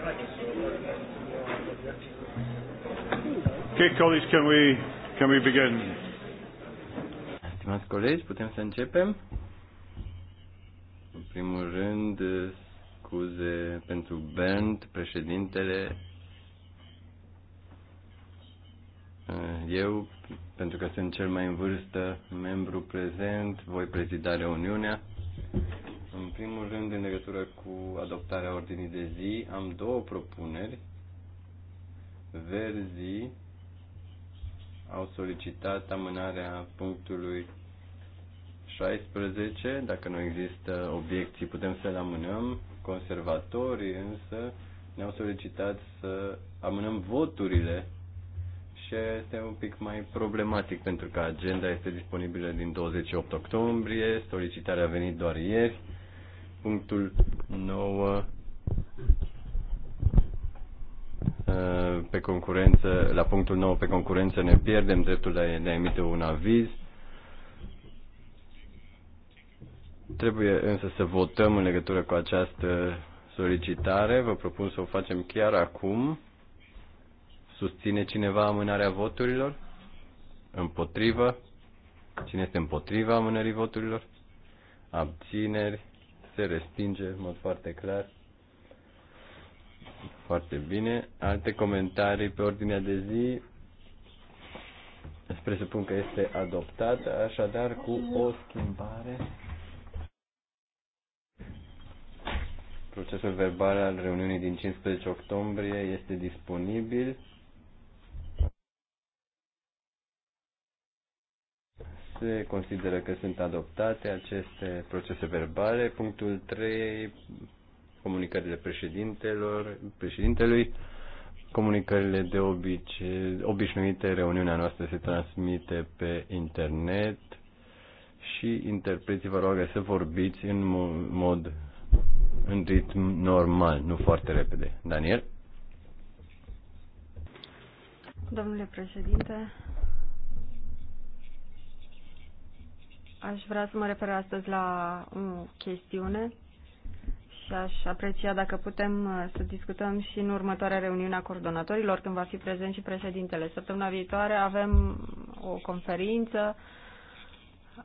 Okay, colleagues, can we can we begin? Stimați colegi, putem să începem? În primul rând, scuze pentru Bernd, președintele. Eu, pentru că sunt cel mai în vârstă membru prezent, voi prezida reuniunea în primul rând, în legătură cu adoptarea ordinii de zi, am două propuneri. Verzii au solicitat amânarea punctului 16. Dacă nu există obiecții, putem să-l amânăm. Conservatorii însă ne-au solicitat să amânăm voturile și este un pic mai problematic pentru că agenda este disponibilă din 28 octombrie, solicitarea a venit doar ieri punctul 9 ă, pe concurență, la punctul 9 pe concurență ne pierdem dreptul de a, de a emite un aviz. Trebuie însă să votăm în legătură cu această solicitare. Vă propun să o facem chiar acum. Susține cineva amânarea voturilor? Împotrivă? Cine este împotriva amânării voturilor? Abțineri? se respinge în mod foarte clar. Foarte bine. Alte comentarii pe ordinea de zi. Îți presupun că este adoptată, așadar cu o schimbare. Procesul verbal al reuniunii din 15 octombrie este disponibil. se consideră că sunt adoptate aceste procese verbale. Punctul 3, comunicările președintelor, președintelui. Comunicările de obicei, obișnuite, reuniunea noastră se transmite pe internet și interpreții vă roagă să vorbiți în mod, în ritm normal, nu foarte repede. Daniel? Domnule președinte, Aș vrea să mă refer astăzi la o chestiune și aș aprecia dacă putem uh, să discutăm și în următoarea reuniune a coordonatorilor, când va fi prezent și președintele. Săptămâna viitoare avem o conferință.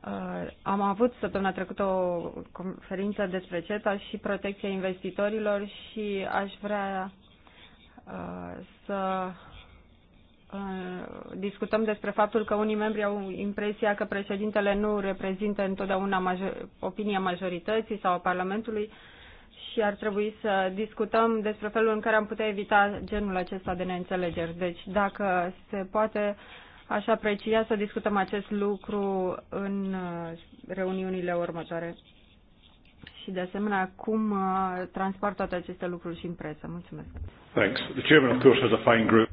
Uh, am avut săptămâna trecută o conferință despre CETA și protecția investitorilor și aș vrea uh, să Uh, discutăm despre faptul că unii membri au impresia că președintele nu reprezintă întotdeauna major, opinia majorității sau a Parlamentului și ar trebui să discutăm despre felul în care am putea evita genul acesta de neînțelegeri. Deci, dacă se poate, aș aprecia să discutăm acest lucru în uh, reuniunile următoare. Și, de asemenea, cum uh, transport toate aceste lucruri și în presă. Mulțumesc. Thanks. The chairman, of course, has a fine group.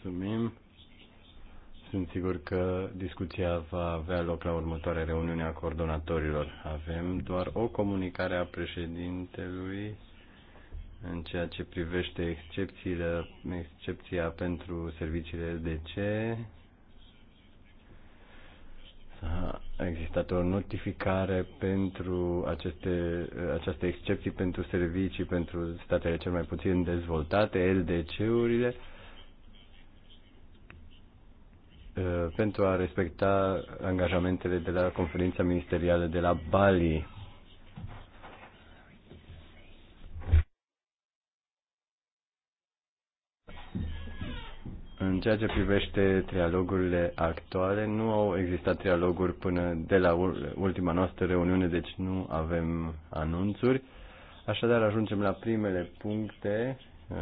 Mulțumim. Sunt sigur că discuția va avea loc la următoarea reuniune a coordonatorilor. Avem doar o comunicare a președintelui în ceea ce privește excepțiile, excepția pentru serviciile de ce a existat o notificare pentru aceste, aceste excepții pentru servicii pentru statele cel mai puțin dezvoltate, LDC-urile Uh, pentru a respecta angajamentele de la conferința ministerială de la Bali. În ceea ce privește trialogurile actuale, nu au existat trialoguri până de la ultima noastră reuniune, deci nu avem anunțuri. Așadar, ajungem la primele puncte, uh,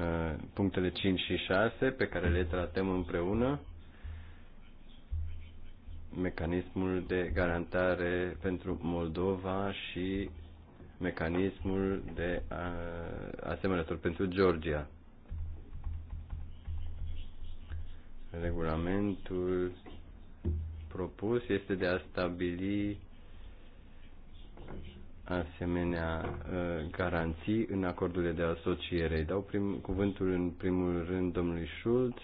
punctele 5 și 6, pe care le tratăm împreună mecanismul de garantare pentru Moldova și mecanismul de uh, asemănător pentru Georgia. Regulamentul propus este de a stabili asemenea uh, garanții în acordurile de asociere. dau prim, cuvântul în primul rând domnului Schulz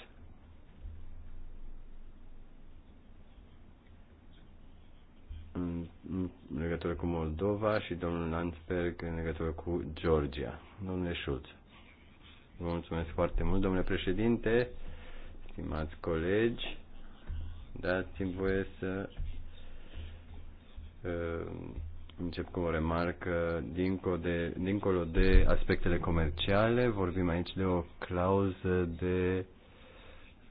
în, în legătură cu Moldova și domnul Landsberg în legătură cu Georgia. Domnule Schulz. Vă mulțumesc foarte mult, domnule președinte, stimați colegi, dați-mi voie să uh, încep cu o remarcă dincolo de, dincolo de aspectele comerciale. Vorbim aici de o clauză de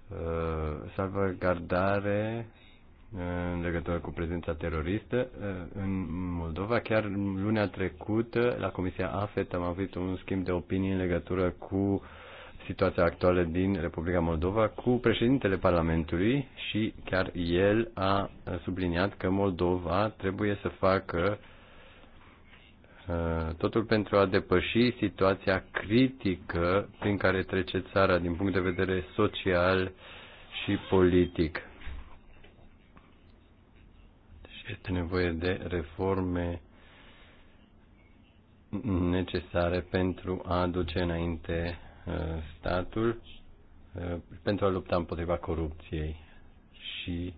uh, salvagardare în legătură cu prezența teroristă uh, în Moldova. Chiar luna trecută, la Comisia AFET, am avut un schimb de opinii în legătură cu situația actuală din Republica Moldova cu președintele Parlamentului și chiar el a subliniat că Moldova trebuie să facă uh, totul pentru a depăși situația critică prin care trece țara din punct de vedere social și politic este nevoie de reforme necesare pentru a aduce înainte uh, statul, uh, pentru a lupta împotriva corupției și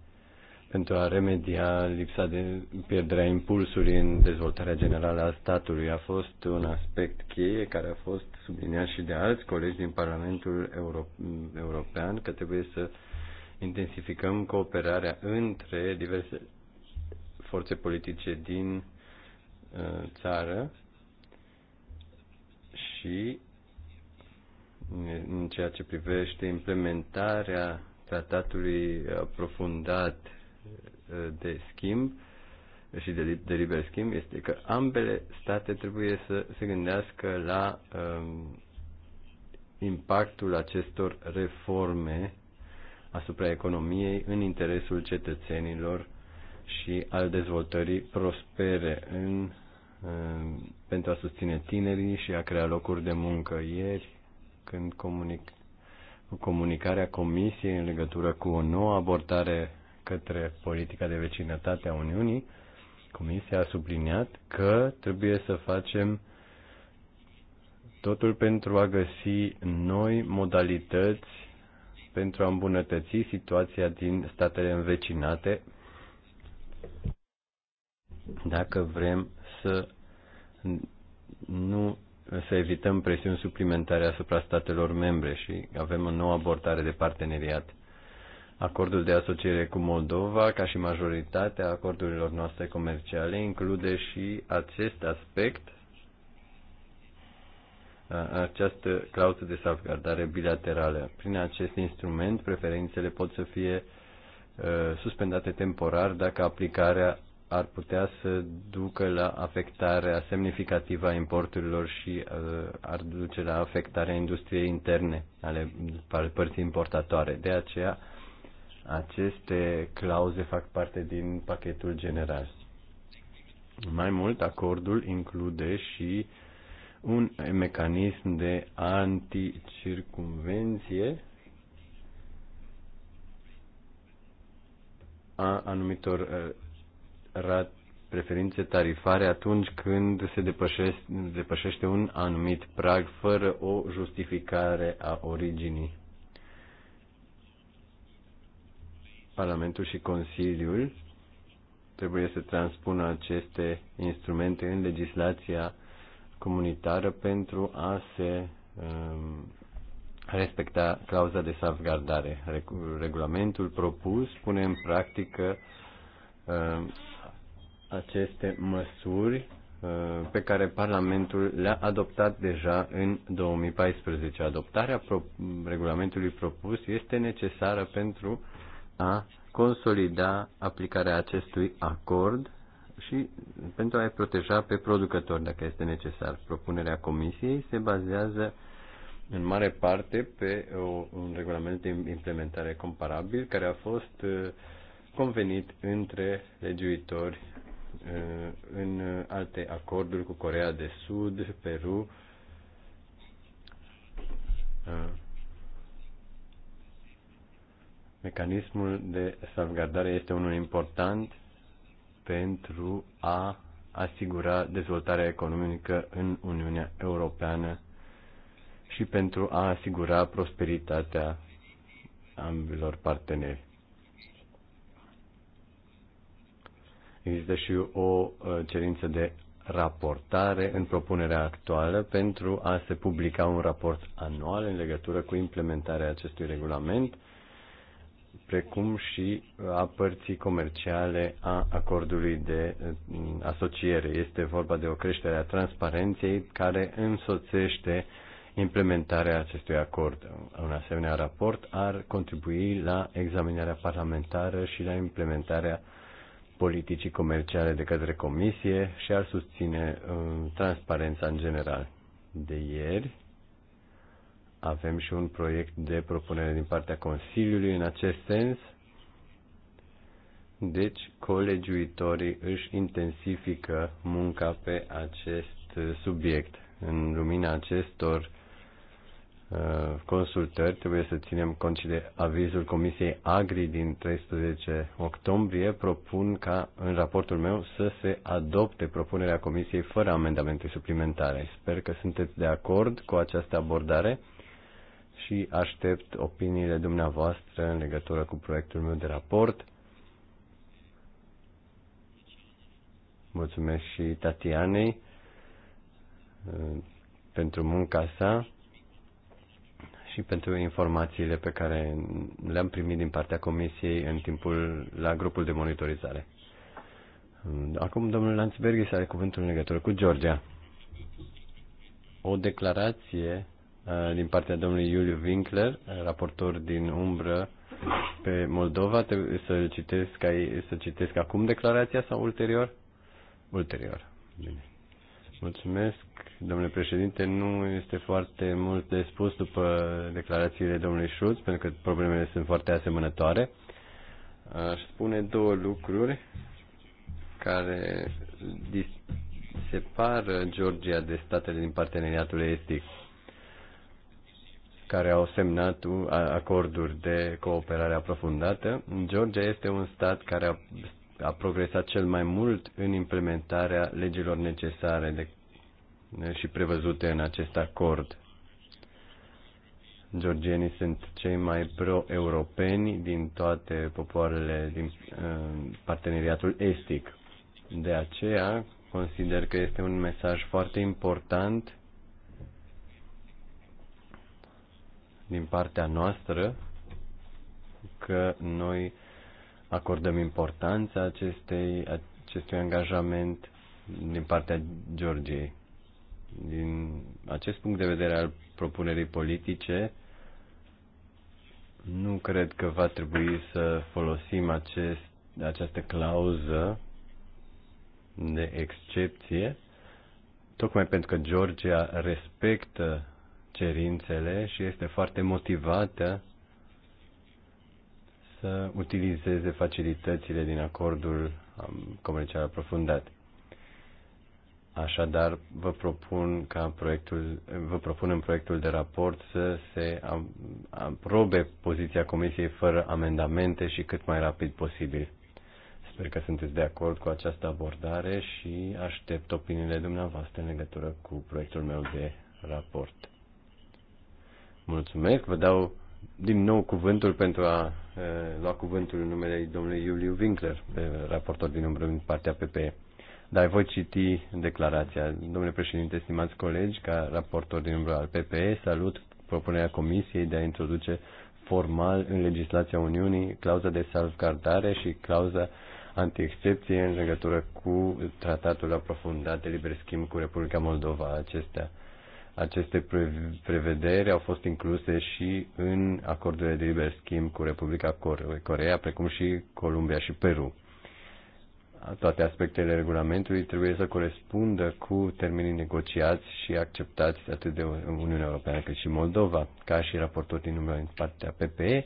pentru a remedia lipsa de pierderea impulsului în dezvoltarea generală a statului. A fost un aspect cheie care a fost subliniat și de alți colegi din Parlamentul Euro- European că trebuie să intensificăm cooperarea între diverse, forțe politice din uh, țară și în ceea ce privește implementarea tratatului aprofundat uh, de schimb și de, de liber schimb este că ambele state trebuie să se gândească la um, impactul acestor reforme asupra economiei în interesul cetățenilor și al dezvoltării prospere în, pentru a susține tinerii și a crea locuri de muncă. Ieri, când comunic, comunicarea Comisiei în legătură cu o nouă abordare către politica de vecinătate a Uniunii, Comisia a subliniat că trebuie să facem totul pentru a găsi noi modalități pentru a îmbunătăți situația din statele învecinate dacă vrem să nu să evităm presiuni suplimentare asupra statelor membre și avem o nouă abordare de parteneriat. Acordul de asociere cu Moldova, ca și majoritatea acordurilor noastre comerciale, include și acest aspect, această clauză de salvgardare bilaterală. Prin acest instrument, preferințele pot să fie uh, suspendate temporar dacă aplicarea ar putea să ducă la afectarea semnificativă a importurilor și uh, ar duce la afectarea industriei interne ale părții importatoare. De aceea, aceste clauze fac parte din pachetul general. Mai mult, acordul include și un mecanism de anticircumvenție a anumitor uh, rat, preferințe tarifare atunci când se depășește, depășește un anumit prag fără o justificare a originii. Parlamentul și Consiliul trebuie să transpună aceste instrumente în legislația comunitară pentru a se um, respecta clauza de salvgardare. Regulamentul propus pune în practică um, aceste măsuri uh, pe care Parlamentul le-a adoptat deja în 2014. Adoptarea pro- regulamentului propus este necesară pentru a consolida aplicarea acestui acord și pentru a-i proteja pe producători, dacă este necesar. Propunerea Comisiei se bazează în mare parte pe o, un regulament de implementare comparabil care a fost uh, convenit între legiuitori Eh, în alte acorduri cu Corea de Sud, Peru. Eh, mecanismul de salvgardare este unul important pentru a asigura dezvoltarea economică în Uniunea Europeană și pentru a asigura prosperitatea ambilor parteneri. Există și o uh, cerință de raportare în propunerea actuală pentru a se publica un raport anual în legătură cu implementarea acestui regulament, precum și uh, a părții comerciale a acordului de uh, asociere. Este vorba de o creștere a transparenței care însoțește implementarea acestui acord. Un asemenea raport ar contribui la examinarea parlamentară și la implementarea uh, politicii comerciale de către comisie și ar susține um, transparența în general. De ieri avem și un proiect de propunere din partea Consiliului în acest sens. Deci, colegiuitorii își intensifică munca pe acest uh, subiect. În lumina acestor Uh, consultări, trebuie să ținem cont și de avizul Comisiei Agri din 13 octombrie. Propun ca în raportul meu să se adopte propunerea Comisiei fără amendamente suplimentare. Sper că sunteți de acord cu această abordare și aștept opiniile dumneavoastră în legătură cu proiectul meu de raport. Mulțumesc și Tatianei uh, pentru munca sa și pentru informațiile pe care le-am primit din partea Comisiei în timpul la grupul de monitorizare. Acum domnul Lanzberghi are cuvântul în legătură cu Georgia. O declarație uh, din partea domnului Iuliu Winkler, raportor din umbră pe Moldova. Trebuie să citesc, să citesc acum declarația sau ulterior? Ulterior. Bine. Mulțumesc, domnule președinte. Nu este foarte mult de spus după declarațiile domnului Schulz, pentru că problemele sunt foarte asemănătoare. Aș spune două lucruri care separă Georgia de statele din parteneriatul estic care au semnat acorduri de cooperare aprofundată. Georgia este un stat care a a progresat cel mai mult în implementarea legilor necesare de, și prevăzute în acest acord. Georgienii sunt cei mai pro-europeni din toate popoarele din uh, parteneriatul estic. De aceea consider că este un mesaj foarte important din partea noastră că noi uh, acordăm importanța acestei, acestui angajament din partea Georgiei. Din acest punct de vedere al propunerii politice, nu cred că va trebui să folosim acest, această clauză de excepție, tocmai pentru că Georgia respectă cerințele și este foarte motivată să utilizeze facilitățile din acordul um, comercial aprofundat. Așadar, vă propun ca proiectul, vă propun în proiectul de raport să se aprobe poziția Comisiei fără amendamente și cât mai rapid posibil. Sper că sunteți de acord cu această abordare și aștept opiniile dumneavoastră în legătură cu proiectul meu de raport. Mulțumesc, vă dau din nou cuvântul pentru a lua cuvântul în numele domnului Iuliu Winkler, raportor din umbră din partea PPE. Dar voi citi declarația. Domnule președinte, stimați colegi, ca raportor din umbră al PPE, salut propunerea Comisiei de a introduce formal în legislația Uniunii clauza de salvgardare și clauza antiexcepție în legătură cu tratatul aprofundat de liber schimb cu Republica Moldova acestea aceste prevederi au fost incluse și în acordurile de liber schimb cu Republica Coreea, precum și Columbia și Peru. Toate aspectele regulamentului trebuie să corespundă cu termenii negociați și acceptați atât de Uniunea Europeană cât și Moldova. Ca și raportor din numele în partea PPE,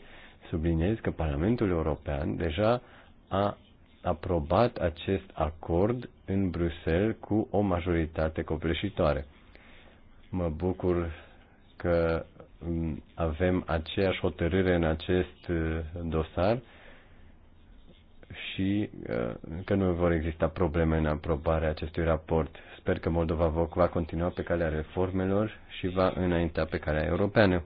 subliniez că Parlamentul European deja a aprobat acest acord în Bruxelles cu o majoritate copleșitoare. Mă bucur că avem aceeași hotărâre în acest uh, dosar și uh, că nu vor exista probleme în aprobarea acestui raport. Sper că Moldova va continua pe calea reformelor și va înainta pe calea europeană.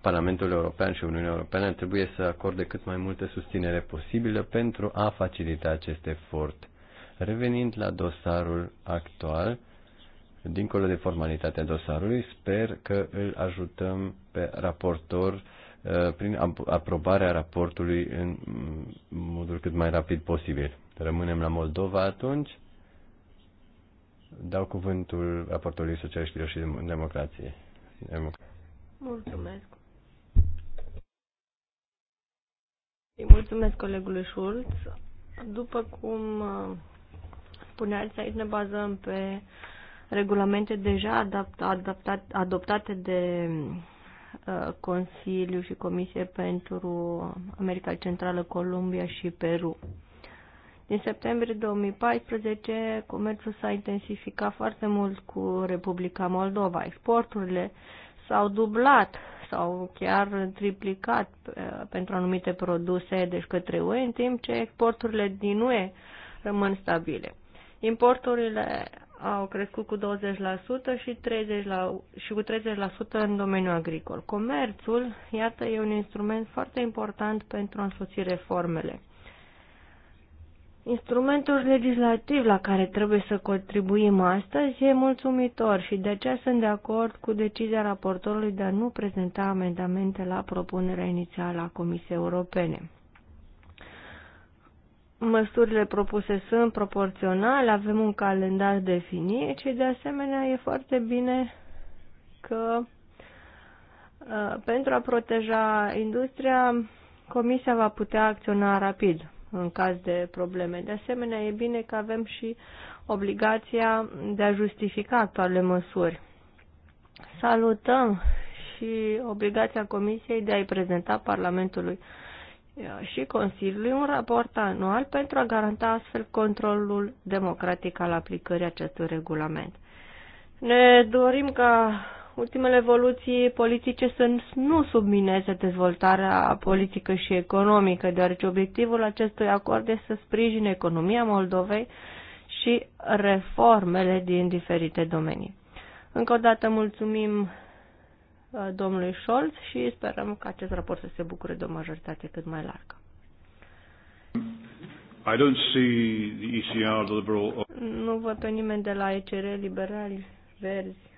Parlamentul European și Uniunea Europeană trebuie să acorde cât mai multă susținere posibilă pentru a facilita acest efort. Revenind la dosarul actual, dincolo de formalitatea dosarului, sper că îl ajutăm pe raportor uh, prin aprobarea raportului în mm, modul cât mai rapid posibil. Rămânem la Moldova atunci. Dau cuvântul raportorului Socialiștilor și Democrației. Mulțumesc. Îi mulțumesc colegului Schulz. După cum uh, spuneați, aici ne bazăm pe regulamente deja adapt, adaptat, adoptate de uh, Consiliu și Comisie pentru America Centrală, Columbia și Peru. Din septembrie 2014, comerțul s-a intensificat foarte mult cu Republica Moldova. Exporturile s-au dublat sau chiar triplicat uh, pentru anumite produse, deci către UE, în timp ce exporturile din UE rămân stabile. Importurile au crescut cu 20% și, 30 la, și cu 30% în domeniul agricol. Comerțul, iată, e un instrument foarte important pentru a însoți reformele. Instrumentul legislativ la care trebuie să contribuim astăzi e mulțumitor și de aceea sunt de acord cu decizia raportorului de a nu prezenta amendamente la propunerea inițială a Comisiei Europene măsurile propuse sunt proporționale, avem un calendar definit și de asemenea e foarte bine că uh, pentru a proteja industria, Comisia va putea acționa rapid în caz de probleme. De asemenea, e bine că avem și obligația de a justifica actuale măsuri. Salutăm și obligația Comisiei de a-i prezenta Parlamentului uh, și Consiliului un raport anual pentru a garanta astfel controlul democratic al aplicării acestui regulament. Ne dorim ca ultimele evoluții politice să nu submineze dezvoltarea politică și economică, deoarece obiectivul acestui acord este să sprijine economia Moldovei și reformele din diferite domenii. Încă o dată mulțumim Uh, domnului Scholz și sperăm că acest raport să se bucure de o majoritate cât mai largă. I don't see the ECR, the liberal... Nu văd pe nimeni de la ECR, liberali, verzi,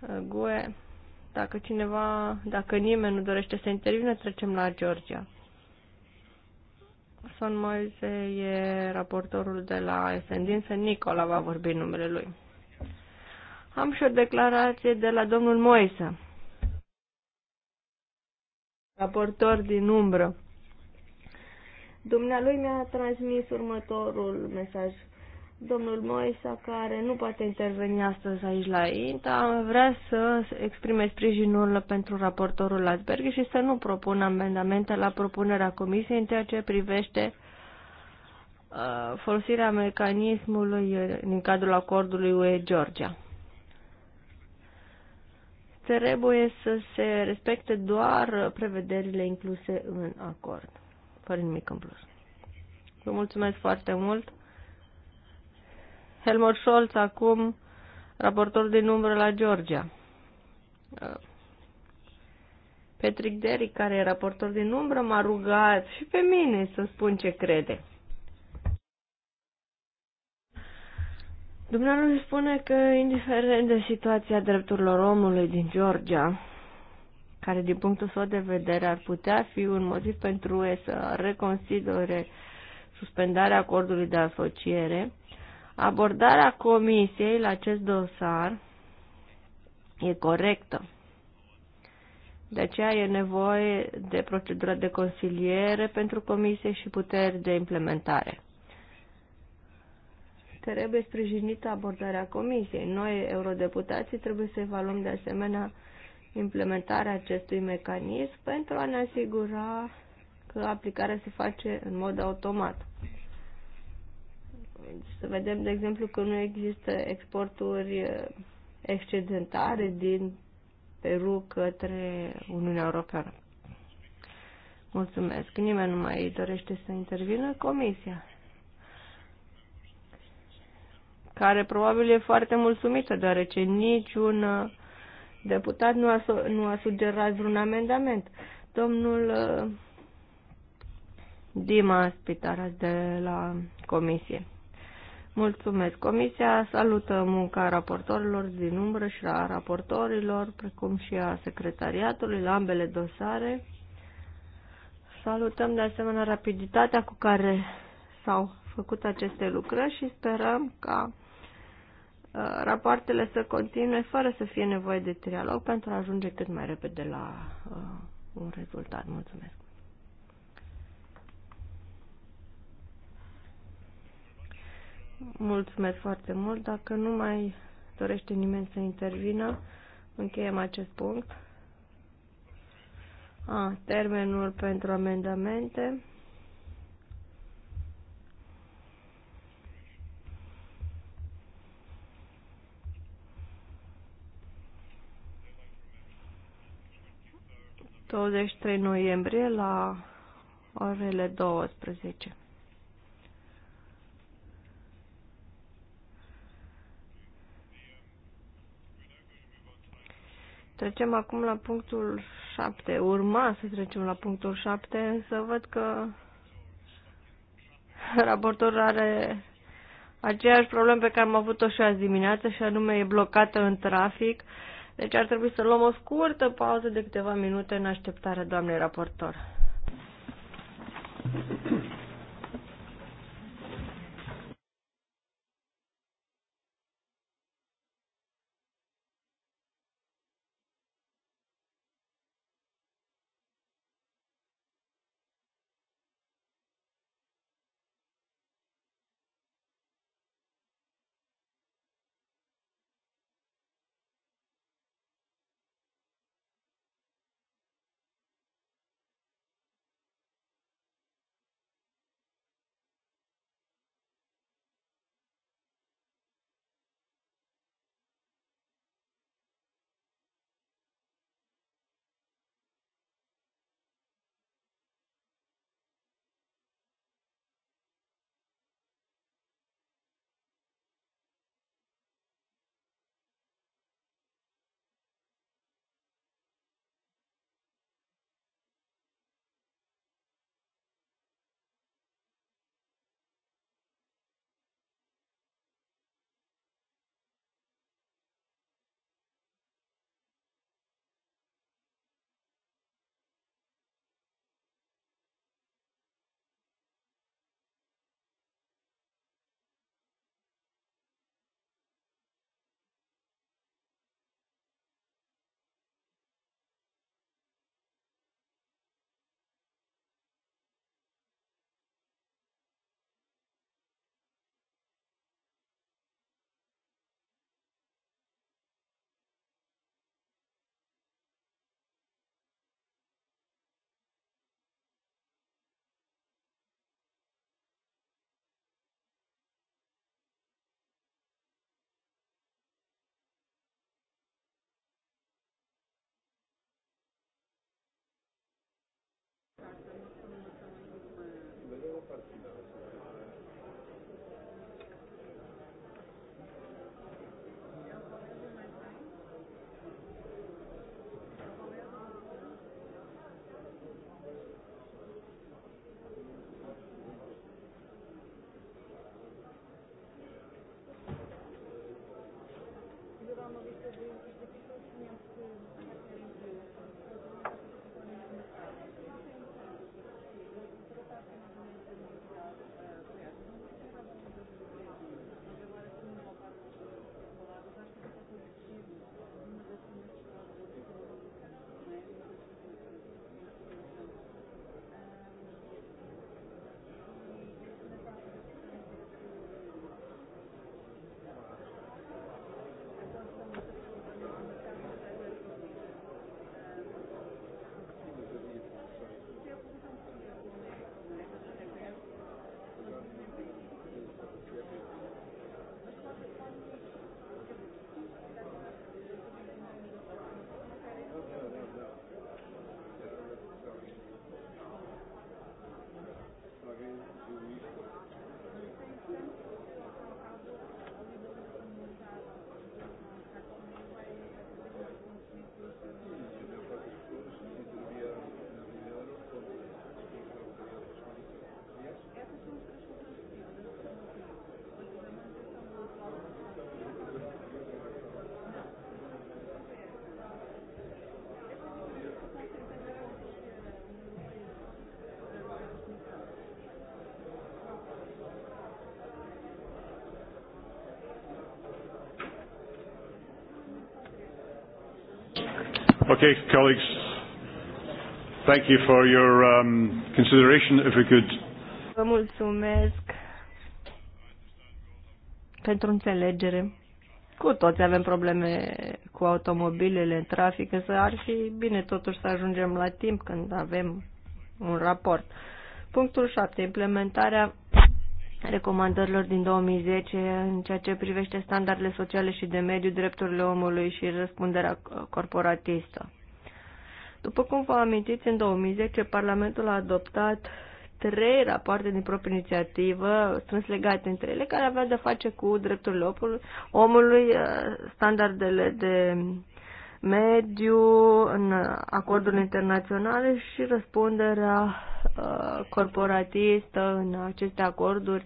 uh, GUE. Dacă cineva, dacă nimeni nu dorește să intervină, trecem la Georgia. Son Moise e raportorul de la SND, însă Nicola va vorbi numele lui. Am și o declarație de la domnul Moisa, raportor din umbră. Dumnealui mi-a transmis următorul mesaj. Domnul Moisa, care nu poate interveni astăzi aici la INTA, vrea să exprime sprijinul pentru raportorul Lasberg și să nu propună amendamente la propunerea comisiei în ceea ce privește uh, folosirea mecanismului uh, din cadrul acordului UE-Georgia trebuie să se respecte doar prevederile incluse în acord, fără nimic în plus. Vă mulțumesc foarte mult. Helmut Scholz, acum raportor din umbră la Georgia. Patrick Derrick, care e raportor din umbră, m-a rugat și pe mine să spun ce crede. Dumnealui spune că, indiferent de situația drepturilor omului din Georgia, care din punctul său de vedere ar putea fi un motiv pentru UE să reconsidere suspendarea acordului de asociere, abordarea Comisiei la acest dosar e corectă. De aceea e nevoie de procedură de consiliere pentru Comisie și puteri de implementare trebuie sprijinită abordarea comisiei. Noi, eurodeputații, trebuie să evaluăm de asemenea implementarea acestui mecanism pentru a ne asigura că aplicarea se face în mod automat. Deci, să vedem, de exemplu, că nu există exporturi excedentare din Peru către Uniunea Europeană. Mulțumesc. Nimeni nu mai dorește să intervină. Comisia care probabil e foarte mulțumită, deoarece niciun uh, deputat nu a, nu a sugerat vreun amendament. Domnul uh, Dima Spitara de la Comisie. Mulțumesc. Comisia salută munca raportorilor din umbră și a raportorilor, precum și a secretariatului la ambele dosare. Salutăm de asemenea rapiditatea cu care s-au făcut aceste lucrări și sperăm ca Uh, rapoartele să continue fără să fie nevoie de trialog pentru a ajunge cât mai repede la uh, un rezultat. Mulțumesc! Mulțumesc foarte mult. Dacă nu mai dorește nimeni să intervină, încheiem acest punct. A, termenul pentru amendamente 23 noiembrie la orele 12. Trecem acum la punctul 7. Urma să trecem la punctul 7, însă văd că raportorul are aceeași problemă pe care am avut-o și azi dimineață, și anume e blocată în trafic. Uh, deci ar trebui să luăm o scurtă pauză de câteva minute în așteptarea doamnei raportor. Okay, colleagues, thank you for your um, consideration. If we could. Vă mulțumesc pentru înțelegere. Cu toți avem probleme cu automobilele în trafic, însă ar fi bine totuși să ajungem la timp când avem un raport. Punctul 7. Implementarea recomandărilor din 2010 în ceea ce privește standardele sociale și de mediu, drepturile omului și răspunderea corporatistă. După cum vă amintiți, în 2010 Parlamentul a adoptat trei rapoarte din proprie inițiativă, strâns legate între ele, care aveau de face cu drepturile omului, eh, standardele de mediu, în acorduri internaționale și răspunderea uh, corporatistă în aceste acorduri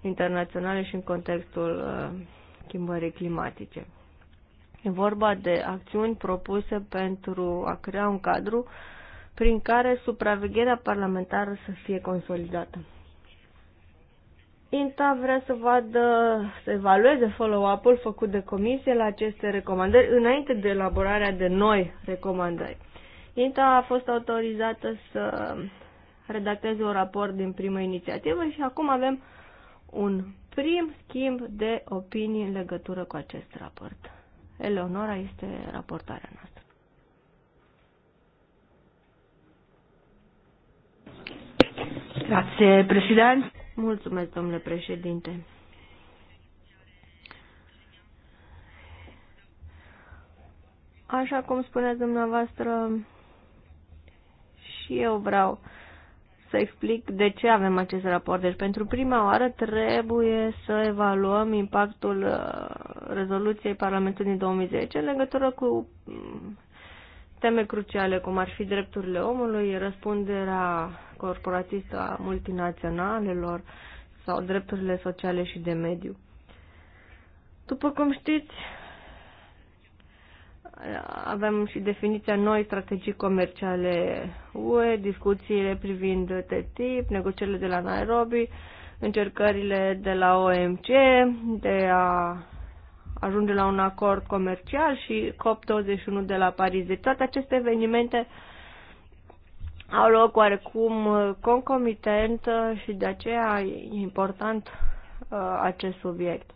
internaționale și în contextul uh, schimbării climatice. E vorba de acțiuni propuse pentru a crea un cadru prin care supravegherea parlamentară să fie consolidată. INTA vrea să vadă, să evalueze follow-up-ul făcut de comisie la aceste recomandări înainte de elaborarea de noi recomandări. INTA a fost autorizată să redacteze un raport din primă inițiativă și acum avem un prim schimb de opinii în legătură cu acest raport. Eleonora este raportarea noastră. Grazie Presidente. Mulțumesc, domnule președinte. Așa cum spuneți dumneavoastră, și eu vreau să explic de ce avem acest raport. Deci, pentru prima oară trebuie să evaluăm impactul uh, rezoluției Parlamentului din 2010 în legătură cu mm, teme cruciale, cum ar fi drepturile omului, răspunderea corporații a multinaționalelor sau drepturile sociale și de mediu. După cum știți, avem și definiția noi strategii comerciale UE, discuțiile privind TTIP, negocierile de la Nairobi, încercările de la OMC de a ajunge la un acord comercial și COP21 de la Paris. Deci toate aceste evenimente uh, au loc oarecum uh, concomitent uh, și de aceea e important uh, acest subiect.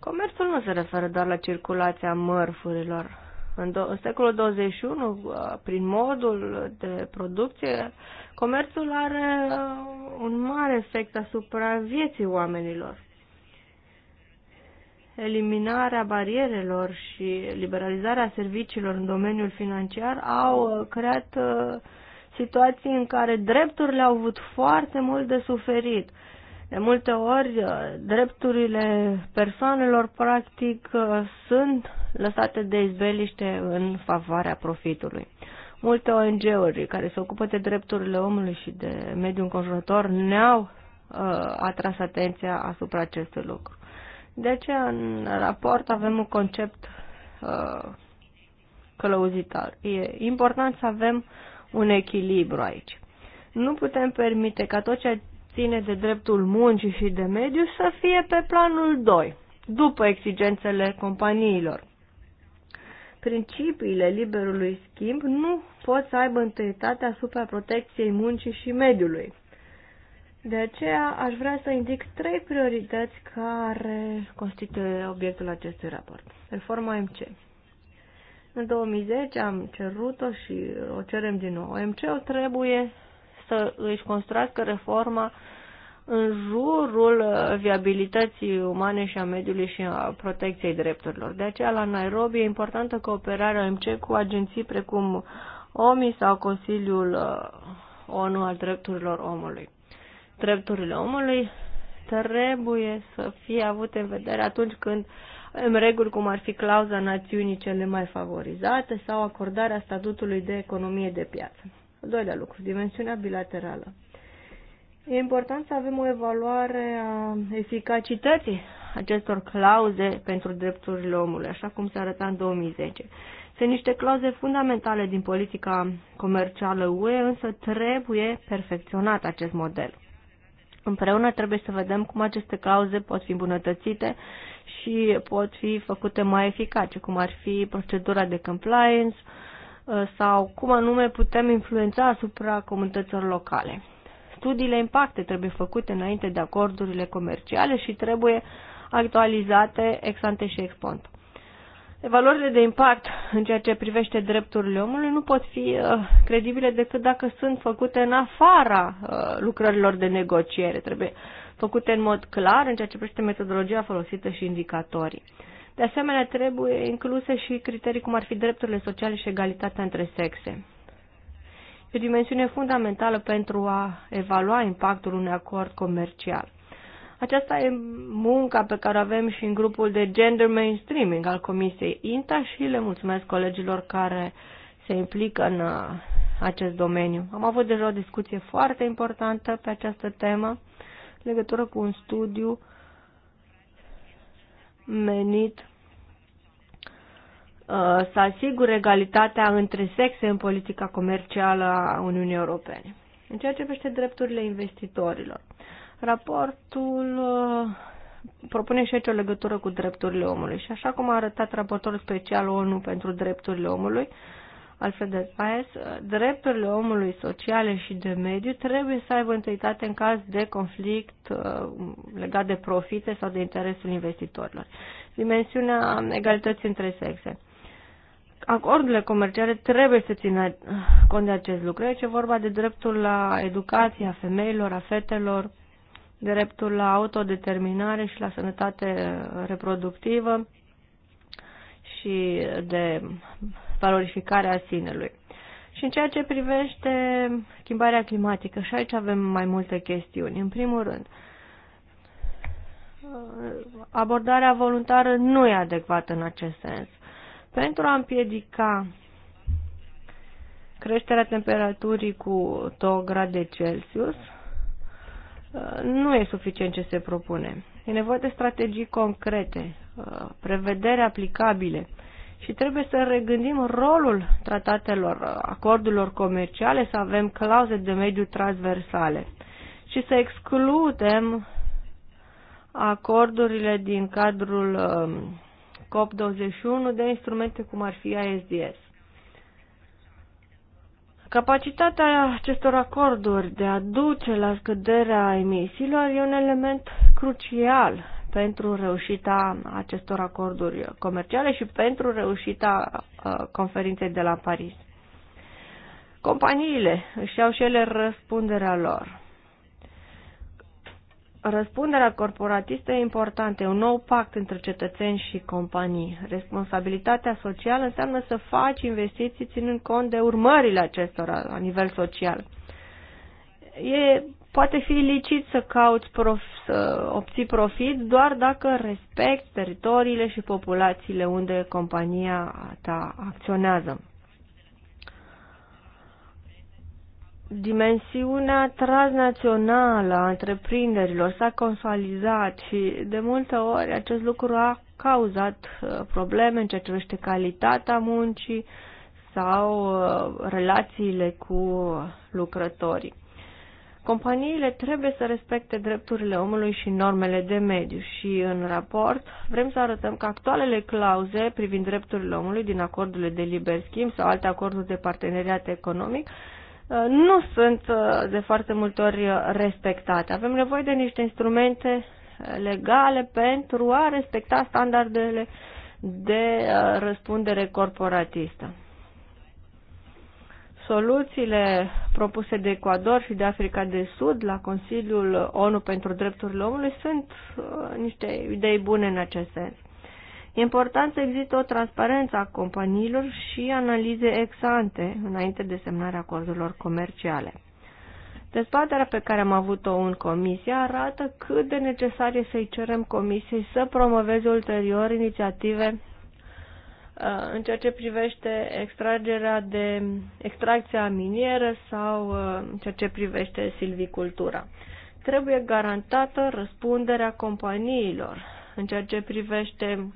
Comerțul nu se referă doar la circulația mărfurilor. În, do- în secolul 21, prin modul de producție, comerțul are un mare efect asupra vieții oamenilor. Eliminarea barierelor și liberalizarea serviciilor în domeniul financiar au creat uh, situații în care drepturile au avut foarte mult de suferit. De multe ori, uh, drepturile persoanelor, practic, uh, sunt lăsate de izbeliște în favoarea profitului. Multe ONG-uri care se ocupă de drepturile omului și de mediul înconjurător ne-au uh, atras atenția asupra acestui lucru. De aceea, în raport avem un concept uh, călăuzitar. E important să avem un echilibru aici. Nu putem permite ca tot ce ține de dreptul muncii și de mediu să fie pe planul 2, după exigențele companiilor. Principiile liberului schimb nu pot să aibă întâietate asupra protecției muncii și mediului. De aceea aș vrea să indic trei priorități care constituie obiectul acestui raport. Reforma MC, în 2010 am cerut-o și o cerem din nou. OMC-ul trebuie să își construiască reforma în jurul uh, viabilității umane și a mediului și a protecției drepturilor. De aceea, la Nairobi, e importantă cooperarea OMC cu agenții precum OMI sau Consiliul uh, ONU al Drepturilor Omului. Drepturile omului trebuie să fie avute în vedere atunci când uh, în reguli cum ar fi clauza națiunii cele mai favorizate sau acordarea statutului de economie de piață. Al doilea lucru, dimensiunea bilaterală. E important să avem o evaluare a eficacității acestor clauze pentru drepturile omului, așa cum se arăta în 2010. Sunt niște clauze fundamentale din politica comercială UE, însă trebuie perfecționat acest model. Împreună trebuie să vedem cum aceste clauze pot fi îmbunătățite și pot fi făcute mai eficace, cum ar fi procedura de compliance uh, sau cum anume putem influența asupra comunităților locale. Studiile impacte trebuie făcute înainte de acordurile comerciale și trebuie actualizate ex ante și ex pont. Evaluările de impact în ceea ce privește drepturile omului nu pot fi uh, credibile decât dacă sunt făcute în afara uh, lucrărilor de negociere. Trebuie făcute în mod clar în ceea ce privește metodologia folosită și indicatorii. De asemenea, trebuie incluse și criterii cum ar fi drepturile sociale și egalitatea între sexe. E o dimensiune fundamentală pentru a evalua impactul unui acord comercial. Aceasta e munca pe care o avem și în grupul de gender mainstreaming al Comisiei INTA și le mulțumesc colegilor care se implică în uh, acest domeniu. Am avut deja o discuție foarte importantă pe această temă legătură cu un studiu menit uh, să asigure egalitatea între sexe în politica comercială a Uniunii Europene. În ceea ce privește drepturile investitorilor, raportul uh, propune și aici o legătură cu drepturile omului. Și așa cum a arătat raportorul special ONU pentru drepturile omului, uh, Alfred de Paes, drepturile omului sociale și de mediu trebuie să aibă întâietate în caz de conflict uh, legat de profite sau de interesul investitorilor. Dimensiunea egalității între sexe. Acordurile comerciale trebuie să țină cont de acest lucru. E vorba de dreptul la educație a femeilor, a fetelor, dreptul la autodeterminare și la sănătate reproductivă și de valorificarea sinelui. Și în ceea ce privește schimbarea climatică, și aici avem mai multe chestiuni. În primul rând, abordarea voluntară nu e adecvată în acest sens. Pentru a împiedica creșterea temperaturii cu 2 grade Celsius, nu e suficient ce se propune. E nevoie de strategii concrete, prevederi aplicabile și trebuie să regândim rolul tratatelor, acordurilor comerciale, să avem clauze de mediu transversale și să excludem acordurile din cadrul um, COP21 de instrumente cum ar fi ASDS. Capacitatea acestor acorduri de a duce la scăderea emisiilor e un element crucial pentru reușita acestor acorduri comerciale și pentru reușita uh, conferinței de la Paris. Companiile își au și ele răspunderea lor. Răspunderea corporatistă e importantă, e un nou pact între cetățeni și companii. Responsabilitatea socială înseamnă să faci investiții ținând cont de urmările acestora la nivel social. E poate fi licit să cauți prof, să obții profit doar dacă respecti teritoriile și populațiile unde compania ta acționează. Dimensiunea transnațională a întreprinderilor s-a consolidat și de multe ori acest lucru a cauzat uh, probleme în ceea ce privește calitatea muncii sau uh, relațiile cu lucrătorii. Companiile trebuie să respecte drepturile omului și normele de mediu și în raport vrem să arătăm că actualele clauze privind drepturile omului din acordurile de liber schimb sau alte acorduri de parteneriat economic uh, nu sunt uh, de foarte multe ori uh, respectate. Avem nevoie de niște instrumente legale pentru a respecta standardele de răspundere corporatistă. Soluțiile propuse de Ecuador și de Africa de Sud la Consiliul ONU pentru Drepturile Omului sunt uh, niște idei bune în acest sens. E important să există o transparență a companiilor și analize ex-ante înainte de semnarea acordurilor comerciale. Dezbaterea pe care am avut-o în comisie arată cât de necesar e să-i cerem comisiei să promoveze ulterior inițiative Uh, în ceea ce privește extragerea de extracția minieră sau uh, în ceea ce privește silvicultura. Trebuie garantată răspunderea companiilor în ceea ce privește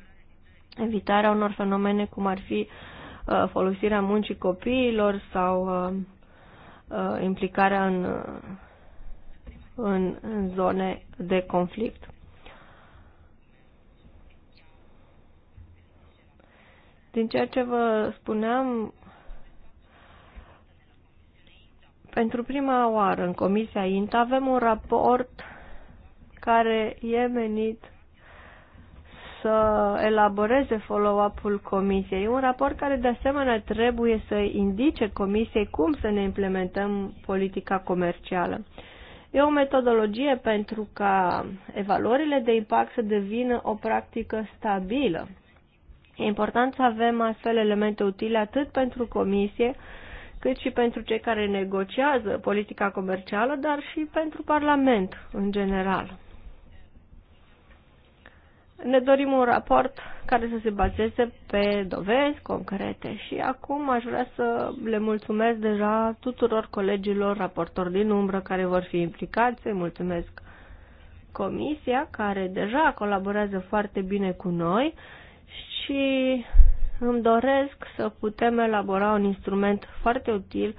evitarea unor fenomene cum ar fi uh, folosirea muncii copiilor sau implicarea în, în, în zone de conflict. Din ceea ce vă spuneam, pentru prima oară în Comisia INT avem un raport care e menit să elaboreze follow-up-ul comisiei. Un raport care de asemenea trebuie să indice comisiei cum să ne implementăm politica comercială. E o metodologie pentru ca evaluările de impact să devină o practică stabilă E important să avem astfel elemente utile atât pentru comisie, cât și pentru cei care negociază politica comercială, dar și pentru Parlament în general. Ne dorim un raport care să se bazeze pe dovezi concrete și acum aș vrea să le mulțumesc deja tuturor colegilor raportori din umbră care vor fi implicați, îi mulțumesc comisia care deja colaborează foarte bine cu noi și îmi doresc să putem elabora un instrument foarte util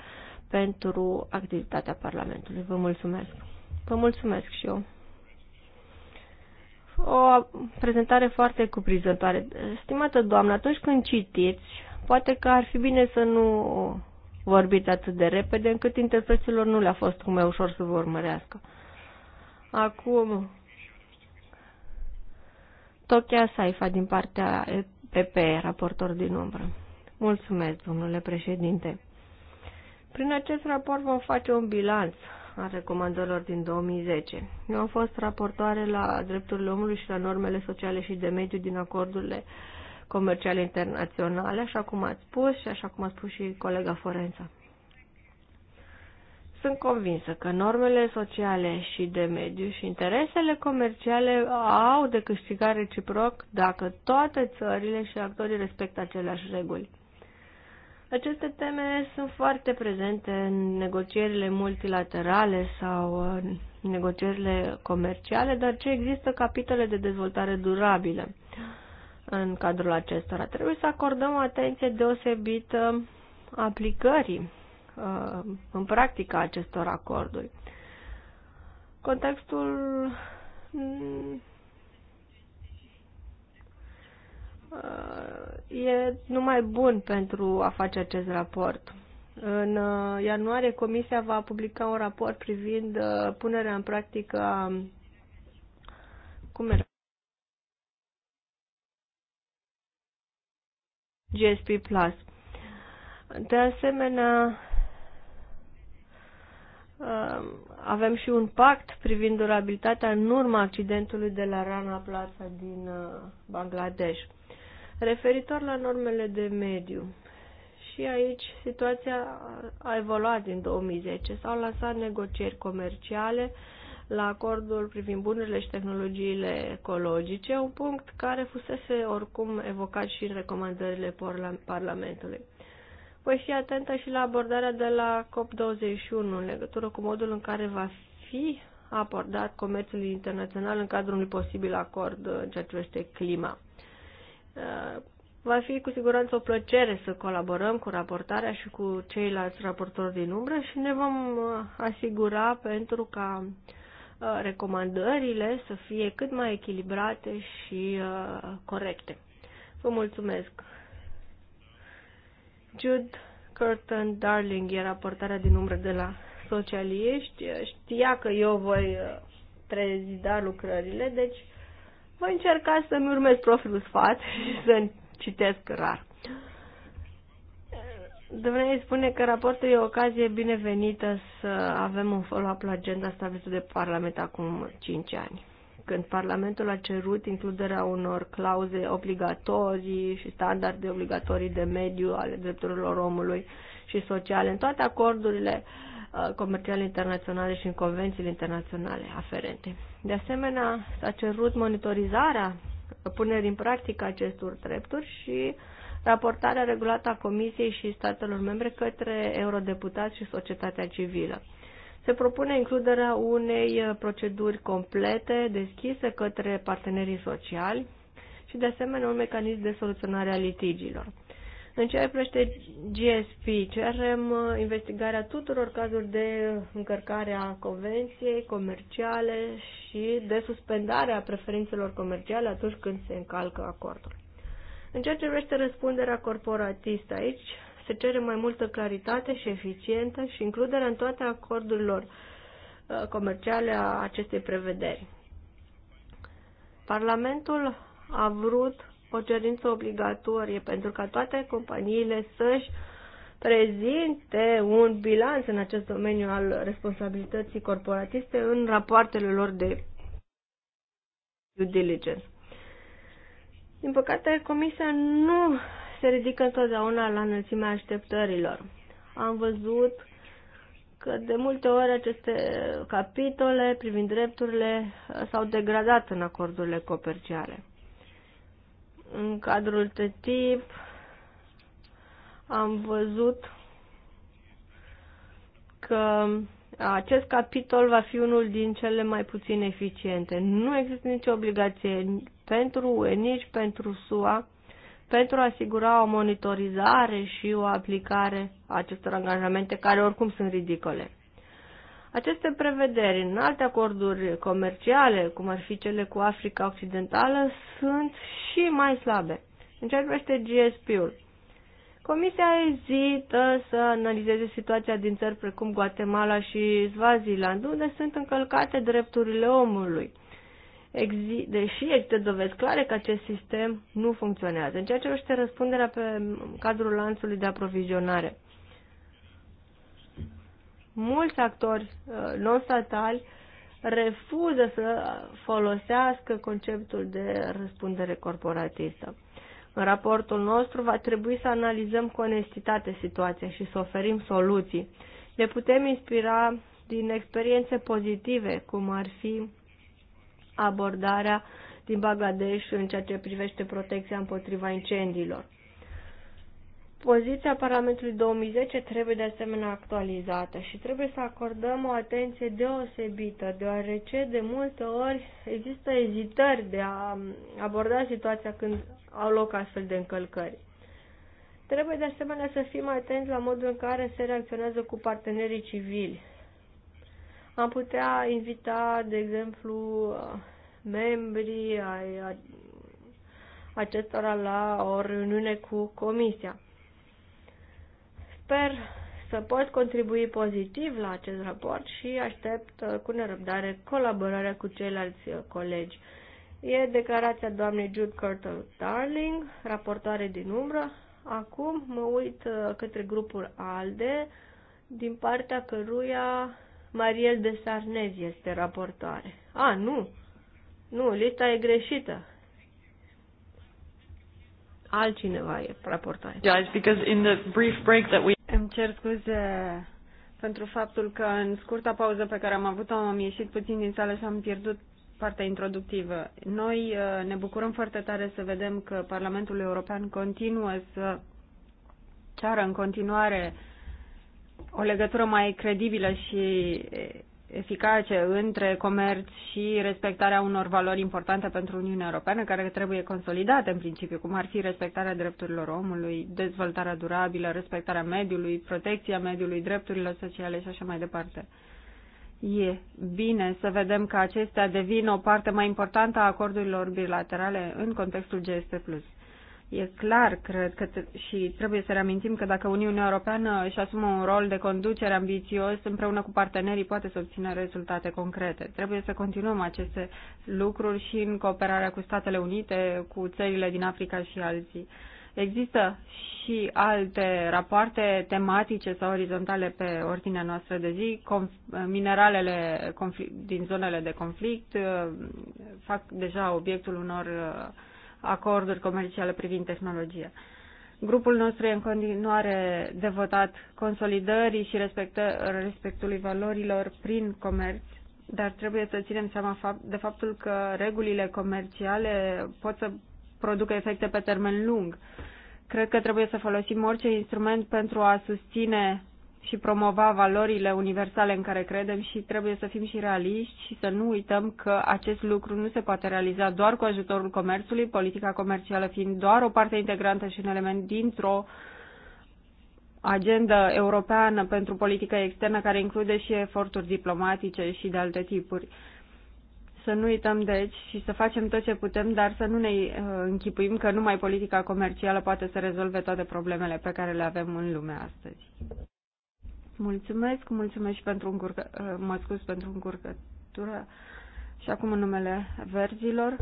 pentru activitatea Parlamentului. Vă mulțumesc! Vă mulțumesc și eu! O prezentare foarte cuprinzătoare. Stimată doamnă, atunci când citiți, poate că ar fi bine să nu vorbiți atât de repede încât interpreților nu le-a fost cum e ușor să vă urmărească. Acum, Tokia Saifa din partea EP PP, raportor din umbră. Mulțumesc, domnule președinte. Prin acest raport vom face un bilanț a recomandărilor din 2010. Eu am fost raportoare la drepturile omului și la normele sociale și de mediu din acordurile comerciale internaționale, așa cum ați spus și așa cum a spus și colega Forența sunt convinsă că normele sociale și de mediu și interesele comerciale au de câștigat reciproc dacă toate țările și actorii respectă aceleași reguli. Aceste teme sunt foarte prezente în negocierile multilaterale sau în negocierile comerciale, dar ce există capitole de dezvoltare durabilă în cadrul acestora. Trebuie să acordăm o atenție deosebită aplicării Uh, în practica acestor acorduri. Contextul mm, uh, e numai bun pentru a face acest raport. În uh, ianuarie, Comisia va publica un raport privind punerea în practică a. Cum era? GSP Plus. De asemenea, avem și un pact privind durabilitatea în urma accidentului de la Rana Plaza din uh, Bangladesh. Referitor la normele de mediu, și aici situația a evoluat din 2010. S-au lansat negocieri comerciale la acordul privind bunurile și tehnologiile ecologice, un punct care fusese oricum evocat și în recomandările Parlamentului voi păi fi atentă și la abordarea de la COP21 în legătură cu modul în care va fi abordat comerțul internațional în cadrul unui posibil acord în ceea ce este clima. Uh, va fi cu siguranță o plăcere să colaborăm cu raportarea și cu ceilalți raportori din umbră și ne vom uh, asigura pentru ca uh, recomandările să fie cât mai echilibrate și corecte. Vă mulțumesc! Jude Curtin Darling era portarea din umbră de la socialiști. Știa că eu voi uh, prezida lucrările, deci voi încerca să-mi urmez profilul sfat și să citesc rar. Dumnezeu spune că raportul e o ocazie binevenită să avem un follow-up la agenda stabilită de Parlament acum 5 ani când Parlamentul a cerut includerea unor clauze obligatorii și standarde obligatorii de mediu ale drepturilor omului și sociale în toate acordurile uh, comerciale internaționale și în convențiile internaționale aferente. De asemenea, s-a cerut monitorizarea punerii în practică acestor drepturi și raportarea regulată a Comisiei și statelor membre către eurodeputați și societatea civilă. Se propune includerea unei uh, proceduri complete deschise către partenerii sociali și, de asemenea, un mecanism de soluționare a litigiilor. În ceea ce privește GSP, cerem uh, investigarea tuturor cazuri de încărcare a convenției comerciale și de suspendarea preferințelor comerciale atunci când se încalcă acordul. În ceea ce privește răspunderea corporatistă aici, se cere mai multă claritate și eficiență și includerea în toate acordurilor uh, comerciale a acestei prevederi. Parlamentul a vrut o cerință obligatorie pentru ca toate companiile să-și prezinte un bilanț în acest domeniu al responsabilității corporatiste în rapoartele lor de due diligence. Din păcate, Comisia nu se ridică întotdeauna la înălțimea așteptărilor. Am văzut că de multe ori aceste capitole privind drepturile s-au degradat în acordurile comerciale. În cadrul TTIP am văzut că acest capitol va fi unul din cele mai puțin eficiente. Nu există nicio obligație pentru UE, nici pentru SUA pentru a asigura o monitorizare și o aplicare a acestor angajamente care oricum sunt ridicole. Aceste prevederi în alte acorduri comerciale, cum ar fi cele cu Africa Occidentală, sunt și mai slabe. În ce privește GSP-ul, Comisia ezită să analizeze situația din țări precum Guatemala și Swaziland, unde sunt încălcate drepturile omului exi- deși există dovezi clare că acest sistem nu funcționează. În ceea ce privește răspunderea pe cadrul lanțului de aprovizionare, mulți actori uh, non-statali refuză să folosească conceptul de răspundere corporatistă. În raportul nostru va trebui să analizăm cu onestitate situația și să oferim soluții. Ne putem inspira din experiențe pozitive, cum ar fi abordarea din Bangladesh în ceea ce privește protecția împotriva incendiilor. Poziția Parlamentului 2010 trebuie de asemenea actualizată și trebuie să acordăm o atenție deosebită, deoarece de multe ori există ezitări de a aborda situația când au loc astfel de încălcări. Trebuie de asemenea să fim atenți la modul în care se reacționează cu partenerii civili am putea invita, de exemplu, membrii ai acestora la o reuniune cu comisia. Sper să pot contribui pozitiv la acest raport și aștept cu nerăbdare colaborarea cu ceilalți colegi. E declarația doamnei Jude Curtle Darling, raportoare din umbră. Acum mă uit către grupul ALDE, din partea căruia Mariel de Sarnez este raportoare. A, nu! Nu, lista e greșită. Altcineva e raportoare. Yeah, because in the brief break that we... Îmi cer scuze pentru faptul că în scurta pauză pe care am avut-o am ieșit puțin din sală și am pierdut partea introductivă. Noi uh, ne bucurăm foarte tare să vedem că Parlamentul European continuă să ceară în continuare uh, o legătură mai credibilă și eficace între comerț și respectarea unor valori importante pentru Uniunea Europeană, care trebuie consolidate în principiu, cum ar fi respectarea drepturilor omului, dezvoltarea durabilă, respectarea mediului, protecția mediului, drepturile sociale și așa mai departe. E bine să vedem că acestea devin o parte mai importantă a acordurilor bilaterale în contextul GSP+. E clar, cred că și trebuie să reamintim că dacă Uniunea Europeană își asumă un rol de conducere ambițios, împreună cu partenerii poate să obțină rezultate concrete. Trebuie să continuăm aceste lucruri și în cooperarea cu Statele Unite, cu țările din Africa și alții. Există și alte rapoarte tematice sau orizontale pe ordinea noastră de zi, conf- mineralele din zonele de conflict uh, fac deja obiectul unor uh, acorduri comerciale privind tehnologie. Grupul nostru e în continuare devotat consolidării și respectului valorilor prin comerț, dar trebuie să ținem seama de faptul că regulile comerciale pot să producă efecte pe termen lung. Cred că trebuie să folosim orice instrument pentru a susține și promova valorile universale în care credem și trebuie să fim și realiști și să nu uităm că acest lucru nu se poate realiza doar cu ajutorul comerțului, politica comercială fiind doar o parte integrantă și un element dintr-o agenda europeană pentru politică externă care include și eforturi diplomatice și de alte tipuri. Să nu uităm, deci, și să facem tot ce putem, dar să nu ne uh, închipuim că numai politica comercială poate să rezolve toate problemele pe care le avem în lume astăzi. Mulțumesc, mulțumesc și pentru încurcă, uh, mă scuz pentru încurcătură și acum în numele verzilor.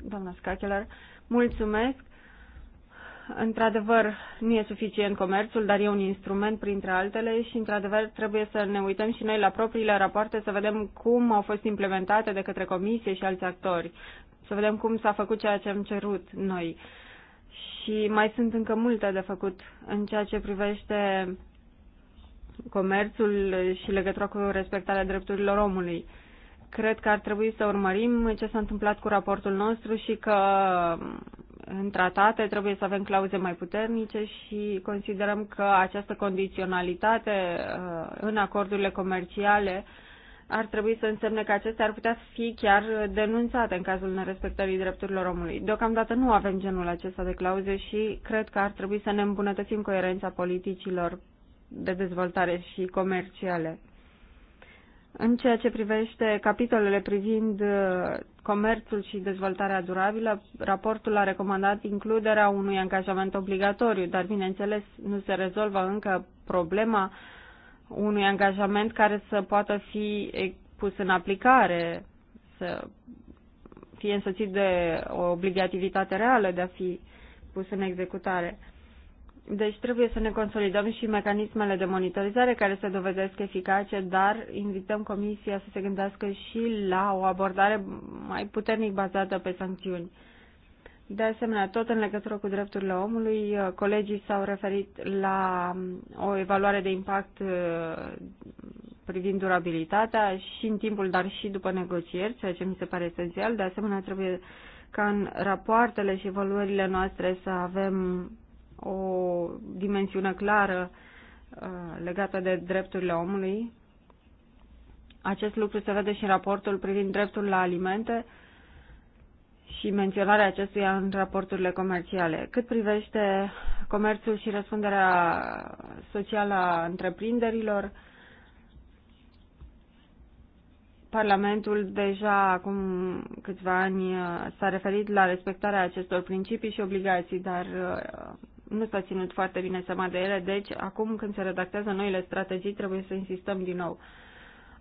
Doamna Scachelar, mulțumesc. Într-adevăr, nu e suficient comerțul, dar e un instrument printre altele și, într-adevăr, trebuie să ne uităm și noi la propriile rapoarte, să vedem cum au fost implementate de către comisie și alți actori, să vedem cum s-a făcut ceea ce am cerut noi. Uh, și mai sunt încă multe de făcut în ceea ce privește comerțul și legătura cu respectarea drepturilor omului. Cred că ar trebui să urmărim ce s-a întâmplat cu raportul nostru și că în tratate trebuie să avem clauze mai puternice și considerăm că această condiționalitate uh, în acordurile comerciale uh, ar trebui să însemne că acestea ar putea fi chiar denunțate în cazul nerespectării drepturilor omului. Deocamdată nu avem genul acesta de clauze și cred că ar trebui să ne îmbunătățim coerența politicilor de dezvoltare și comerciale. În ceea ce privește capitolele privind uh, comerțul și dezvoltarea durabilă, raportul a recomandat includerea unui angajament obligatoriu, dar bineînțeles nu se rezolvă încă problema uh, unui angajament care să poată fi pus în aplicare, să fie însoțit de o obligativitate reală de a fi pus în executare. Deci trebuie să ne consolidăm și mecanismele de monitorizare care se dovedesc eficace, dar invităm Comisia să se gândească și la o abordare mai puternic bazată pe sancțiuni. De asemenea, tot în legătură cu drepturile omului, uh, colegii s-au referit la um, o evaluare de impact uh, privind durabilitatea și în timpul, dar și după negocieri, ceea ce mi se pare esențial. De asemenea, trebuie ca în rapoartele și evaluările noastre să avem o dimensiune clară uh, legată de drepturile omului. Acest lucru se vede și în raportul privind dreptul la alimente, și menționarea acestuia în raporturile comerciale. Cât privește comerțul și răspunderea socială a întreprinderilor, Parlamentul deja acum câțiva ani s-a referit la respectarea acestor principii și obligații, dar uh, nu s-a ținut foarte bine seama de ele, deci acum când se redactează noile strategii trebuie să insistăm din nou.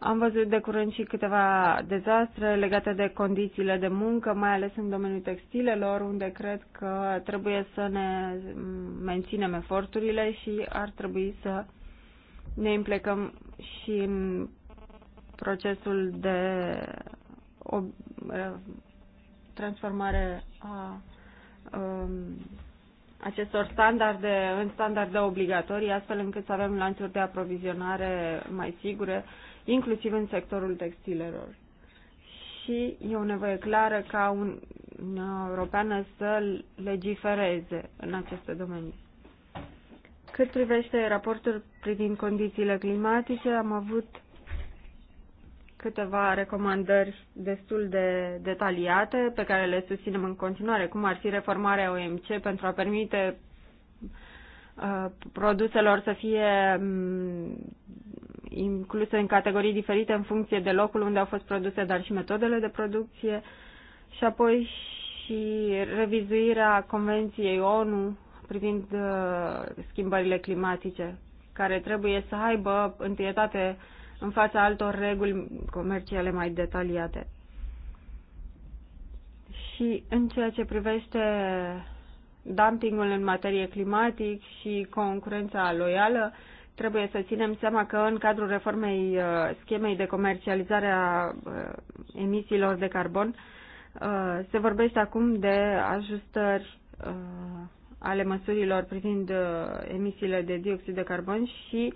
Am văzut de curând și câteva dezastre legate de condițiile de muncă, mai ales în domeniul textilelor, unde cred că trebuie să ne menținem eforturile și ar trebui să ne implicăm și în procesul de transformare a um, acestor standarde în standarde obligatorii, astfel încât să avem lanțuri de aprovizionare mai sigure inclusiv în sectorul textilelor. Și e o nevoie clară ca Uniunea Europeană să legifereze în aceste domenii. Cât privește raportul privind condițiile climatice, am avut câteva recomandări destul de detaliate pe care le susținem în continuare, cum ar fi reformarea OMC pentru a permite uh, produselor să fie mm, incluse în categorii diferite în funcție de locul unde au fost produse, dar și metodele de producție și apoi și revizuirea Convenției ONU privind uh, schimbările climatice, care trebuie să aibă întâietate în fața altor reguli comerciale mai detaliate. Și în ceea ce privește dumpingul în materie climatic și concurența loială, trebuie să ținem seama că în cadrul reformei uh, schemei de comercializare a uh, emisiilor de carbon uh, se vorbește acum de ajustări ale măsurilor privind emisiile de dioxid de carbon și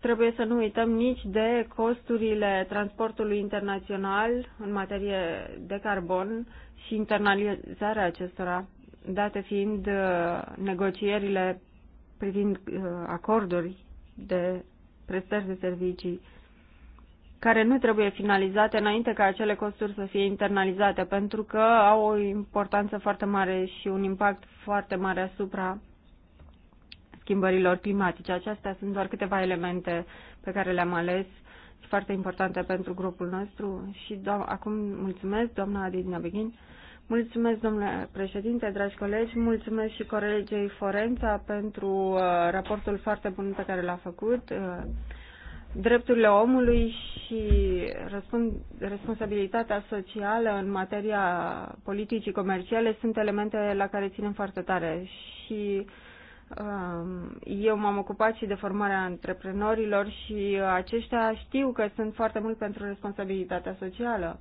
trebuie să nu uităm nici de costurile transportului internațional în materie de carbon și internalizarea acestora, date fiind negocierile privind acorduri de prestări de servicii care nu trebuie finalizate înainte ca acele costuri să fie internalizate, pentru că au o importanță foarte mare și un impact foarte mare asupra schimbărilor climatice. Acestea sunt doar câteva elemente pe care le-am ales foarte importante pentru grupul nostru și acum mulțumesc, doamna Adina Beghin, Mulțumesc, domnule președinte, dragi colegi, mulțumesc și colegei Forența pentru uh, raportul foarte bun pe care l-a făcut. Uh, drepturile omului și responsabilitatea socială în materia politicii comerciale sunt elemente la care ținem foarte tare și um, eu m-am ocupat și de formarea antreprenorilor și aceștia știu că sunt foarte mult pentru responsabilitatea socială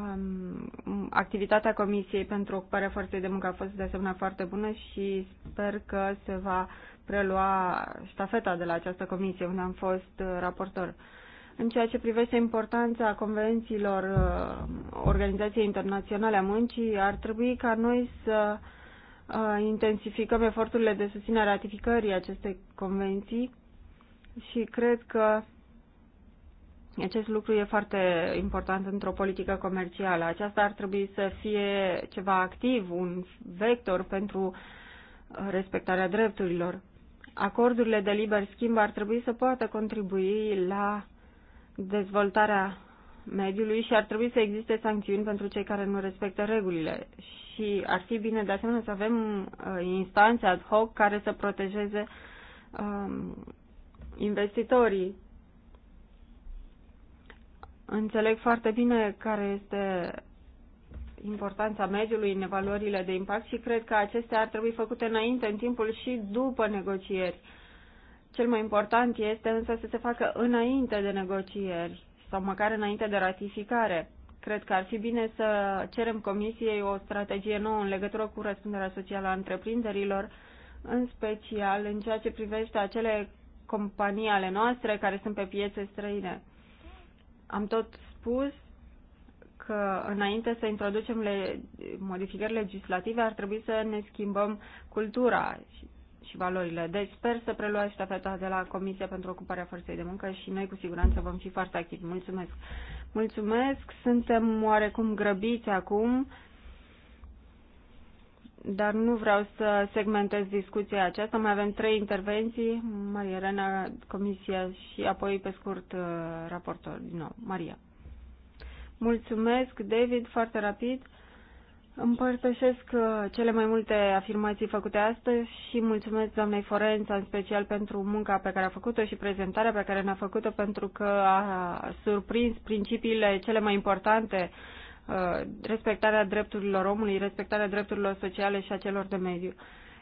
Um, activitatea Comisiei pentru Ocuparea Forței de Muncă a fost de asemenea foarte bună și sper că se va prelua ștafeta de la această comisie unde am fost uh, raportor. În ceea ce privește importanța convențiilor uh, Organizației Internaționale a Muncii, ar trebui ca noi să uh, intensificăm eforturile de susținere a ratificării acestei convenții și cred că acest lucru e foarte important într-o politică comercială. Aceasta ar trebui să fie ceva activ, un vector pentru respectarea drepturilor. Acordurile de liber schimb ar trebui să poată contribui la dezvoltarea mediului și ar trebui să existe sancțiuni pentru cei care nu respectă regulile. Și ar fi bine de asemenea să avem uh, instanțe ad hoc care să protejeze um, investitorii Înțeleg foarte bine care este importanța mediului în evaluările de impact și cred că acestea ar trebui făcute înainte, în timpul și după negocieri. Cel mai important este însă să se facă înainte de negocieri sau măcar înainte de ratificare. Cred că ar fi bine să cerem Comisiei o strategie nouă în legătură cu răspunderea socială a întreprinderilor, în special în ceea ce privește acele companii ale noastre care sunt pe piețe străine am tot spus că înainte să introducem le, modificări legislative ar trebui să ne schimbăm cultura și, și valorile. Deci sper să preluați ștafeta de la Comisia pentru Ocuparea Forței de Muncă și noi cu siguranță vom fi foarte activi. Mulțumesc! Mulțumesc! Suntem oarecum grăbiți acum dar nu vreau să segmentez discuția aceasta. Mai avem trei intervenții, Maria Rena, Comisia și apoi, pe scurt, uh, raportor din nou. Maria. Mulțumesc, David, foarte rapid. Împărtășesc uh, cele mai multe afirmații făcute astăzi și mulțumesc doamnei Forența în special pentru munca pe care a făcut-o și prezentarea pe care ne-a făcut-o pentru că a surprins principiile cele mai importante uh, Uh, respectarea drepturilor omului, respectarea drepturilor sociale și a celor de mediu.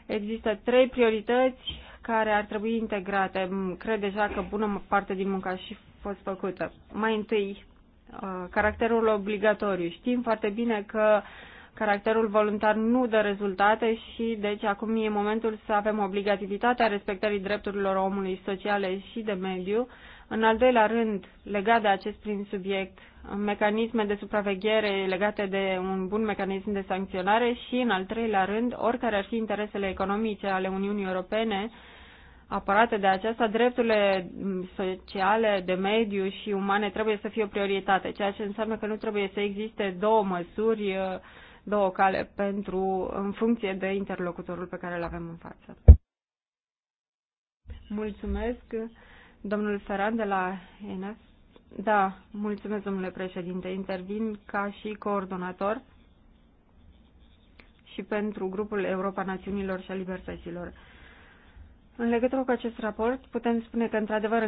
Există trei priorități care ar trebui integrate. Cred deja că bună parte din munca a și fost făcută. Mai întâi, uh, caracterul obligatoriu. Știm foarte bine că caracterul voluntar nu dă rezultate și deci acum e momentul să avem obligativitatea respectării drepturilor omului sociale și de mediu în al doilea rând, legat de acest prim subiect, mecanisme de supraveghere legate de un bun mecanism de sancționare și, în al treilea rând, oricare ar fi interesele economice ale Uniunii Europene apărate de aceasta, drepturile sociale, de mediu și umane trebuie să fie o prioritate, ceea ce înseamnă că nu trebuie să existe două măsuri, două cale pentru, în funcție de interlocutorul pe care îl avem în față. Mulțumesc! Domnul Ferran de la ENAS. Da, mulțumesc, domnule președinte. Intervin ca și coordonator și pentru grupul Europa Națiunilor și a Libertăților. În legătură cu acest raport, putem spune că, într-adevăr,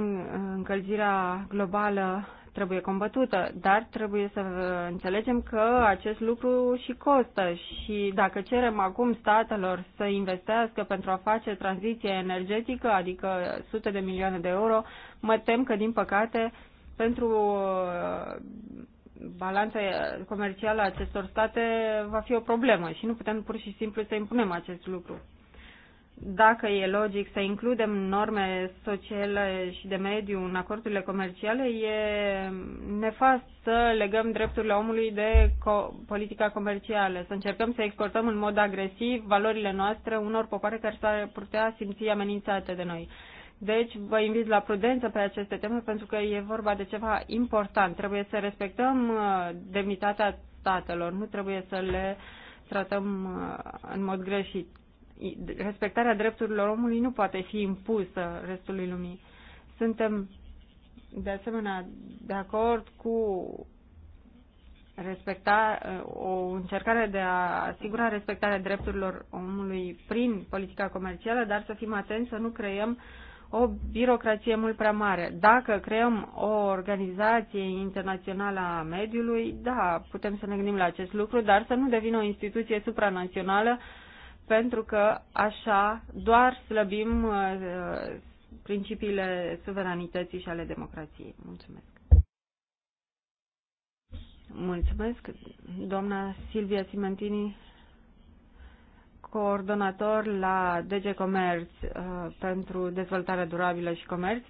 încălzirea globală trebuie combătută, dar trebuie să înțelegem că acest lucru și costă și dacă cerem acum statelor să investească pentru a face tranziție energetică, adică sute de milioane de euro, mă tem că, din păcate, pentru uh, balanța comercială a acestor state va fi o problemă și nu putem pur și simplu să impunem acest lucru dacă e logic să includem norme sociale și de mediu în acordurile comerciale, e nefast să legăm drepturile omului de co- politica comercială, să încercăm să exportăm în mod agresiv valorile noastre unor popoare care s-ar putea simți amenințate de noi. Deci vă invit la prudență pe aceste teme pentru că e vorba de ceva important. Trebuie să respectăm uh, demnitatea statelor, nu trebuie să le tratăm uh, în mod greșit respectarea drepturilor omului nu poate fi impusă restului lumii. Suntem de asemenea de acord cu respecta, o încercare de a asigura respectarea drepturilor omului prin politica comercială, dar să fim atenți să nu creăm o birocrație mult prea mare. Dacă creăm o organizație internațională a mediului, da, putem să ne gândim la acest lucru, dar să nu devină o instituție supranațională pentru că așa doar slăbim uh, principiile suveranității și ale democrației. Mulțumesc. Mulțumesc, doamna Silvia Simentini, coordonator la DG Comerț uh, pentru dezvoltare durabilă și comerț.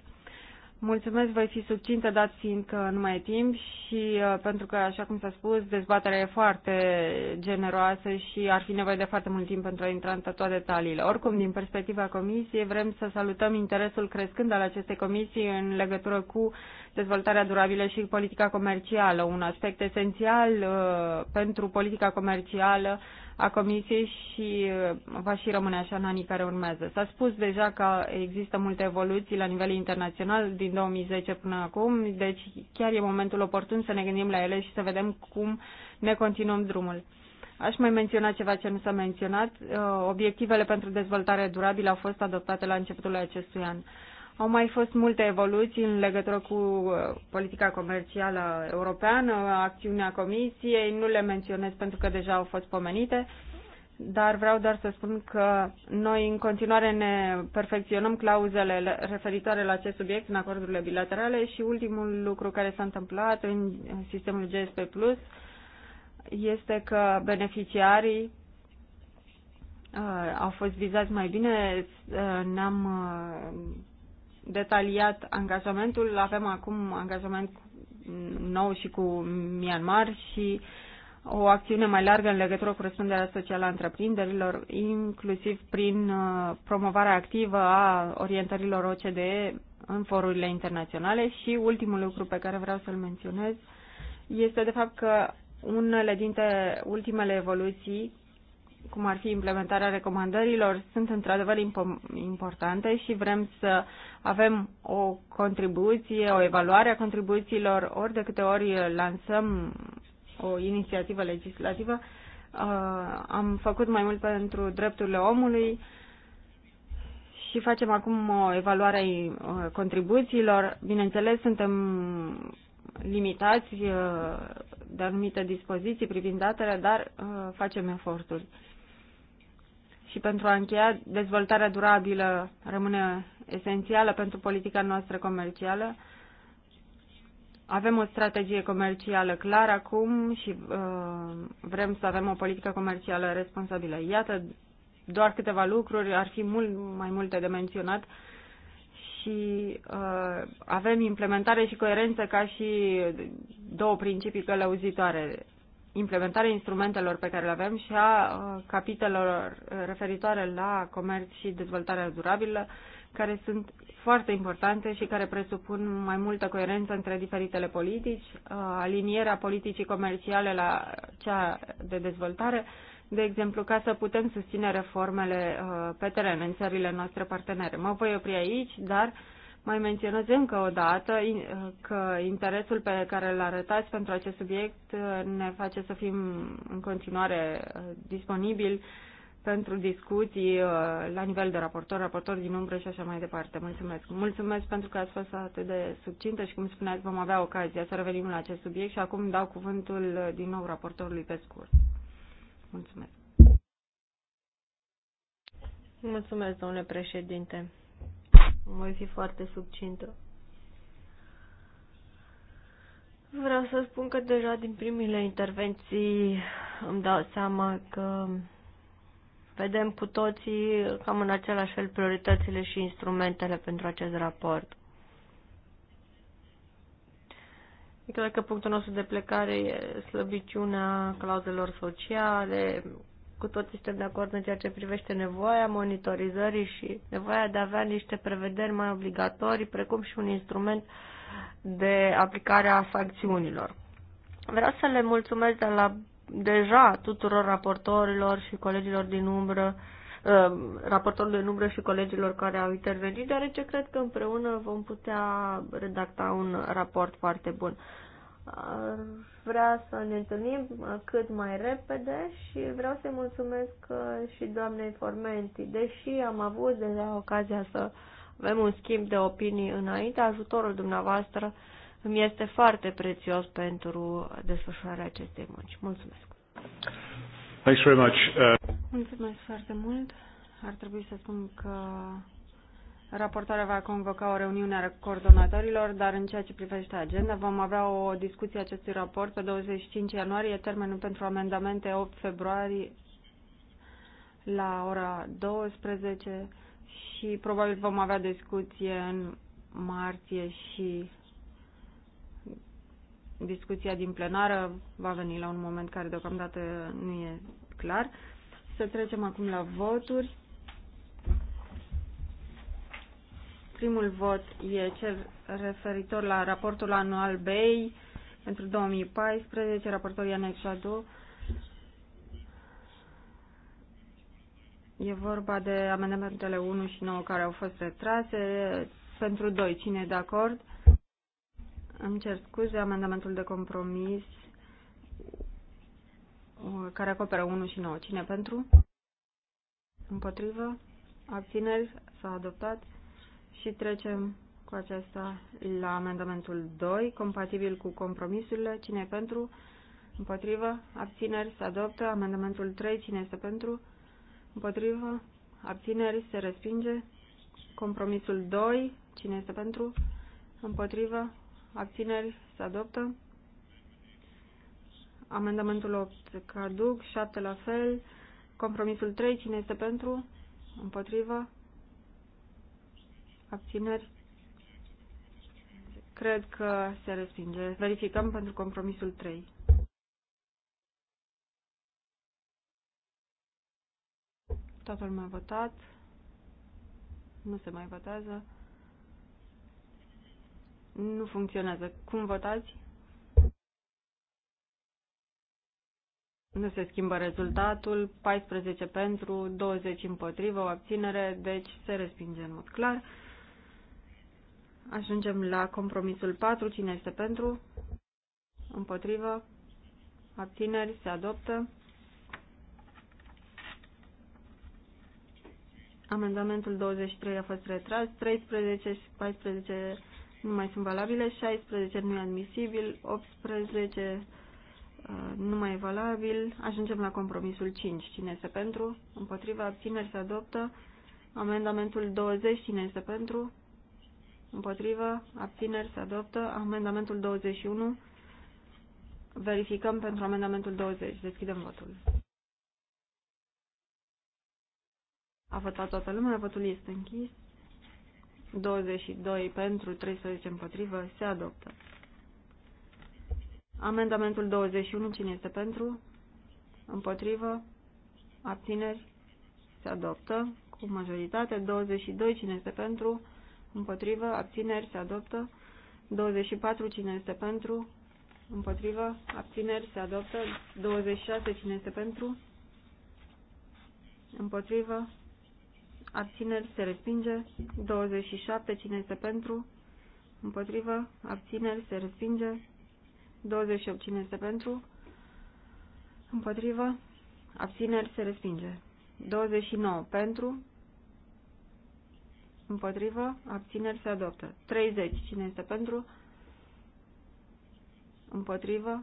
Mulțumesc, voi fi subțintă, dat fiind că nu mai e timp și uh, pentru că, așa cum s-a spus, dezbaterea e foarte generoasă și ar fi nevoie de foarte mult timp pentru a intra în toate detaliile. Oricum, din perspectiva comisiei, vrem să salutăm interesul crescând al acestei comisii în legătură cu dezvoltarea durabilă și politica comercială, un aspect esențial uh, pentru politica comercială a Comisiei și uh, va și rămâne așa în anii care urmează. S-a spus deja că există multe evoluții la nivel internațional din 2010 până acum, deci chiar e momentul oportun să ne gândim la ele și să vedem cum ne continuăm drumul. Aș mai menționa ceva ce nu s-a menționat. Uh, obiectivele pentru dezvoltare durabilă au fost adoptate la începutul acestui an. Au mai fost multe evoluții în legătură cu uh, politica comercială europeană, acțiunea Comisiei, nu le menționez pentru că deja au fost pomenite, dar vreau doar să spun că noi în continuare ne perfecționăm clauzele referitoare la acest subiect în acordurile bilaterale și ultimul lucru care s-a întâmplat în sistemul GSP Plus este că beneficiarii uh, au fost vizați mai bine, uh, ne-am detaliat angajamentul. Avem acum angajament nou și cu Myanmar și o acțiune mai largă în legătură cu răspunderea socială a întreprinderilor, inclusiv prin uh, promovarea activă a orientărilor OCDE în forurile internaționale și ultimul lucru pe care vreau să-l menționez este de fapt că unele dintre ultimele evoluții cum ar fi implementarea recomandărilor, sunt într-adevăr importante și vrem să avem o contribuție, o evaluare a contribuțiilor, ori de câte ori lansăm o inițiativă legislativă. Uh, am făcut mai mult pentru drepturile omului și facem acum o evaluare a uh, contribuțiilor. Bineînțeles, suntem limitați uh, de anumite dispoziții privind datele, dar facem eforturi și pentru a încheia, dezvoltarea durabilă rămâne esențială pentru politica noastră comercială. Avem o strategie comercială clară acum și uh, vrem să avem o politică comercială responsabilă. Iată doar câteva lucruri, ar fi mult mai multe de menționat și uh, avem implementare și coerență ca și două principii călăuzitoare implementarea instrumentelor pe care le avem și a uh, capitelor uh, referitoare la comerț și dezvoltarea durabilă, care sunt foarte importante și care presupun mai multă coerență între diferitele politici, uh, alinierea politicii comerciale la cea de dezvoltare, de exemplu, ca să putem susține reformele pe teren în țările noastre partenere. Mă voi opri aici, dar uh, mai menționez încă o dată că interesul pe care îl arătați pentru acest subiect uh, ne face să fim în continuare uh, disponibili pentru discuții uh, la nivel de raportor, raportor din umbră și așa mai departe. Mulțumesc. Mulțumesc pentru că ați fost atât de subțintă și, cum spuneați, vom avea ocazia să revenim la acest subiect și acum dau cuvântul din nou raportorului pe scurt. Mulțumesc. Mulțumesc, domnule președinte. Voi fi foarte subcintă. Vreau să spun că deja din primile intervenții îmi dau seama că vedem cu toții cam în același fel prioritățile și instrumentele pentru acest raport. Cred că punctul nostru de plecare e slăbiciunea clauzelor sociale, cu toți suntem de acord în ceea ce privește nevoia monitorizării și nevoia de a avea niște prevederi mai obligatorii, precum și un instrument de aplicare a sancțiunilor. Vreau să le mulțumesc de la, deja tuturor raportorilor și colegilor din umbră, uh, raportorul de din umbră și colegilor care au intervenit, deoarece cred că împreună vom putea redacta un raport foarte bun ar vrea să ne întâlnim cât mai repede și vreau să-i mulțumesc uh, și doamnei Formenti. Deși am avut deja ocazia să avem un schimb de opinii înainte, ajutorul dumneavoastră îmi este foarte prețios pentru desfășurarea acestei munci. Mulțumesc! Thanks very much. Uh... Mulțumesc foarte mult. Ar trebui să spun că Raportarea va convoca o reuniune a coordonatorilor, dar în ceea ce privește agenda vom avea o discuție acestui raport pe 25 ianuarie, termenul pentru amendamente 8 februarie la ora 12 și probabil vom avea discuție în martie și discuția din plenară va veni la un moment care deocamdată nu e clar. Să trecem acum la voturi. Primul vot e cel referitor la raportul anual BEI pentru 2014, raportul Ianex Jadu. E vorba de amendamentele 1 și 9 care au fost retrase. Pentru 2, cine e de acord? Îmi cer scuze, amendamentul de compromis uh, care acoperă 1 și 9. Cine pentru? Împotrivă? Abțineri? S-a adoptat? Și trecem cu acesta la amendamentul 2, compatibil cu compromisurile. Cine e pentru? Împotrivă? Abțineri? Se adoptă. Amendamentul 3. Cine este pentru? Împotrivă? Abțineri? Se respinge. Compromisul 2. Cine este pentru? Împotrivă? Abțineri? Se adoptă. Amendamentul 8 caduc, 7 la fel. Compromisul 3. Cine este pentru? Împotrivă? abțineri, cred că se respinge. Verificăm pentru compromisul 3. Toată lumea a votat. Nu se mai votează. Nu funcționează. Cum votați? Nu se schimbă rezultatul, 14 pentru, 20 împotrivă, o abținere, deci se respinge în mod clar. Ajungem la compromisul 4. Cine este pentru? Împotrivă? Abțineri? Se adoptă. Amendamentul 23 a fost retras. 13 și 14 nu mai sunt valabile. 16 nu e admisibil. 18 uh, nu mai e valabil. Ajungem la compromisul 5. Cine este pentru? Împotriva abțineri se adoptă. Amendamentul 20. Cine este pentru? Împotrivă, abțineri, se adoptă. Amendamentul 21. Verificăm pentru amendamentul 20. Deschidem votul. A votat toată lumea, votul este închis. 22 pentru, 13 împotrivă, se adoptă. Amendamentul 21, cine este pentru? Împotrivă? Abțineri? Se adoptă cu majoritate. 22, cine este pentru? împotrivă, abțineri, se adoptă. 24, cine este pentru, împotrivă, abțineri, se adoptă. 26, cine este pentru, împotrivă, abțineri, se respinge. 27, cine este pentru, împotrivă, abțineri, se respinge. 28, cine este pentru, împotrivă, abțineri, se respinge. 29, pentru, Împotrivă. Abțineri se adoptă. 30. Cine este pentru? Împotrivă.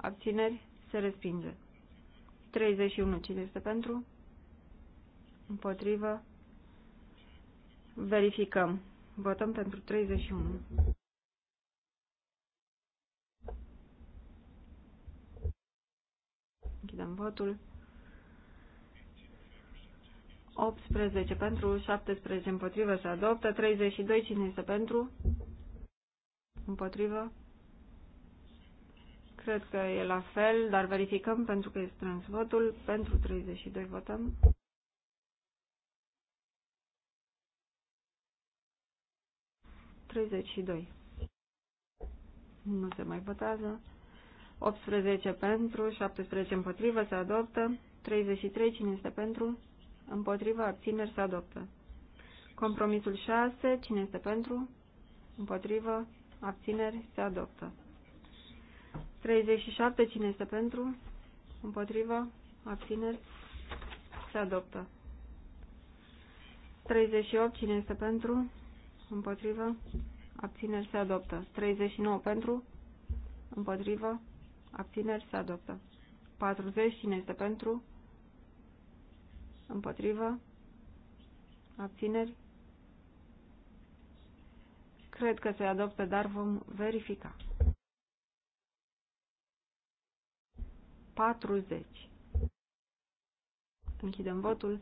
Abțineri se respinge. 31. Cine este pentru? Împotrivă. Verificăm. Votăm pentru 31. Închidem votul. 18 pentru, 17 împotrivă se adoptă, 32 cine este pentru, împotrivă. Cred că e la fel, dar verificăm pentru că e strâns votul. Pentru 32 votăm. Nu se mai votează. 18 pentru, 17 împotrivă, se adoptă. 33, cine este pentru? Împotriva abțineri se adoptă. Compromisul 6. Cine este pentru? Împotrivă. Abțineri se adoptă. 37. Cine este pentru? Împotrivă. Abțineri se adoptă. 38. Cine este pentru? Împotrivă. Abțineri se adoptă. 39 pentru. Împotrivă. Abțineri se adoptă. 40. Cine este pentru? Împotrivă? Abțineri? Cred că se adoptă, dar vom verifica. 40. Închidem votul.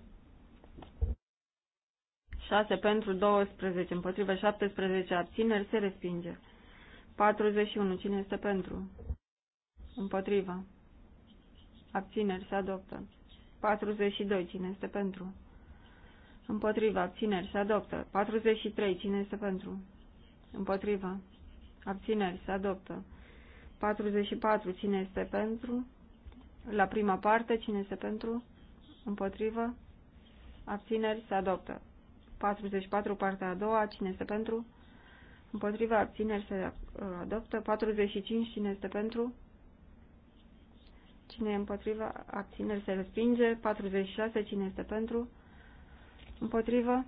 6 pentru 12, împotrivă 17 abțineri, se respinge. 41. Cine este pentru? Împotrivă. Abțineri, se adoptă. 42. Cine este pentru? Împotriva. Abțineri. Se adoptă. 43. Cine este pentru? Împotriva. Abțineri. Se adoptă. 44. Cine este pentru? La prima parte. Cine este pentru? Împotrivă. Abțineri. Se adoptă. 44. Partea a doua. Cine este pentru? Împotriva. Abțineri. Se adoptă. 45. Cine este pentru? Cine e împotrivă? Abțineri se respinge. 46. Cine este pentru? Împotrivă?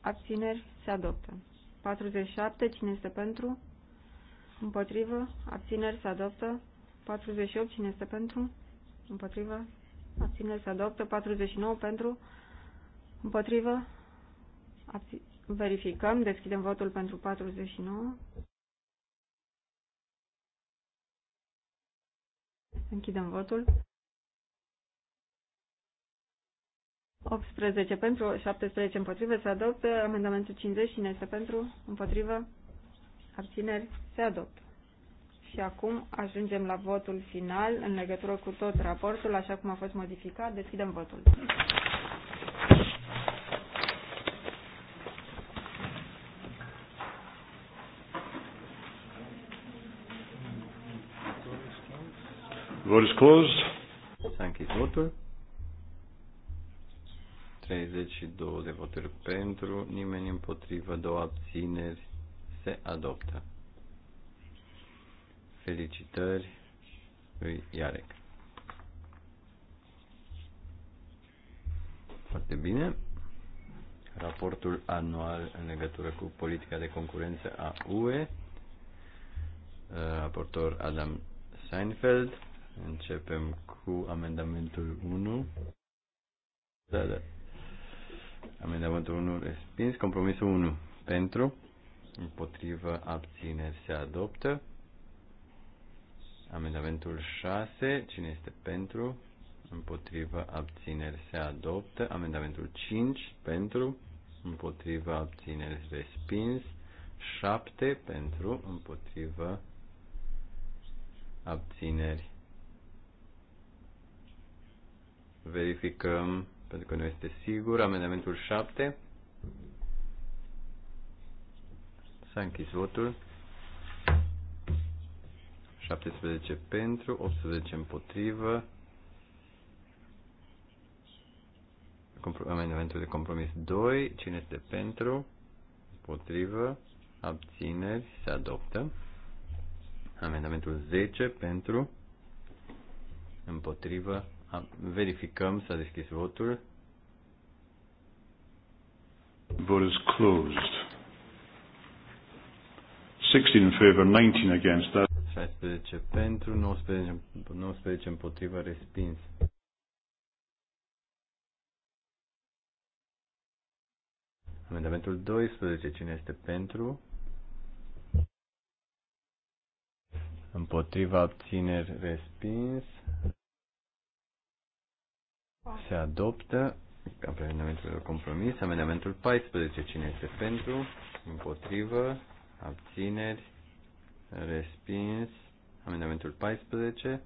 Abțineri se adoptă. 47. Cine este pentru? Împotrivă? Abțineri se adoptă. 48. Cine este pentru? Împotrivă? Abțineri se adoptă. 49. Pentru? Împotrivă? Abțineri. Verificăm. Deschidem votul pentru 49. Închidem votul. 18 pentru, 17 împotrivă, se adoptă. Amendamentul 50, cine este pentru, împotrivă, abțineri, se adoptă. Și acum ajungem la votul final în legătură cu tot raportul, așa cum a fost modificat. Deschidem votul. Vote is closed. S-a închis votul. 32 de voturi pentru, nimeni împotrivă, două abțineri, se adoptă. Felicitări lui Iarec. Foarte bine. Raportul anual în legătură cu politica de concurență a UE. Raportor Adam Seinfeld. Începem cu amendamentul 1. Da, da. Amendamentul 1 respins. Compromisul 1 pentru. Împotrivă abțineri se adoptă. Amendamentul 6. Cine este pentru? Împotrivă abțineri se adoptă. Amendamentul 5 pentru. Împotrivă abțineri respins. 7 pentru. Împotrivă abțineri Verificăm, pentru că nu este sigur, amendamentul 7. S-a închis votul. 17 pentru, 18 împotrivă. Amendamentul de compromis 2. Cine este pentru? Împotrivă. Abțineri. Se adoptă. Amendamentul 10 pentru. Împotrivă. Verificăm, s-a deschis votul. Vote is closed. 16 in favor, 19 against. That. 16 pentru, 19, 19 împotriva, respins. Amendamentul 12. Cine este pentru? Împotriva abțineri respins. Se adoptă amendamentul de compromis, amendamentul 14. Cine este pentru? Împotrivă? Abțineri? Respins? Amendamentul 14.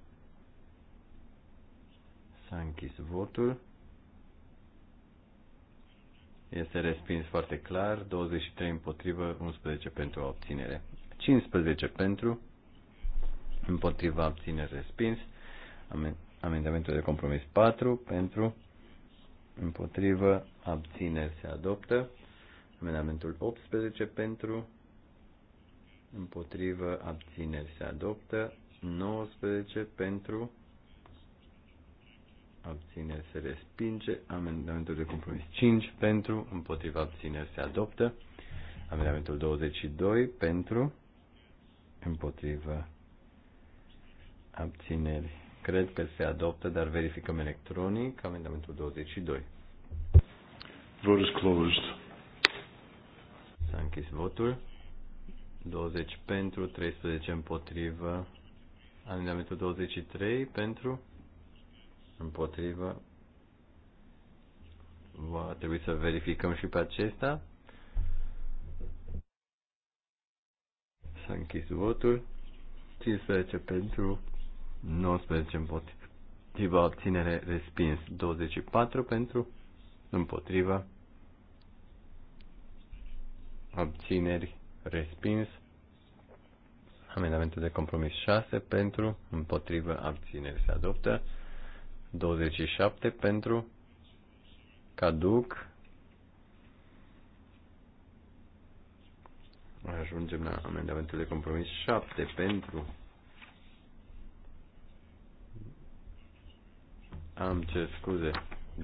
S-a închis votul. Este respins foarte clar, 23 împotrivă, 11 pentru obținere. 15 pentru, împotriva obținere respins, Amendamentul de compromis 4 pentru, împotrivă, abțineri se adoptă. Amendamentul 18 pentru, împotrivă, abțineri se adoptă. 19 pentru, abțineri se respinge. Amendamentul de compromis 5 pentru, împotrivă, abțineri se adoptă. Amendamentul 22 pentru, împotrivă, abțineri Cred că se adoptă, dar verificăm electronic amendamentul 22. Vote is closed. S-a închis votul. 20 pentru, 13 împotrivă. Amendamentul 23 pentru, împotrivă. Va trebui să verificăm și pe acesta. S-a închis votul. 15 pentru, 19 Tiba obținere respins. 24 pentru, împotriva, obțineri respins. Amendamentul de compromis 6 pentru, împotrivă, abțineri se adoptă. 27 pentru, caduc. Ajungem la amendamentul de compromis 7 pentru, Am cer scuze.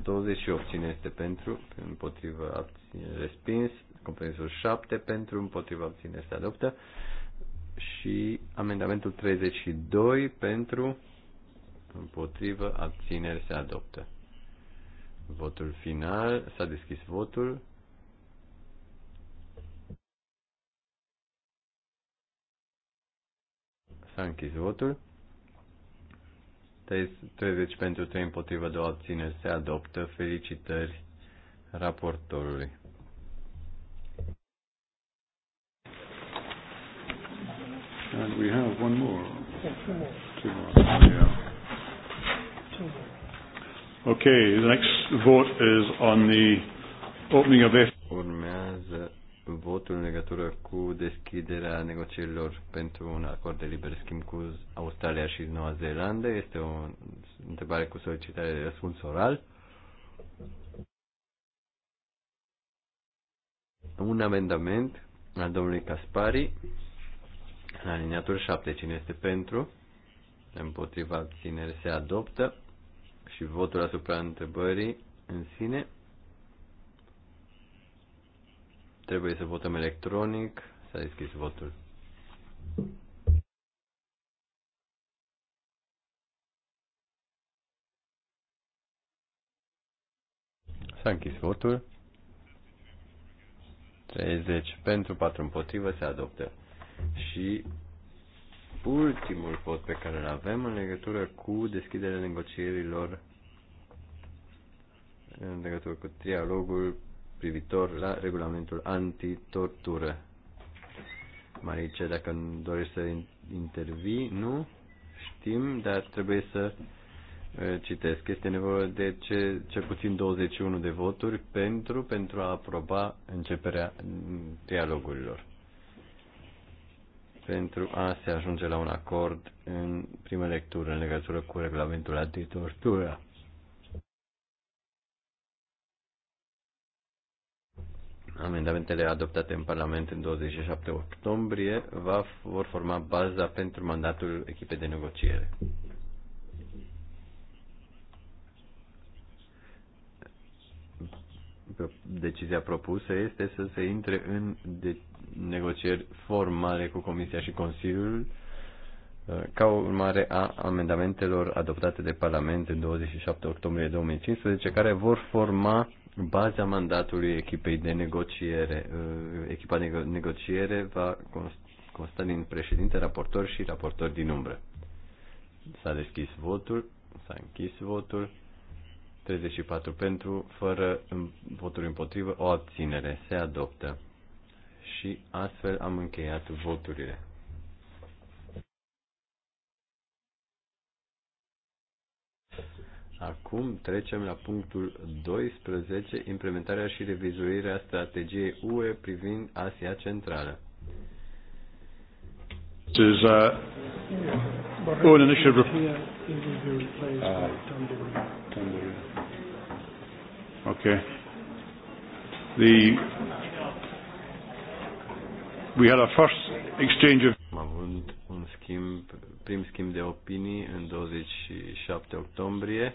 28. Cine este pentru? Împotrivă abține respins. Compromisul 7 pentru, împotrivă abține se adoptă. Și amendamentul 32 pentru, împotrivă abține, se adoptă. Votul final. S-a deschis votul. S-a închis votul. 30 pentru 3 împotrivă 2 abțineri se adoptă. Felicitări raportorului. And we have one more. two more. Two more. Yeah. Okay, the next vote is on the opening of this votul în legătură cu deschiderea negocierilor pentru un acord de liber schimb cu Australia și Noua Zeelandă. Este o întrebare cu solicitare de răspuns oral. Un amendament al domnului Caspari la liniatură 7. Cine este pentru? Împotriva abținere se adoptă și votul asupra întrebării în sine Trebuie să votăm electronic. S-a deschis votul. S-a închis votul. 30 pentru, 4 împotrivă, se adoptă. Și ultimul vot pe care îl avem în legătură cu deschiderea negocierilor în legătură cu trialogul privitor la regulamentul antitortură. Marice, dacă dorești să intervii, nu știm, dar trebuie să uh, citesc. Este nevoie de ce, cel puțin 21 de voturi pentru, pentru a aproba începerea mm, dialogurilor. Pentru a se ajunge la un acord în primă lectură în legătură cu regulamentul antitortură. Amendamentele adoptate în Parlament în 27 octombrie va, vor forma baza pentru mandatul echipei de negociere. Decizia propusă este să se intre în de- negocieri formale cu Comisia și Consiliul uh, ca urmare a amendamentelor adoptate de Parlament în 27 octombrie 2015, care vor forma baza mandatului echipei de negociere. Uh, echipa de negociere va consta din președinte, raportor și raportor din umbră. S-a deschis votul, s-a închis votul, 34 pentru, fără voturi împotrivă, o abținere. Se adoptă. Și astfel am încheiat voturile. Acum trecem la punctul 12, implementarea și revizuirea strategiei UE privind Asia Centrală. This is uh, an initiative. Uh, okay. The we had our first exchange of. Am avut un schimb, prim schimb de opinii în 27 octombrie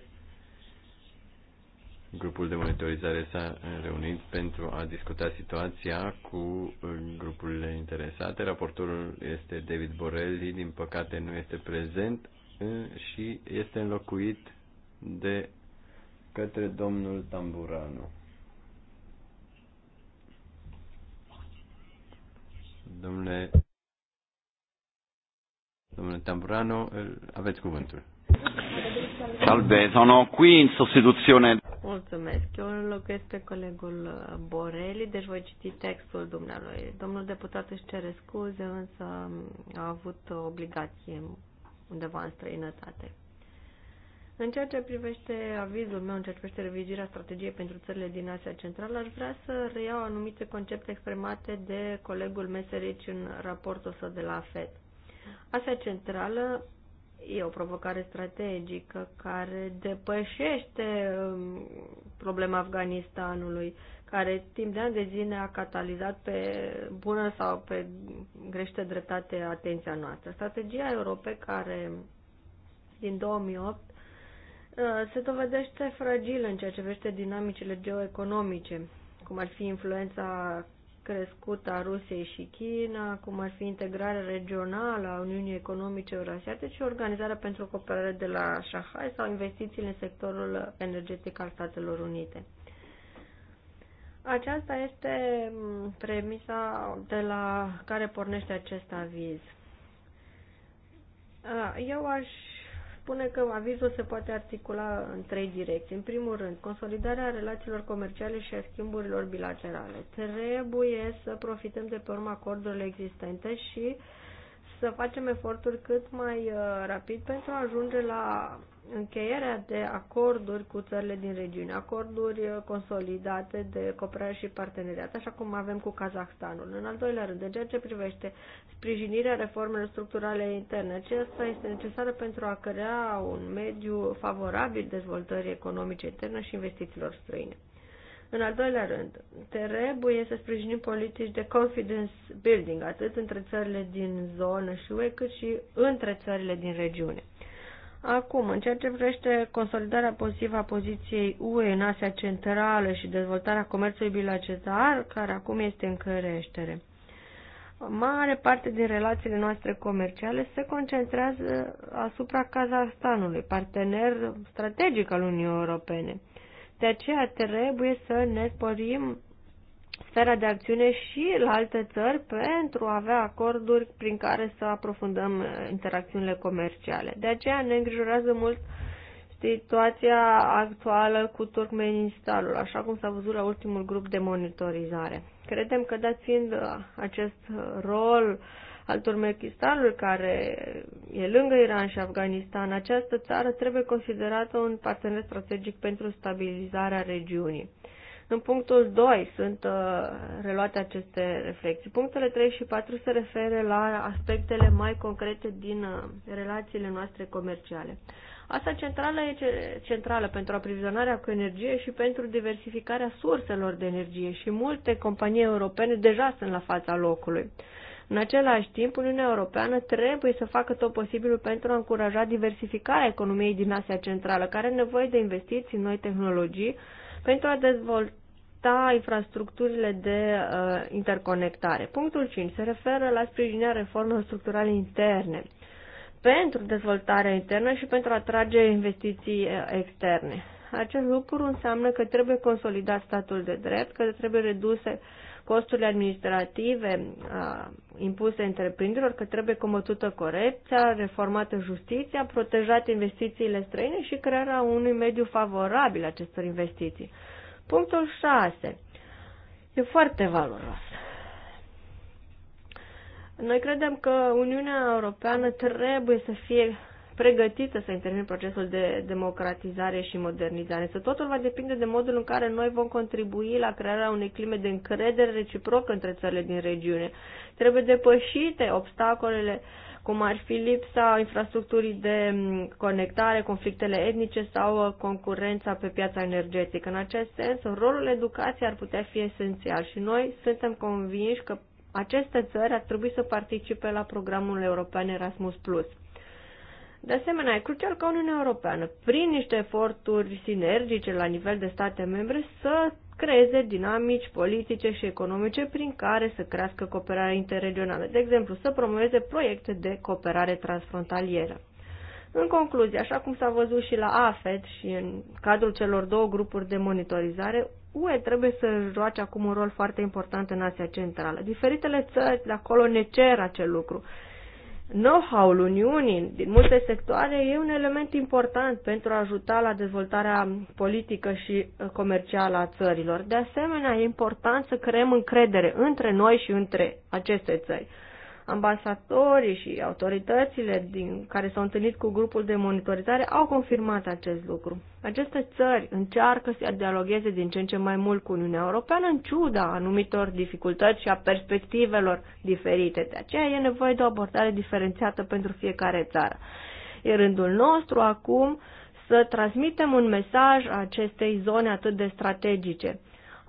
Grupul de monitorizare s-a reunit pentru a discuta situația cu uh, grupurile interesate. Raportorul este David Borelli, din păcate nu este prezent uh, și este înlocuit de către domnul Tamburanu. Domnule, domnule Tamburano, aveți cuvântul. Salve, sono qui in sostituzione Mulțumesc. Eu înlocuiesc pe colegul Boreli, deci voi citi textul dumnealui. Domnul deputat își cere scuze, însă um, a avut o obligație undeva în străinătate. În ceea ce privește avizul meu, în ceea ce privește revizuirea strategiei pentru țările din Asia Centrală, aș vrea să reiau anumite concepte exprimate de colegul Meserici în raportul său de la FED. Asia Centrală E o provocare strategică care depășește um, problema Afganistanului, care timp de ani de zile a catalizat pe bună sau pe grește dreptate atenția noastră. Strategia europei care din 2008 uh, se dovedește fragilă în ceea ce vește dinamicile geoeconomice, cum ar fi influența crescut a Rusiei și China, cum ar fi integrarea regională a Uniunii Economice Eurasiatice și organizarea pentru cooperare de la Shanghai sau investițiile în sectorul energetic al Statelor Unite. Aceasta este premisa de la care pornește acest aviz. Eu aș spune că avizul se poate articula în trei direcții. În primul rând, consolidarea relațiilor comerciale și a schimburilor bilaterale. Trebuie să profităm de pe urma acordurilor existente și uh, să facem eforturi cât mai uh, rapid pentru a ajunge la încheierea de acorduri cu țările din regiune, acorduri uh, consolidate de cooperare și parteneriat, așa cum avem cu Kazahstanul. În al doilea rând, în ceea ce privește sprijinirea reformelor structurale interne, aceasta este necesară pentru a crea un mediu favorabil dezvoltării economice interne și investițiilor străine. În al doilea rând, trebuie să sprijinim politici de confidence building, atât între țările din zonă și UE, cât și între țările din regiune. Acum, în ceea ce vrește consolidarea pozitivă a poziției UE în Asia Centrală și dezvoltarea comerțului bilateral, care acum este în creștere, mare parte din relațiile noastre comerciale se concentrează asupra Kazahstanului, partener strategic al Uniunii Europene de aceea trebuie să ne sporim sfera de acțiune și la alte țări pentru a avea acorduri prin care să aprofundăm interacțiunile comerciale. De aceea ne îngrijorează mult situația actuală cu Turkmenistanul, așa cum s-a văzut la ultimul grup de monitorizare. Credem că, dat fiind acest rol uh, al Turmekistarului, care e lângă Iran și Afganistan, această țară trebuie considerată un partener strategic pentru stabilizarea regiunii. În punctul 2 sunt uh, reluate aceste reflexii. Punctele 3 și 4 se referă la aspectele mai concrete din uh, relațiile noastre comerciale. Asta centrală e centrală pentru aprovizionarea cu energie și pentru diversificarea surselor de energie și multe companii europene deja sunt la fața locului. În același timp, Uniunea Europeană trebuie să facă tot posibilul pentru a încuraja diversificarea economiei din Asia Centrală, care are nevoie de investiții în noi tehnologii pentru a dezvolta infrastructurile de uh, interconectare. Punctul 5 se referă la sprijinirea reformelor structurale interne pentru dezvoltarea internă și pentru a atrage investiții uh, externe. Acest lucru înseamnă că trebuie consolidat statul de drept, că trebuie reduse uh, costurile administrative impuse întreprinderilor, că trebuie combătută corecția, reformată justiția, protejate investițiile străine și crearea unui mediu favorabil acestor investiții. Punctul 6. E foarte valoros. Noi credem că Uniunea Europeană trebuie să fie pregătită să intervină în procesul de democratizare și modernizare. Să totul va depinde de modul în care noi vom contribui la crearea unei clime de încredere reciprocă între țările din regiune. Trebuie depășite obstacolele cum ar fi lipsa infrastructurii de conectare, conflictele etnice sau uh, concurența pe piața energetică. În acest sens, rolul educației ar putea fi esențial și noi suntem convinși că aceste țări ar trebui să participe la programul european Erasmus+. De asemenea, e crucial ca Uniunea Europeană, prin niște eforturi sinergice la nivel de state membre, să creeze dinamici politice și economice prin care să crească cooperarea interregională, de exemplu, să promoveze proiecte de cooperare transfrontalieră. În concluzie, așa cum s-a văzut și la AFED și în cadrul celor două grupuri de monitorizare, UE trebuie să joace acum un rol foarte important în Asia Centrală. Diferitele țări de acolo ne cer acel lucru know-how-ul Uniunii din multe sectoare e un element important pentru a ajuta la dezvoltarea politică și uh, comercială a țărilor. De asemenea, e important să creăm încredere între noi și între aceste țări. Ambasatorii și autoritățile din care s-au întâlnit cu grupul de monitorizare au confirmat acest lucru. Aceste țări încearcă să dialogueze din ce în ce mai mult cu Uniunea Europeană în ciuda anumitor dificultăți și a perspectivelor diferite. De aceea e nevoie de o abordare diferențiată pentru fiecare țară. E rândul nostru acum să transmitem un mesaj acestei zone atât de strategice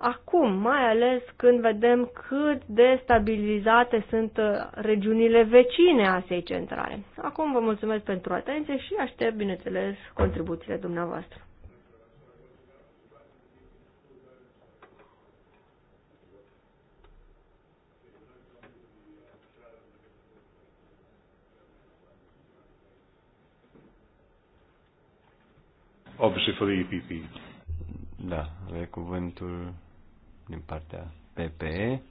acum, mai ales când vedem cât de stabilizate sunt uh, regiunile vecine a Asiei Centrale. Acum vă mulțumesc pentru atenție și aștept, bineînțeles, contribuțiile dumneavoastră. Obviously for the EPP. Da, e cuvântul din partea PPE,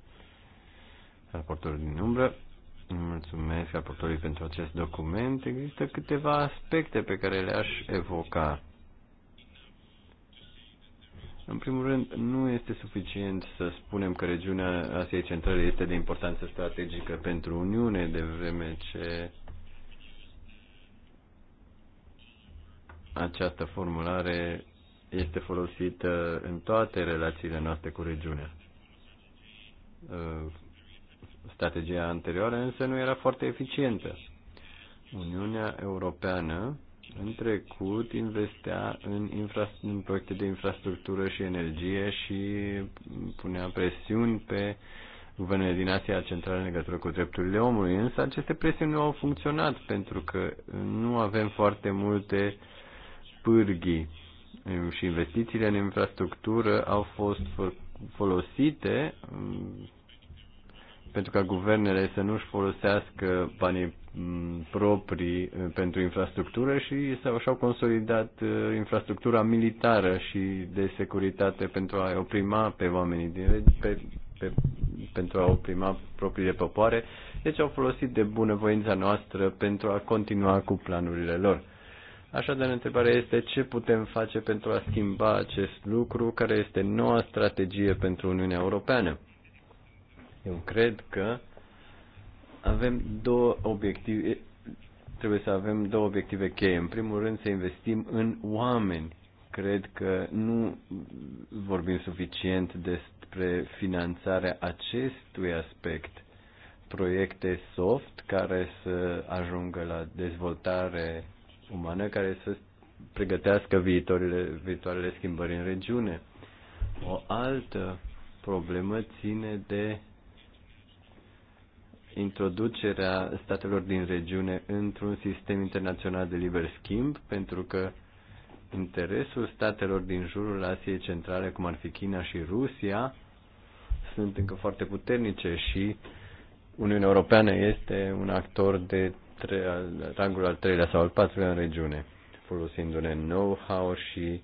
raportorul din umbră. Mulțumesc raportorului pentru acest document. Există câteva aspecte pe care le-aș evoca. În primul rând, nu este suficient să spunem că regiunea Asiei Centrale este de importanță strategică pentru Uniune, de vreme ce această formulare este folosită în toate relațiile noastre cu regiunea. Uh, strategia anterioară însă nu era foarte eficientă. Uniunea Europeană în trecut investea în, infra, în proiecte de infrastructură și energie și punea presiuni pe guvernele din Asia Centrală în legătură cu drepturile omului, însă aceste presiuni nu au funcționat pentru că nu avem foarte multe pârghii și investițiile în infrastructură au fost folosite mm, pentru ca guvernele să nu-și folosească banii mm, proprii mm, pentru infrastructură și și-au consolidat infrastructura militară și de securitate pentru a oprima pe oamenii, pe, pe, pentru a oprima propriile popoare. Deci au folosit de bunăvoința noastră pentru a continua cu planurile lor. Așadar, întrebarea este ce putem face pentru a schimba acest lucru, care este noua strategie pentru Uniunea Europeană. Eu cred că avem două obiective, trebuie să avem două obiective cheie. În primul rând, să investim în oameni. Cred că nu vorbim suficient despre finanțarea acestui aspect. Proiecte soft care să ajungă la dezvoltare umană care să pregătească viitoarele, viitoarele schimbări în regiune. O altă problemă ține de introducerea statelor din regiune într-un sistem internațional de liber schimb, pentru că interesul statelor din jurul Asiei Centrale, cum ar fi China și Rusia, sunt încă foarte puternice și Uniunea Europeană este un actor de tre- al, rangul al treilea sau al patrulea în regiune, folosindu-ne know-how și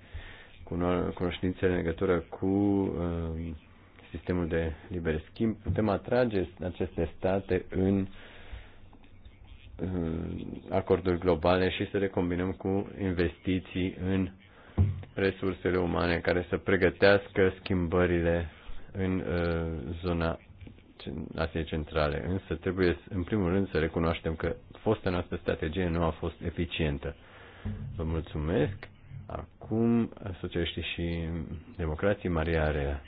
cunoștințe în legătură cu uh, sistemul de liber schimb, putem atrage aceste state în uh, acorduri globale și să le combinăm cu investiții în resursele umane care să pregătească schimbările în uh, zona Asiei Centrale. Însă trebuie, în primul rând, să recunoaștem că fosta noastră strategie nu a fost eficientă. Vă mulțumesc. Acum, socialiștii și democrații, Maria Rea.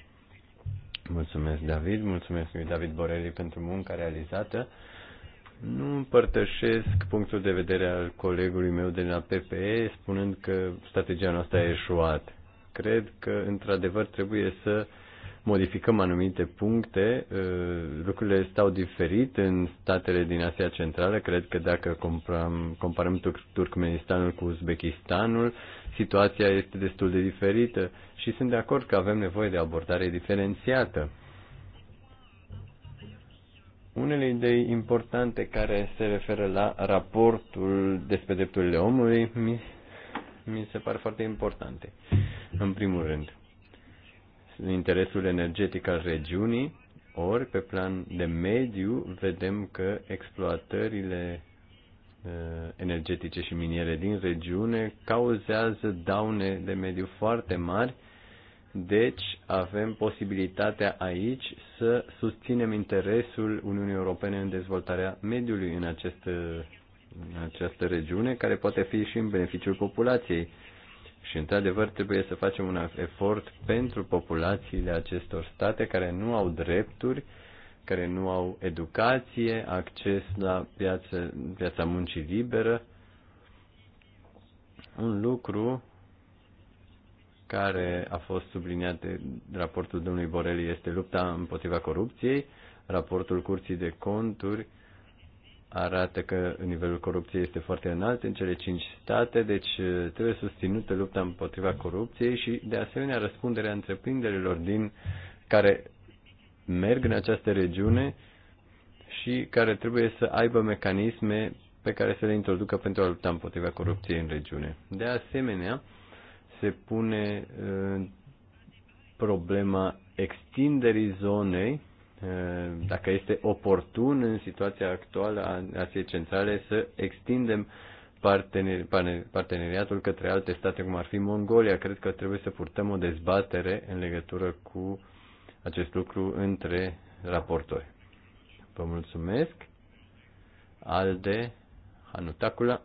Mulțumesc, David. Mulțumesc lui David Borelli pentru munca realizată. Nu împărtășesc punctul de vedere al colegului meu de la PPE, spunând că strategia noastră a eșuat. Cred că, într-adevăr, trebuie să uh, modificăm anumite puncte, uh, lucrurile stau diferit în statele din Asia Centrală. Cred că dacă comparăm, comparăm Turkmenistanul cu Uzbekistanul, situația este destul de diferită și sunt de acord că avem nevoie de abordare diferențiată. Unele idei importante care se referă la raportul despre drepturile omului mi, mi se par foarte importante. În primul rând, interesul energetic al regiunii, ori pe plan de mediu vedem că exploatările uh, energetice și miniere din regiune cauzează daune de mediu foarte mari, deci avem posibilitatea aici să susținem interesul Uniunii Europene în dezvoltarea mediului în această, în această regiune, care poate fi și în beneficiul populației și, într-adevăr, trebuie să facem un efort pentru populațiile acestor state care nu au drepturi, care nu au educație, acces la piață, piața muncii liberă. Un lucru care a fost subliniat de raportul domnului Borelli este lupta împotriva corupției. Raportul Curții de Conturi arată că nivelul corupției este foarte înalt în cele cinci state, deci uh, trebuie susținută lupta împotriva corupției și, de asemenea, răspunderea întreprinderilor din care merg în această regiune și care trebuie să aibă mecanisme pe care să le introducă pentru a lupta împotriva corupției în regiune. De asemenea, se pune uh, problema extinderii zonei Eh, dacă este oportun în situația actuală a Asiei Centrale să extindem parteneri, parteneriatul către alte state, cum ar fi Mongolia. Cred că trebuie să purtăm o dezbatere în legătură cu acest lucru între raportori. Vă mulțumesc. Alde Hanutakula.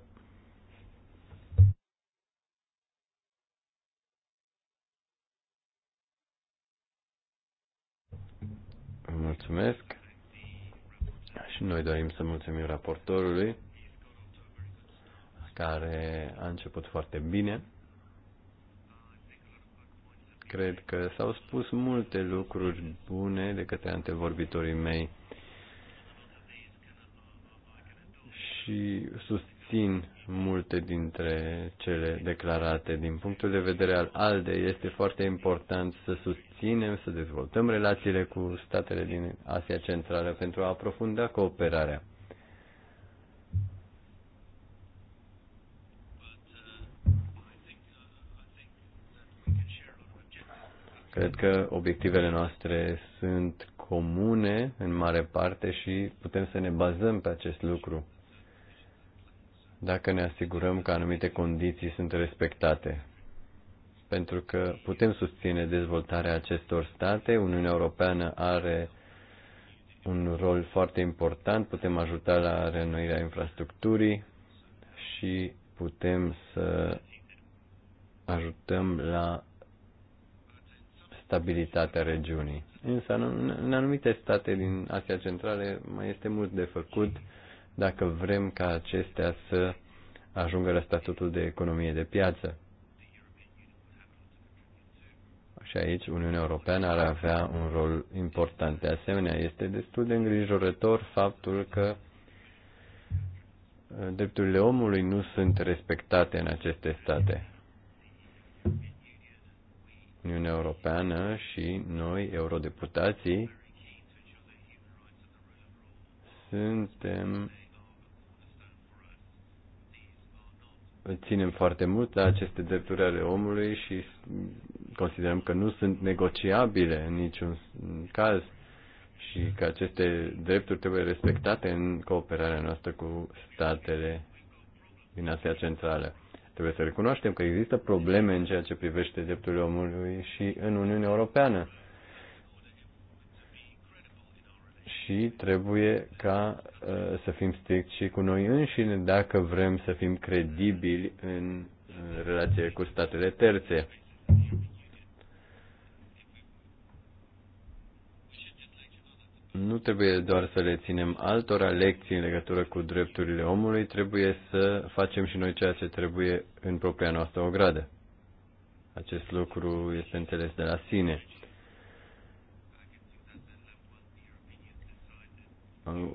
Mulțumesc. Și noi dorim să mulțumim raportorului care a început foarte bine. Cred că s-au spus multe lucruri bune de către antevorbitorii mei și sus, susțin multe dintre cele declarate. Din punctul de vedere al ALDE, este foarte important să susținem, să dezvoltăm relațiile cu statele din Asia Centrală pentru a aprofunda cooperarea. Cred că obiectivele noastre sunt comune în mare parte și putem să ne bazăm pe acest lucru dacă ne asigurăm că anumite condiții sunt respectate. Pentru că putem susține dezvoltarea acestor state, Uniunea Europeană are un rol foarte important, putem ajuta la reînnoirea infrastructurii și putem să ajutăm la stabilitatea regiunii. Însă în anumite state din Asia Centrală mai este mult de făcut dacă vrem ca acestea să ajungă la statutul de economie de piață. Și aici Uniunea Europeană ar avea un rol important. De asemenea, este destul de îngrijorător faptul că uh, drepturile omului nu sunt respectate în aceste state. Uniunea Europeană și noi, eurodeputații, suntem ținem foarte mult la aceste drepturi ale omului și considerăm că nu sunt negociabile în niciun caz și că aceste drepturi trebuie respectate în cooperarea noastră cu statele din Asia Centrală. Trebuie să recunoaștem că există probleme în ceea ce privește drepturile omului și în Uniunea Europeană. și trebuie ca ă, să fim strict și cu noi înșine dacă vrem să fim credibili în relație cu statele terțe. Nu trebuie doar să le ținem altora lecții în legătură cu drepturile omului, trebuie să facem și noi ceea ce trebuie în propria noastră ogradă. Acest lucru este înțeles de la sine.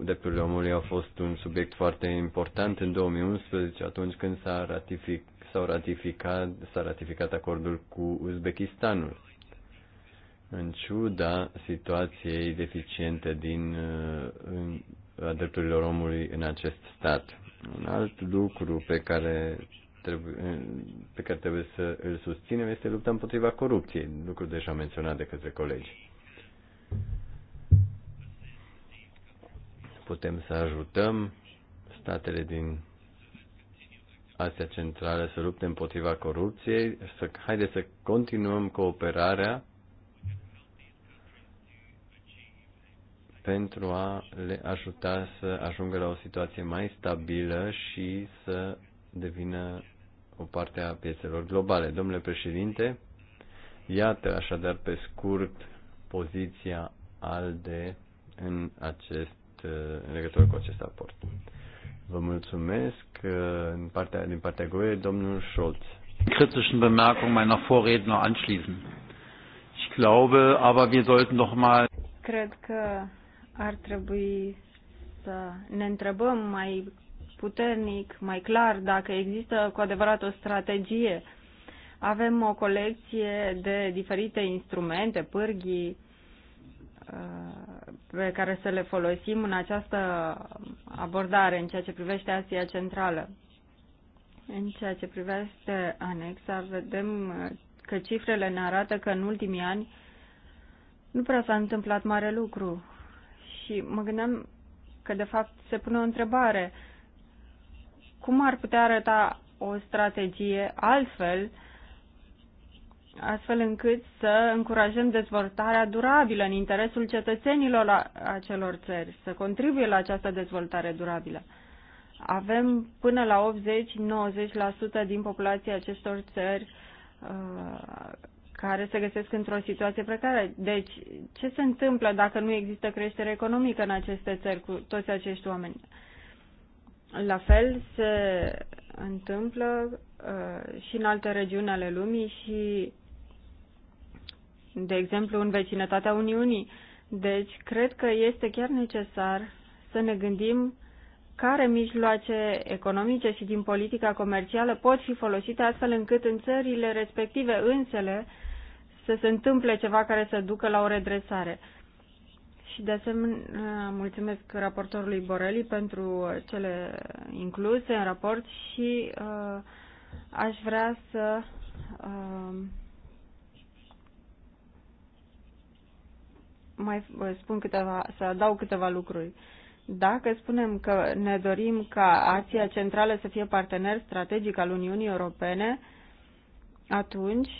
drepturile omului au fost un subiect foarte important în 2011, atunci când s-a ratific, s-au ratificat, s-a ratificat acordul cu Uzbekistanul. În ciuda situației deficiente din uh, în, a drepturilor omului în acest stat. Un alt lucru pe care trebuie, pe care trebuie să îl susținem este lupta împotriva corupției, lucru deja menționat de către colegi. putem să ajutăm statele din Asia Centrală să lupte împotriva corupției, să, haideți să continuăm cooperarea pentru a le ajuta să ajungă la o situație mai stabilă și să devină o parte a piețelor globale. Domnule președinte, iată așadar pe scurt poziția ALDE în acest Uh, în legătură cu acest raport. Vă mulțumesc din uh, partea, din partea GOE, domnul Scholz. Kritischen Bemerkungen meiner Vorredner anschließen. Ich glaube, aber wir sollten noch mal Cred că ar trebui să ne întrebăm mai puternic, mai clar, dacă există cu adevărat o strategie. Avem o colecție de diferite instrumente, pârghii, uh, pe care să le folosim în această abordare în ceea ce privește Asia Centrală. În ceea ce privește anexa, vedem că cifrele ne arată că în ultimii ani nu prea s-a întâmplat mare lucru. Și mă gândeam că, de fapt, se pune o întrebare. Cum ar putea arăta o strategie altfel uh, astfel încât să încurajăm dezvoltarea durabilă în interesul cetățenilor acelor țări, să contribuie la această dezvoltare durabilă. Avem până la 80-90% din populația acestor țări uh, care se găsesc într-o situație precară. Deci, ce se întâmplă dacă nu există creștere economică în aceste țări cu toți acești oameni? La fel se întâmplă uh, și în alte regiuni ale lumii și de exemplu, în vecinătatea Uniunii. Deci, cred că este chiar necesar să ne gândim care mijloace economice și din politica comercială pot fi folosite astfel încât în țările respective însele să se întâmple ceva care să ducă la o redresare. Și de asemenea mulțumesc raportorului Borelli pentru cele incluse în raport și uh, aș vrea să uh, mai spun câteva, să adaug câteva lucruri. Dacă spunem că ne dorim ca Asia Centrală să fie partener strategic al Uniunii Europene, atunci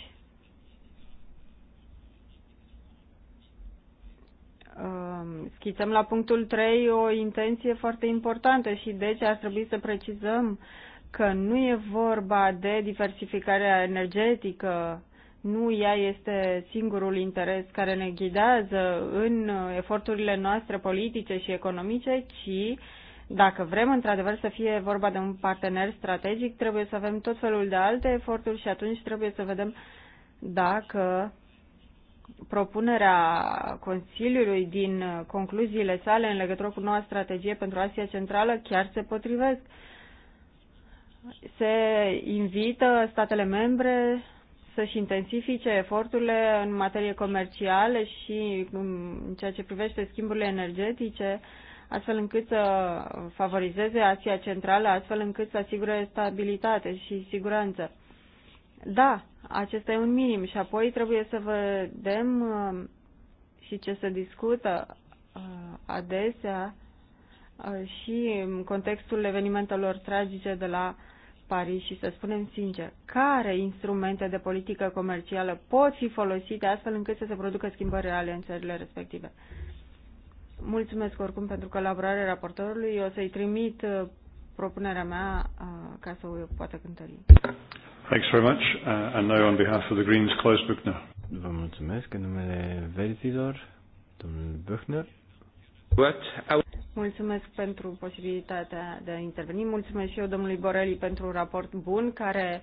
um, schițăm la punctul 3 o intenție foarte importantă și deci ar trebui să precizăm că nu e vorba de diversificarea energetică nu ea este singurul interes care ne ghidează în eforturile noastre politice și economice, ci dacă vrem într-adevăr să fie vorba de un partener strategic, trebuie să avem tot felul de alte eforturi și atunci trebuie să vedem dacă propunerea Consiliului din concluziile sale în legătură cu noua strategie pentru Asia Centrală chiar se potrivesc. Se invită statele membre să-și intensifice eforturile în materie comercială și în ceea ce privește schimburile energetice, astfel încât să favorizeze Asia Centrală, astfel încât să asigure stabilitate și siguranță. Da, acesta e un minim și apoi trebuie să vedem uh, și ce se discută uh, adesea uh, și în contextul evenimentelor tragice de la Paris și să spunem sincer care instrumente de politică comercială pot fi folosite astfel încât să se producă schimbări reale în țările respective. Mulțumesc oricum pentru colaborarea raportorului. Eu o să-i trimit uh, propunerea mea uh, ca să o poată cântări. Thanks very much. Uh, and now on behalf of the Greens, Klaus Buchner. Vă mulțumesc în numele verzilor, domnul Buchner. Mulțumesc pentru posibilitatea de a interveni. Mulțumesc și eu domnului Borelli pentru un raport bun care,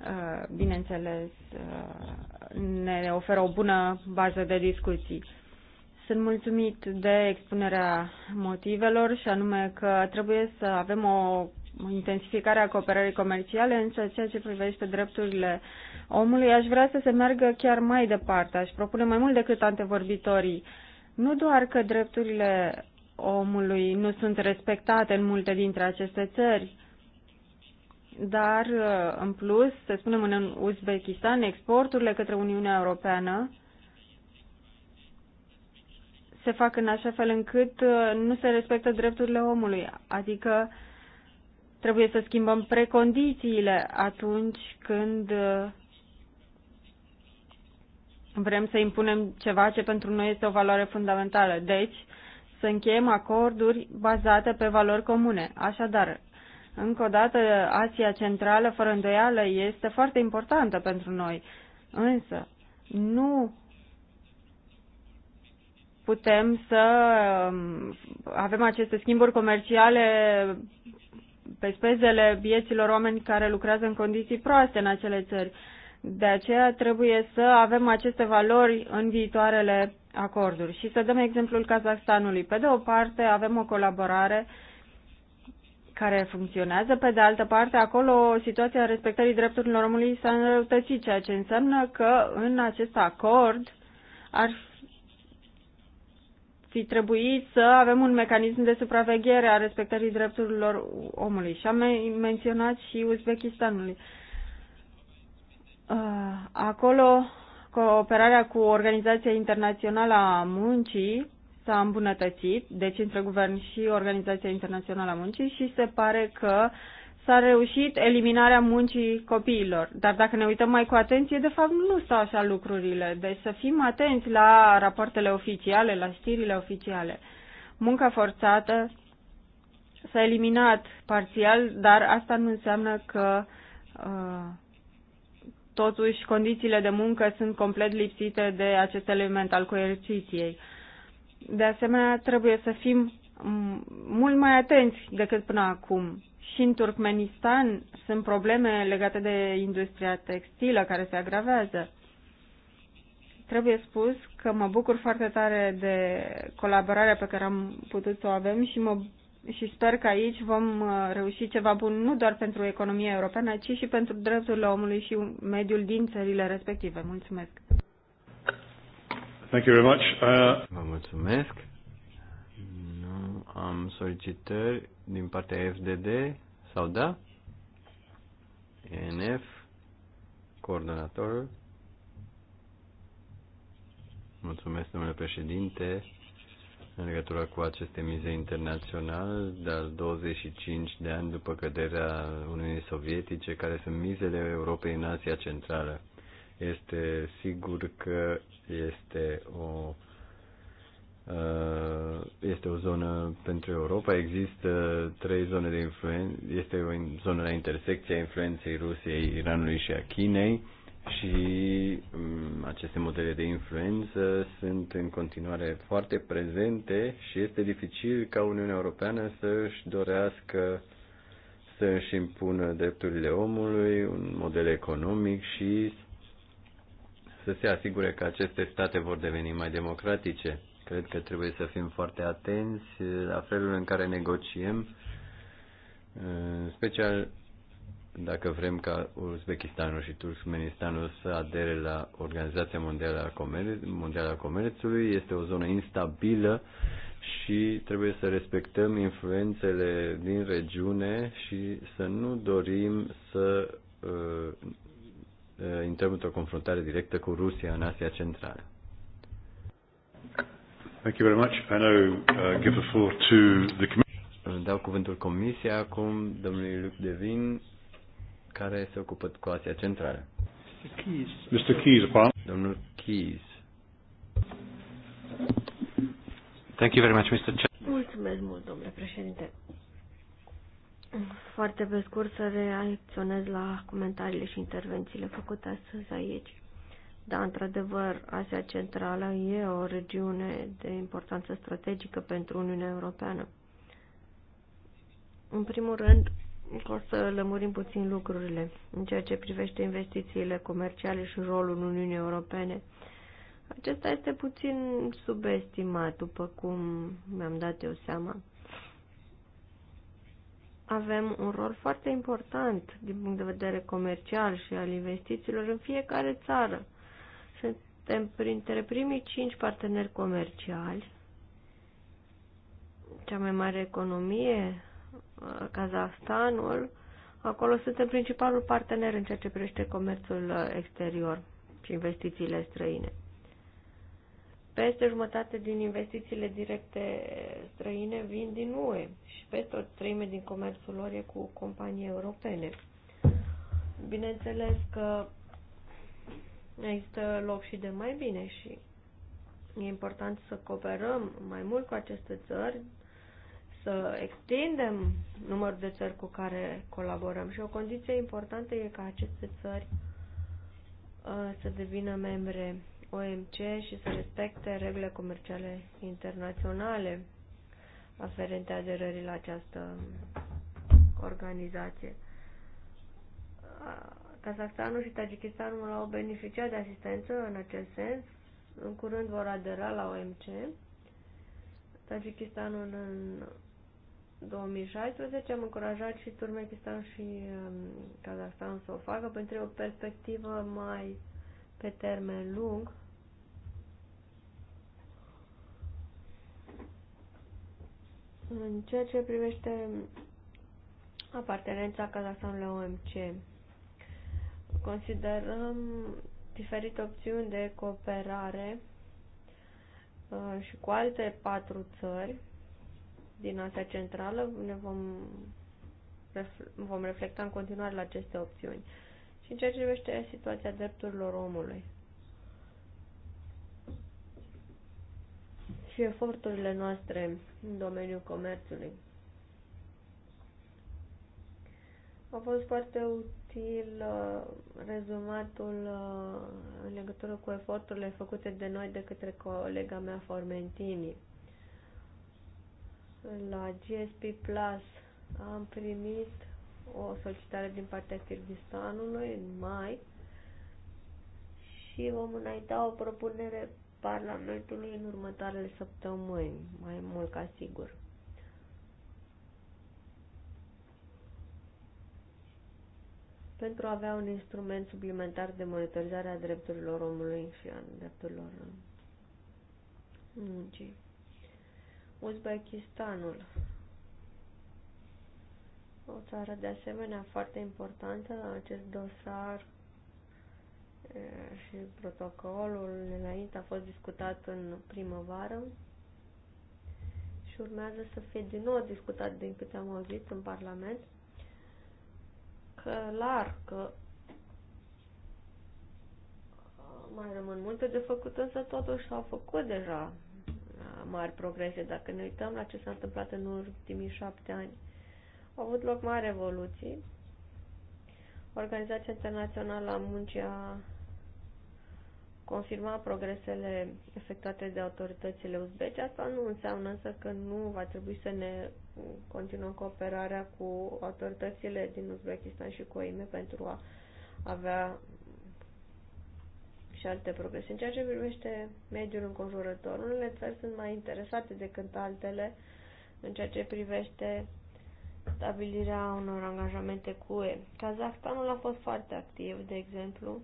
uh, bineînțeles, uh, ne oferă o bună bază de discuții. Sunt mulțumit de expunerea motivelor și anume că trebuie să avem o intensificare a cooperării comerciale, însă ceea ce privește drepturile omului, aș vrea să se meargă chiar mai departe. Aș propune mai mult decât antevorbitorii uh, nu doar că drepturile omului nu sunt respectate în multe dintre aceste țări, dar, în plus, să spunem, în Uzbekistan, exporturile către Uniunea Europeană se fac în așa fel încât uh, nu se respectă drepturile omului. Adică trebuie să schimbăm precondițiile atunci când uh, Vrem să impunem ceva ce pentru noi este o valoare fundamentală. Deci, să încheiem acorduri bazate pe valori comune. Așadar, încă o dată, Asia Centrală, fără îndoială, este foarte importantă pentru noi. Însă, nu putem să um, avem aceste schimburi comerciale pe spezele vieților oameni care lucrează în condiții proaste în acele țări. De aceea trebuie să avem aceste valori în viitoarele acorduri. Și să dăm exemplul Kazahstanului. Pe de o parte avem o colaborare care funcționează, pe de altă parte acolo situația respectării drepturilor omului s-a înrăutățit, ceea ce înseamnă că în acest acord ar fi trebuit să avem un mecanism de supraveghere a respectării drepturilor omului. Și am menționat și Uzbekistanului. Ah, acolo cooperarea cu Organizația Internațională a Muncii s-a îmbunătățit, deci între guvern și Organizația Internațională a Muncii și se pare că s-a reușit eliminarea muncii copiilor. Dar dacă ne uităm mai cu atenție, de fapt nu stau așa lucrurile. Deci să fim atenți la rapoartele oficiale, la știrile oficiale. Munca forțată s-a eliminat parțial, dar asta nu înseamnă că uh, totuși condițiile de muncă sunt complet lipsite de acest element al coerciției. De asemenea, trebuie să fim mult mai atenți decât până acum. Și în Turkmenistan sunt probleme legate de industria textilă care se agravează. Trebuie spus că mă bucur foarte tare de colaborarea pe care am putut să o avem și mă și sper că aici vom uh, reuși ceva bun nu doar pentru economia europeană, ci și pentru drepturile omului și mediul din țările respective. Mulțumesc! Thank you very much. Uh... Vă mulțumesc. Nu am solicitări din partea FDD sau da? ENF, coordonatorul. Mulțumesc, domnule președinte în legătură cu aceste mize internaționale dar 25 de ani după căderea Uniunii Sovietice, care sunt mizele Europei în Asia Centrală. Este sigur că este o uh, este o zonă pentru Europa, există trei zone de influență, este o zonă la intersecție a influenței Rusiei, Iranului și a Chinei, și mm, aceste modele de influență sunt în continuare foarte prezente și este dificil ca Uniunea Europeană să își dorească să își impună drepturile omului, un model economic și să se asigure că aceste state vor deveni mai democratice. Cred că trebuie să fim foarte atenți la felul în care negociem, în special dacă vrem ca Uzbekistanul și Turkmenistanul să adere la Organizația Mondială a, Comer- Mondială a Comerțului, este o zonă instabilă și trebuie să respectăm influențele din regiune și să nu dorim să uh, uh intrăm într-o confruntare directă cu Rusia în Asia Centrală. Thank you very much. I now uh, give the floor to the Dau cuvântul Comisiei acum domnului Luc Devin, care se ocupă cu Asia Centrală. Mr. Keys, Domnul Keys. Thank you very much, Mr. Chair. Mulțumesc mult, domnule președinte. Foarte pe scurt să reacționez la comentariile și intervențiile făcute astăzi aici. Da, într-adevăr, Asia Centrală e o regiune de importanță strategică pentru Uniunea Europeană. În primul rând, o să lămurim puțin lucrurile în ceea ce privește investițiile comerciale și rolul Uniunii Europene. Acesta este puțin subestimat, după cum mi-am dat eu seama. Avem un rol foarte important din punct de vedere comercial și al investițiilor în fiecare țară. Suntem printre primii cinci parteneri comerciali, cea mai mare economie Uh, Kazahstanul, acolo suntem principalul partener în ceea ce privește comerțul uh, exterior și investițiile străine. Peste jumătate din investițiile directe străine vin din UE și peste o treime din comerțul lor e cu companii europene. Bineînțeles că există loc și de mai bine și e important să cooperăm mai mult cu aceste țări, să extindem numărul de țări cu care colaborăm și o condiție importantă e ca aceste țări uh, să devină membre OMC și să respecte regulile comerciale internaționale aferente aderării la această organizație. Uh, Kazahstanul și Tajikistanul au beneficiat de asistență în acest sens. În curând vor adera la OMC. Tajikistanul în 2016 am încurajat și Turmekistan și um, Kazahstan să o facă pentru o perspectivă mai pe termen lung. În ceea ce privește apartenența Kazahstanului OMC, considerăm diferite opțiuni de cooperare uh, și cu alte patru țări din Asia Centrală. Ne vom, vom reflecta în continuare la aceste opțiuni. Și în ceea ce privește situația drepturilor omului și eforturile noastre în domeniul comerțului. A fost foarte util uh, rezumatul uh, în legătură cu eforturile făcute de noi de către colega mea Formentini la GSP Plus am primit o solicitare din partea Kyrgyzstanului în mai și vom înainta o propunere Parlamentului în următoarele săptămâni, mai mult ca sigur. pentru a avea un instrument suplimentar de monitorizare a drepturilor omului și a drepturilor muncii. Uzbekistanul. O țară de asemenea foarte importantă la acest dosar și protocolul înainte a fost discutat în primăvară și urmează să fie din nou discutat din câte am auzit în Parlament. Clar că uh, mai rămân multe de făcut, însă totuși s-au făcut deja mari progrese. Dacă ne uităm la ce s-a întâmplat în ultimii șapte ani, au avut loc mari evoluții. Organizația Internațională a Muncii a confirmat progresele efectuate de autoritățile uzbece. Asta nu înseamnă însă că nu va trebui să ne continuăm cooperarea cu autoritățile din Uzbekistan și cu OIM pentru a avea și alte progrese. În ceea ce privește mediul înconjurător, unele țări sunt mai interesate decât altele în ceea ce privește stabilirea unor angajamente cu UE. Kazahstanul a fost foarte activ, de exemplu,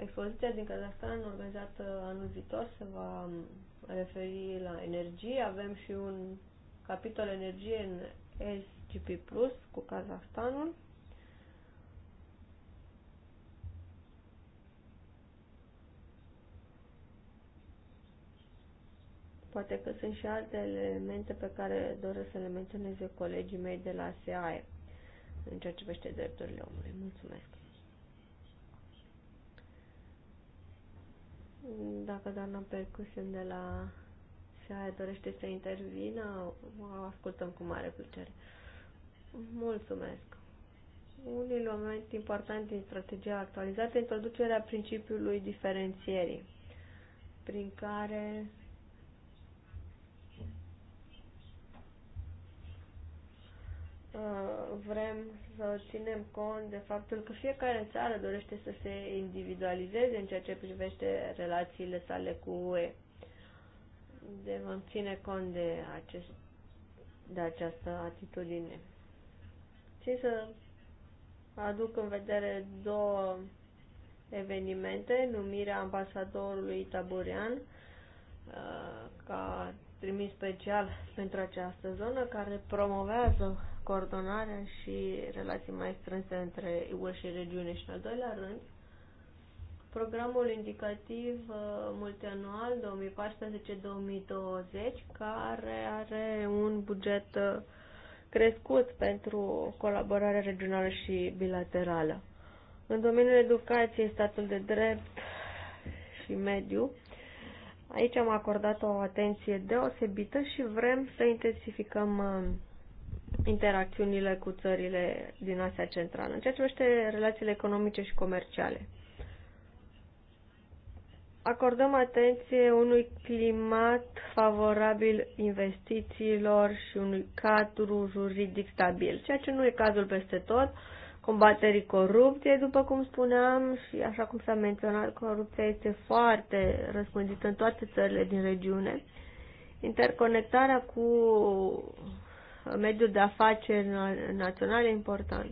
Expoziția din Kazahstan, organizată anul viitor, se va referi la energie. Avem și un capitol energie în SGP Plus cu Kazahstanul. Poate că sunt și alte elemente pe care doresc să le menționeze colegii mei de la SEAE în ceea ce privește drepturile omului. Mulțumesc! Dacă doamna Percusen de la SEAE dorește să intervină, o ascultăm cu mare plăcere. Mulțumesc! Un element important din strategia actualizată introducerea principiului diferențierii, prin care uh, vrem să ținem cont de faptul că fiecare țară dorește să se individualizeze în ceea ce privește relațiile sale cu UE de vom ține cont de, acest, de această atitudine. Și să aduc în vedere două evenimente, numirea ambasadorului Taburean uh, ca trimis special pentru această zonă care promovează coordonarea și relații mai strânse între UE și regiune și în al doilea rând programul indicativ uh, multianual 2014-2020, care are un buget uh, crescut pentru colaborare regională și bilaterală. În domeniul educației, statul de drept și mediu, aici am acordat o atenție deosebită și vrem să intensificăm uh, interacțiunile cu țările din Asia Centrală, în ceea ce privește relațiile economice și comerciale acordăm atenție unui climat favorabil investițiilor și unui cadru juridic stabil, ceea ce nu e cazul peste tot, combaterii corupției, după cum spuneam, și așa cum s-a menționat, corupția este foarte răspândită în toate țările din regiune. Interconectarea cu mediul de afaceri național e important.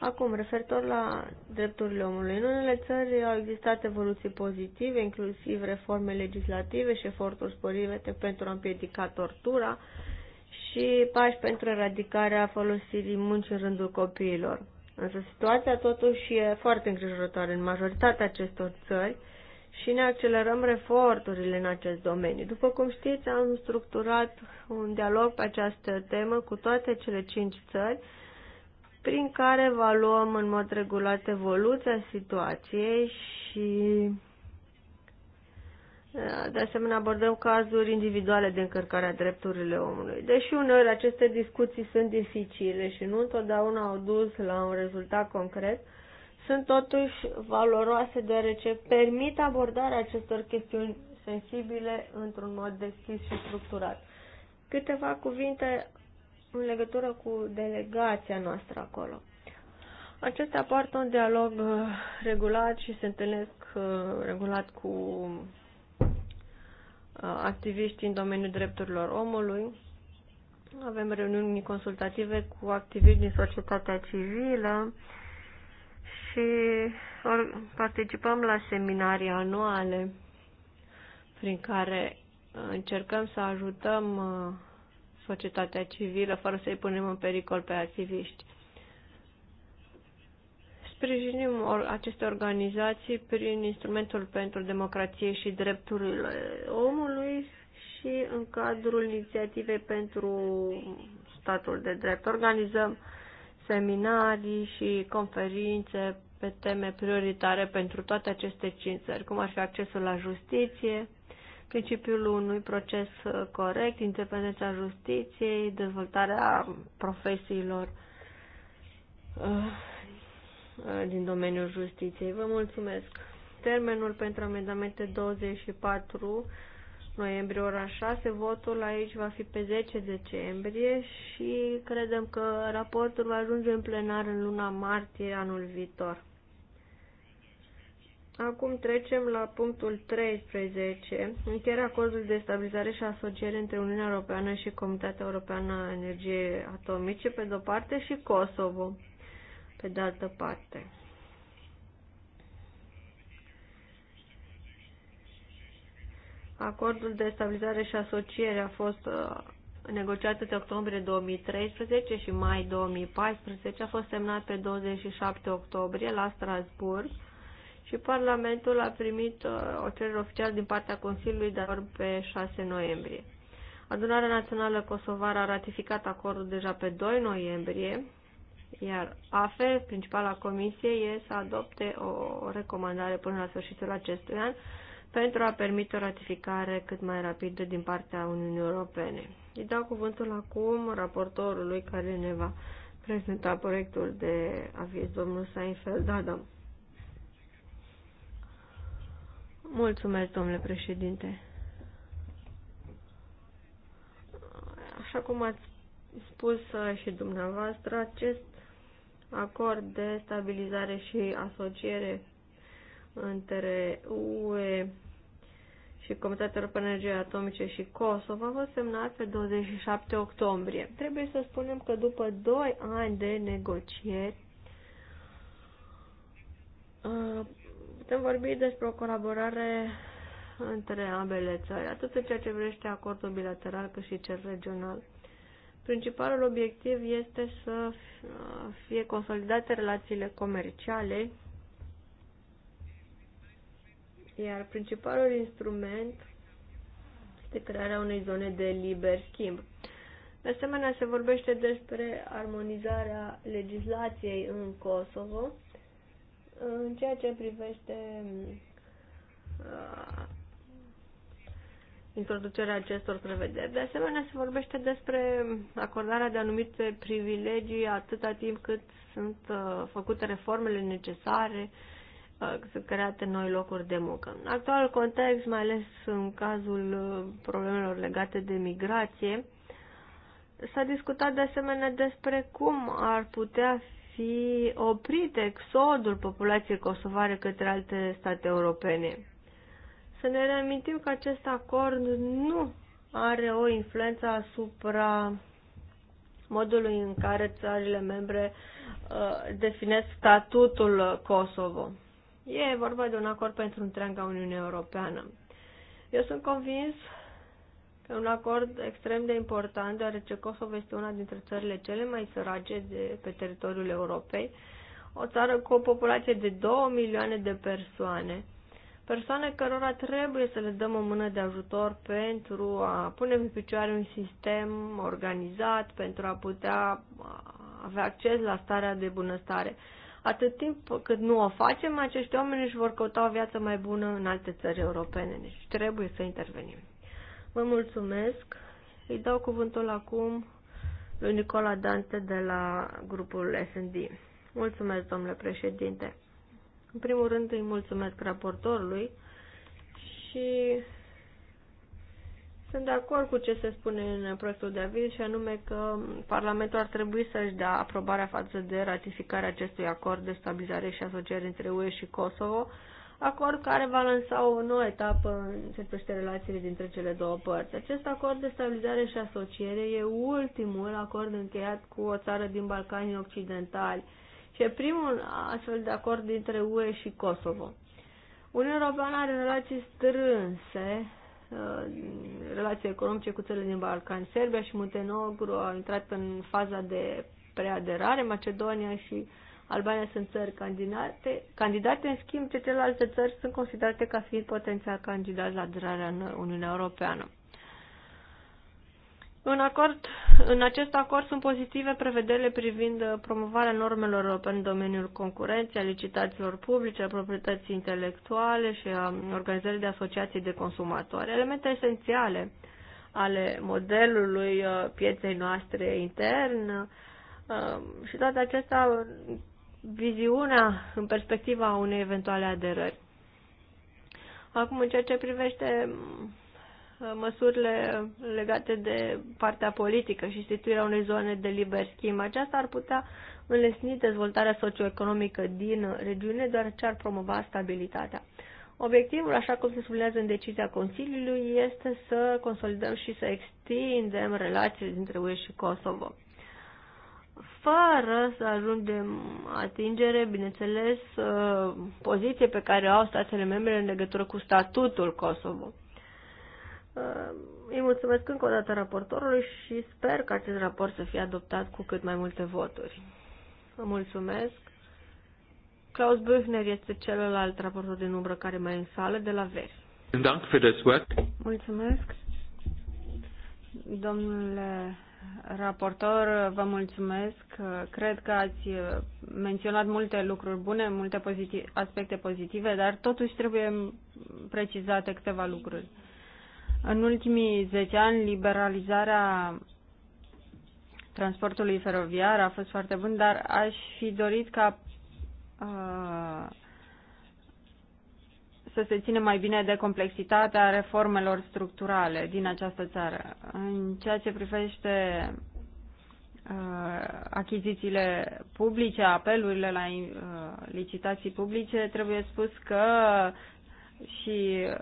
Acum, referitor la drepturile omului, în unele țări au existat evoluții pozitive, inclusiv reforme legislative și eforturi sporivete pentru a împiedica tortura și pași pentru eradicarea folosirii muncii în rândul copiilor. Însă situația totuși e foarte îngrijorătoare în majoritatea acestor țări și ne accelerăm eforturile în acest domeniu. După cum știți, am structurat un dialog pe această temă cu toate cele cinci țări, prin care evaluăm în mod regulat evoluția situației și eh, de asemenea abordăm cazuri individuale de încărcare a drepturilor omului. Deși uneori aceste discuții sunt dificile și nu întotdeauna au dus la un rezultat concret, sunt totuși valoroase deoarece permit abordarea acestor chestiuni sensibile într-un mod deschis și structurat. Câteva cuvinte în legătură cu delegația noastră acolo. Acestea poartă un dialog uh, regulat și se întâlnesc uh, regulat cu uh, activiști în domeniul drepturilor omului. Avem reuniuni consultative cu activiști din societatea civilă și participăm la seminarii anuale prin care încercăm să ajutăm societatea civilă fără să-i punem în pericol pe activiști. Sprijinim aceste organizații prin instrumentul pentru democrație și drepturile omului și în cadrul inițiativei pentru statul de drept. Organizăm seminarii și conferințe pe teme prioritare pentru toate aceste cinci țări, cum ar fi accesul la justiție, principiul unui proces uh, corect, independența justiției, dezvoltarea profesiilor uh, uh, din domeniul justiției. Vă mulțumesc. Termenul pentru amendamente 24 noiembrie ora 6. Votul aici va fi pe 10 decembrie și credem că raportul va ajunge în plenar în luna martie anul viitor. Acum trecem la punctul 13, încheierea acordului de stabilizare și asociere între Uniunea Europeană și Comunitatea Europeană a Energiei Atomice, pe de-o parte, și Kosovo, pe de altă parte. Acordul de stabilizare și asociere a fost uh, negociat de octombrie 2013 și mai 2014, a fost semnat pe 27 octombrie la Strasburg și Parlamentul a primit uh, o cerere oficială din partea Consiliului dar pe 6 noiembrie. Adunarea Națională Kosovară a ratificat acordul deja pe 2 noiembrie, iar AFE, principala comisie, e să adopte o recomandare până la sfârșitul acestui an pentru a permite o ratificare cât mai rapidă din partea Uniunii Europene. Îi dau cuvântul acum raportorului care ne va prezenta proiectul de aviz, domnul Seinfeld Adam. Mulțumesc, domnule președinte. Așa cum ați spus și dumneavoastră, acest acord de stabilizare și asociere între UE și Comitatul European Energie Atomice și Kosovo a fost semnat pe 27 octombrie. Trebuie să spunem că după 2 ani de negocieri, Putem vorbi despre o colaborare între ambele țări, atât în ceea ce vrește acordul bilateral cât și cel regional. Principalul obiectiv este să fie consolidate relațiile comerciale, iar principalul instrument este crearea unei zone de liber schimb. De asemenea, se vorbește despre armonizarea legislației în Kosovo, în ceea ce privește uh, introducerea acestor prevederi. De asemenea, se vorbește despre acordarea de anumite privilegii atâta timp cât sunt uh, făcute reformele necesare, uh, sunt create noi locuri de muncă. În actualul context, mai ales în cazul uh, problemelor legate de migrație, s-a discutat de asemenea despre cum ar putea fi oprit exodul populației kosovare către alte state europene. Să ne reamintim că acest acord nu are o influență asupra modului în care țările membre uh, definesc statutul Kosovo. E vorba de un acord pentru întreaga Uniune Europeană. Eu sunt convins E un acord extrem de important, deoarece Kosovo este una dintre țările cele mai sărace de pe teritoriul Europei, o țară cu o populație de 2 milioane de persoane, persoane cărora trebuie să le dăm o mână de ajutor pentru a pune pe picioare un sistem organizat, pentru a putea avea acces la starea de bunăstare. Atât timp cât nu o facem, acești oameni își vor căuta o viață mai bună în alte țări europene, deci trebuie să intervenim. Vă mulțumesc. Îi dau cuvântul acum lui Nicola Dante de la grupul S&D. Mulțumesc, domnule președinte. În primul rând îi mulțumesc raportorului și sunt de acord cu ce se spune în proiectul de aviz și anume că Parlamentul ar trebui să-și dea aprobarea față de ratificarea acestui acord de stabilizare și asociere între UE și Kosovo, acord care va lansa o nouă etapă în ce privește relațiile dintre cele două părți. Acest acord de stabilizare și asociere e ultimul acord încheiat cu o țară din Balcanii Occidentali și e primul astfel de acord dintre UE și Kosovo. Uniunea Europeană are relații strânse, uh, relații economice cu țările din Balcani. Serbia și Muntenegru au intrat în faza de preaderare, Macedonia și Albania sunt țări candidate, candidate, în schimb, de celelalte țări sunt considerate ca fiind potențial candidat la aderarea în Uniunea Europeană. În, acord, în acest acord sunt pozitive prevederile privind promovarea normelor europene în domeniul concurenței, a licitațiilor publice, a proprietății intelectuale și a organizării de asociații de consumatori, elemente esențiale ale modelului uh, pieței noastre intern uh, și toate acestea viziunea în perspectiva unei eventuale aderări. Acum, în ceea ce privește uh, măsurile legate de partea politică și instituirea unei zone de liber schimb, aceasta ar putea înlesni dezvoltarea socioeconomică din regiune, ce ar promova stabilitatea. Obiectivul, așa cum se sublinează în decizia Consiliului, este să consolidăm și să extindem relațiile dintre UE și Kosovo fără să ajungem atingere, bineînțeles, uh, poziție pe care au statele membre în legătură cu statutul Kosovo. Uh, îi mulțumesc încă o dată raportorului și sper că acest raport să fie adoptat cu cât mai multe voturi. Vă mulțumesc. Klaus Büchner este celălalt raportor din umbră care mai e în sală de la Veri. Mulțumesc. Domnule raportor, vă mulțumesc. Cred că ați menționat multe lucruri bune, multe pozitiv, aspecte pozitive, dar totuși trebuie precizate câteva lucruri. În ultimii 10 ani, liberalizarea transportului feroviar a fost foarte bun, dar aș fi dorit ca uh, să se ține mai bine de complexitatea reformelor structurale din această țară. În ceea ce privește uh, achizițiile publice, apelurile la uh, licitații publice, trebuie spus că și uh,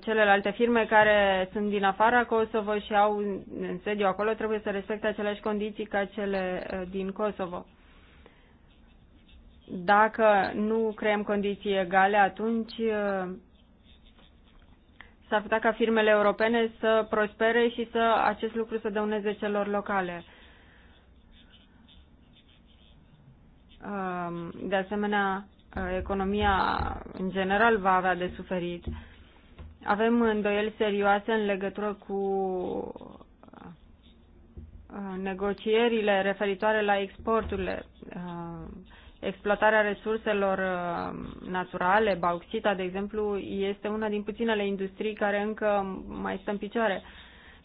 celelalte firme care sunt din afara Kosovo și au în sediu acolo trebuie să respecte aceleași condiții ca cele din Kosovo. Dacă nu creăm condiții egale, atunci uh, s-ar putea ca firmele europene să prospere și să acest lucru să dăuneze celor locale. Um, de asemenea, uh, economia în general va avea de suferit. Avem îndoieli serioase în legătură cu uh, negocierile referitoare la exporturile exploatarea resurselor uh, naturale, bauxita, de exemplu, este una din puținele industrii care încă mai stă în picioare.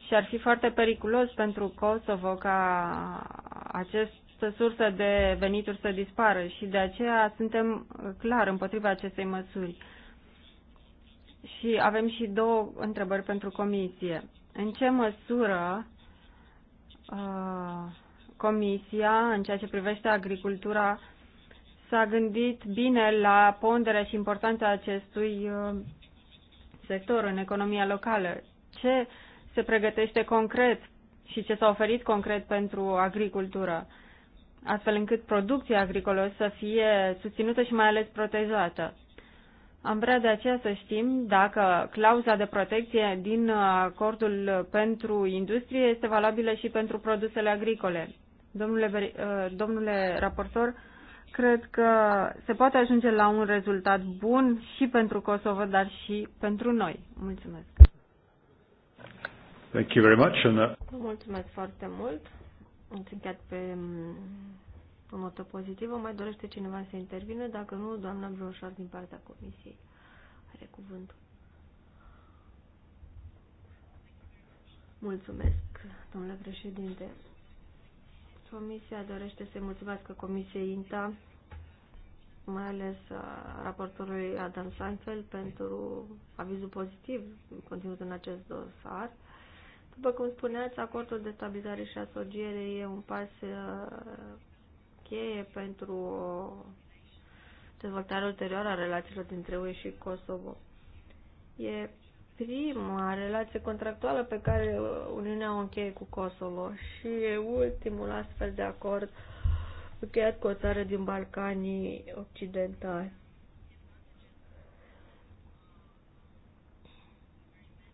Și ar fi foarte periculos pentru Kosovo ca această sursă de venituri să dispară și de aceea suntem clar împotriva acestei măsuri. Și avem și două întrebări pentru comisie. În ce măsură uh, comisia, în ceea ce privește agricultura, s-a gândit bine la ponderea și importanța acestui uh, sector în economia locală. Ce se pregătește concret și ce s-a oferit concret pentru agricultură, astfel încât producția agricolă să fie susținută și mai ales protejată. Am vrea de aceea să știm dacă clauza de protecție din acordul pentru industrie este valabilă și pentru produsele agricole. Domnule, uh, domnule raportor, Cred că se poate ajunge la un rezultat bun și pentru Kosovo, dar și pentru noi. Mulțumesc. Thank you very much. And that... Uh, mulțumesc foarte mult. Ați încheiat pe mm, o notă pozitivă. Mai dorește cineva să intervine? Dacă nu, doamna Broșar din partea comisiei are cuvântul. Mulțumesc, domnule președinte. Comisia dorește să-i mulțumească Comisiei INTA, mai ales uh, raportorului Adam Seinfeld pentru avizul pozitiv conținut în acest dosar. După cum spuneați, acordul de stabilizare și asociere e un pas uh, cheie pentru o dezvoltare ulterioară a relațiilor dintre UE și Kosovo. E prima relație contractuală pe care Uniunea o încheie cu Kosovo și e ultimul astfel de acord încheiat cu o țară din Balcanii Occidentali.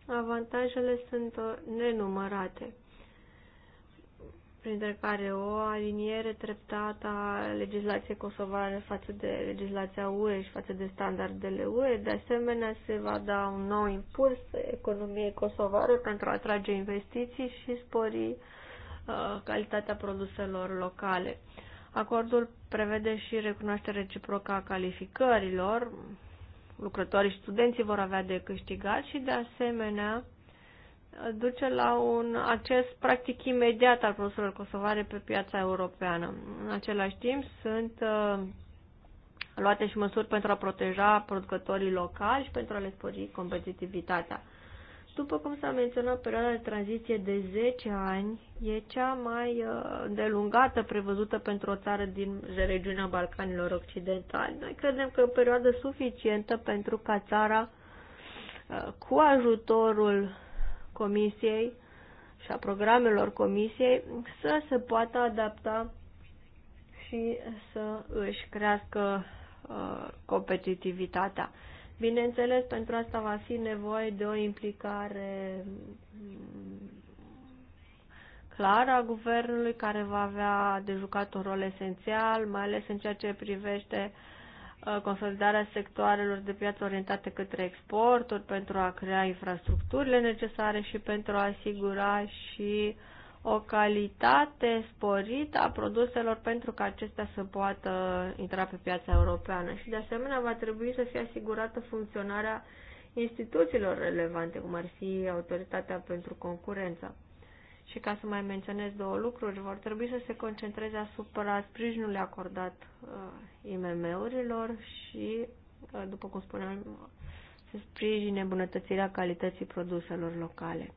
Avantajele sunt nenumărate printre care o aliniere treptată a legislației kosovare față de legislația UE și față de standardele UE. De asemenea, se va da un nou impuls economiei kosovare pentru a atrage investiții și spori uh, calitatea produselor locale. Acordul prevede și recunoașterea reciprocă a calificărilor. Lucrătorii și studenții vor avea de câștigat și, de asemenea, duce la un acces practic imediat al produselor kosovare pe piața europeană. În același timp, sunt uh, luate și măsuri pentru a proteja producătorii locali și pentru a le spori competitivitatea. După cum s-a menționat, perioada de tranziție de 10 ani e cea mai uh, îndelungată prevăzută pentru o țară din regiunea Balcanilor Occidentali. Noi credem că e o perioadă suficientă pentru ca țara, uh, cu ajutorul comisiei și a programelor comisiei să se poată adapta și să își crească uh, competitivitatea. Bineînțeles, pentru asta va fi nevoie de o implicare mm, clară a guvernului, care va avea de jucat un rol esențial, mai ales în ceea ce privește uh, Uh, consolidarea sectoarelor de piață orientate către exporturi, pentru a crea infrastructurile necesare și pentru a asigura și o calitate sporită a produselor pentru că acestea să poată intra pe piața europeană. Și de asemenea va trebui să fie asigurată funcționarea instituțiilor relevante, cum ar fi Autoritatea pentru Concurență. Și ca să mai menționez două lucruri, vor trebui să se concentreze asupra sprijinului acordat uh, IMM-urilor și, uh, după cum spuneam, să sprijine bunătățirea calității produselor locale.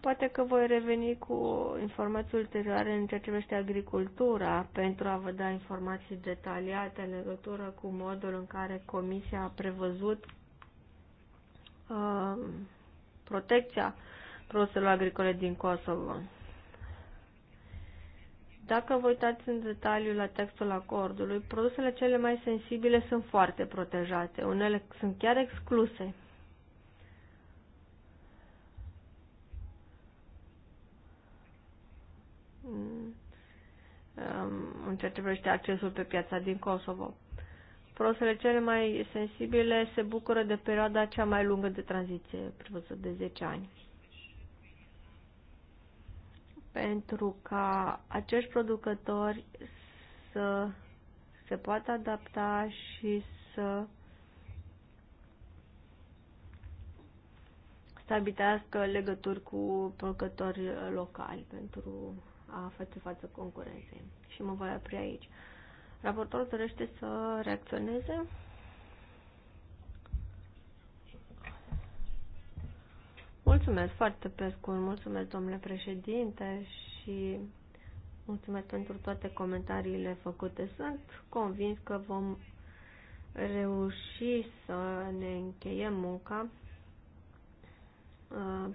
Poate că voi reveni cu informații ulterioare în ceea ce privește agricultura pentru a vă da informații detaliate în legătură cu modul în care Comisia a prevăzut uh, protecția produselor agricole din Kosovo. Dacă vă uitați în detaliu la textul acordului, produsele cele mai sensibile sunt foarte protejate, unele sunt chiar excluse. în ceea ce privește accesul pe piața din Kosovo. Produsele cele mai sensibile se bucură de perioada cea mai lungă de tranziție, prevăzută de 10 ani pentru ca acești producători să se poată adapta și să stabilească legături cu producători locali pentru a face față concurenței. Și mă voi opri aici. Raportorul dorește să reacționeze? Mulțumesc foarte pe scurt, mulțumesc domnule președinte și mulțumesc pentru toate comentariile făcute. Sunt convins că vom reuși să ne încheiem munca uh,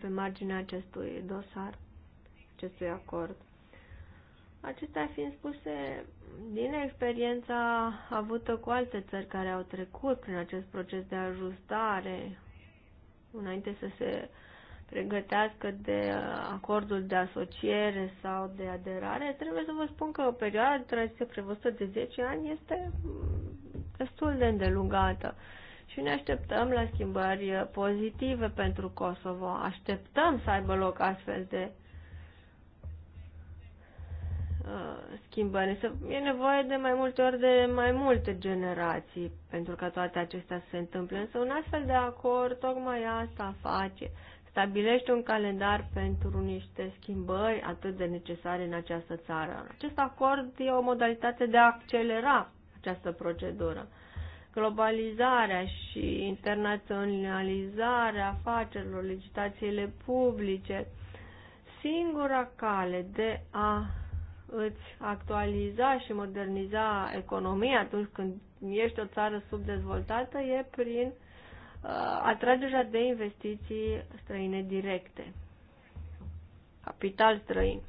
pe marginea acestui dosar, acestui acord. Acestea fiind spuse, din experiența avută cu alte țări care au trecut prin acest proces de ajustare, înainte să se uh, pregătească de uh, acordul de asociere sau de aderare, trebuie să vă spun că o perioadă de tranziție prevăzută de 10 ani este mm, destul de îndelungată și ne așteptăm la schimbări uh, pozitive pentru Kosovo. Așteptăm să aibă loc astfel de uh, schimbări. E nevoie de mai multe ori de mai multe generații pentru ca toate acestea să se întâmple. Însă un astfel de acord tocmai asta face stabilește un calendar pentru niște schimbări atât de necesare în această țară. Acest acord e o modalitate de a accelera această procedură. Globalizarea și internaționalizarea afacerilor, legislațiile publice, singura cale de a îți actualiza și moderniza economia atunci când ești o țară subdezvoltată e prin Uh, atrag deja de investiții străine directe, capital străin,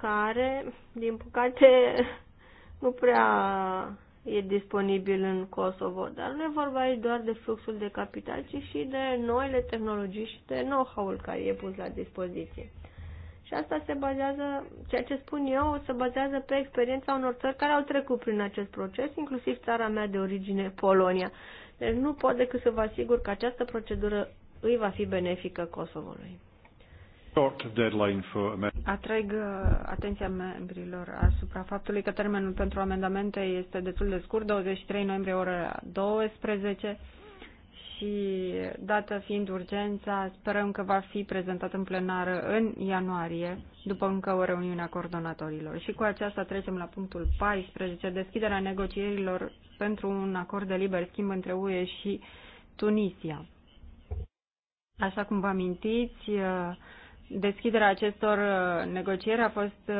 care, din păcate, nu prea e disponibil în Kosovo, dar nu e vorba aici doar de fluxul de capital, ci și de noile tehnologii și de know-how-ul care e pus la dispoziție. Și asta se bazează, ceea ce spun eu, se bazează pe experiența unor țări care au trecut prin acest proces, inclusiv țara mea de origine, Polonia. Deci nu pot decât să vă asigur că această procedură îi va fi benefică Kosovului. Atrag uh, atenția membrilor asupra faptului că termenul pentru amendamente este destul de scurt, 23 noiembrie ora 12 și dată fiind urgența, sperăm că va fi prezentat în plenară în ianuarie, după încă o reuniune a coordonatorilor. Și cu aceasta trecem la punctul 14, deschiderea negocierilor pentru un acord de liber schimb între UE și Tunisia. Așa cum vă amintiți, deschiderea acestor negocieri a fost uh,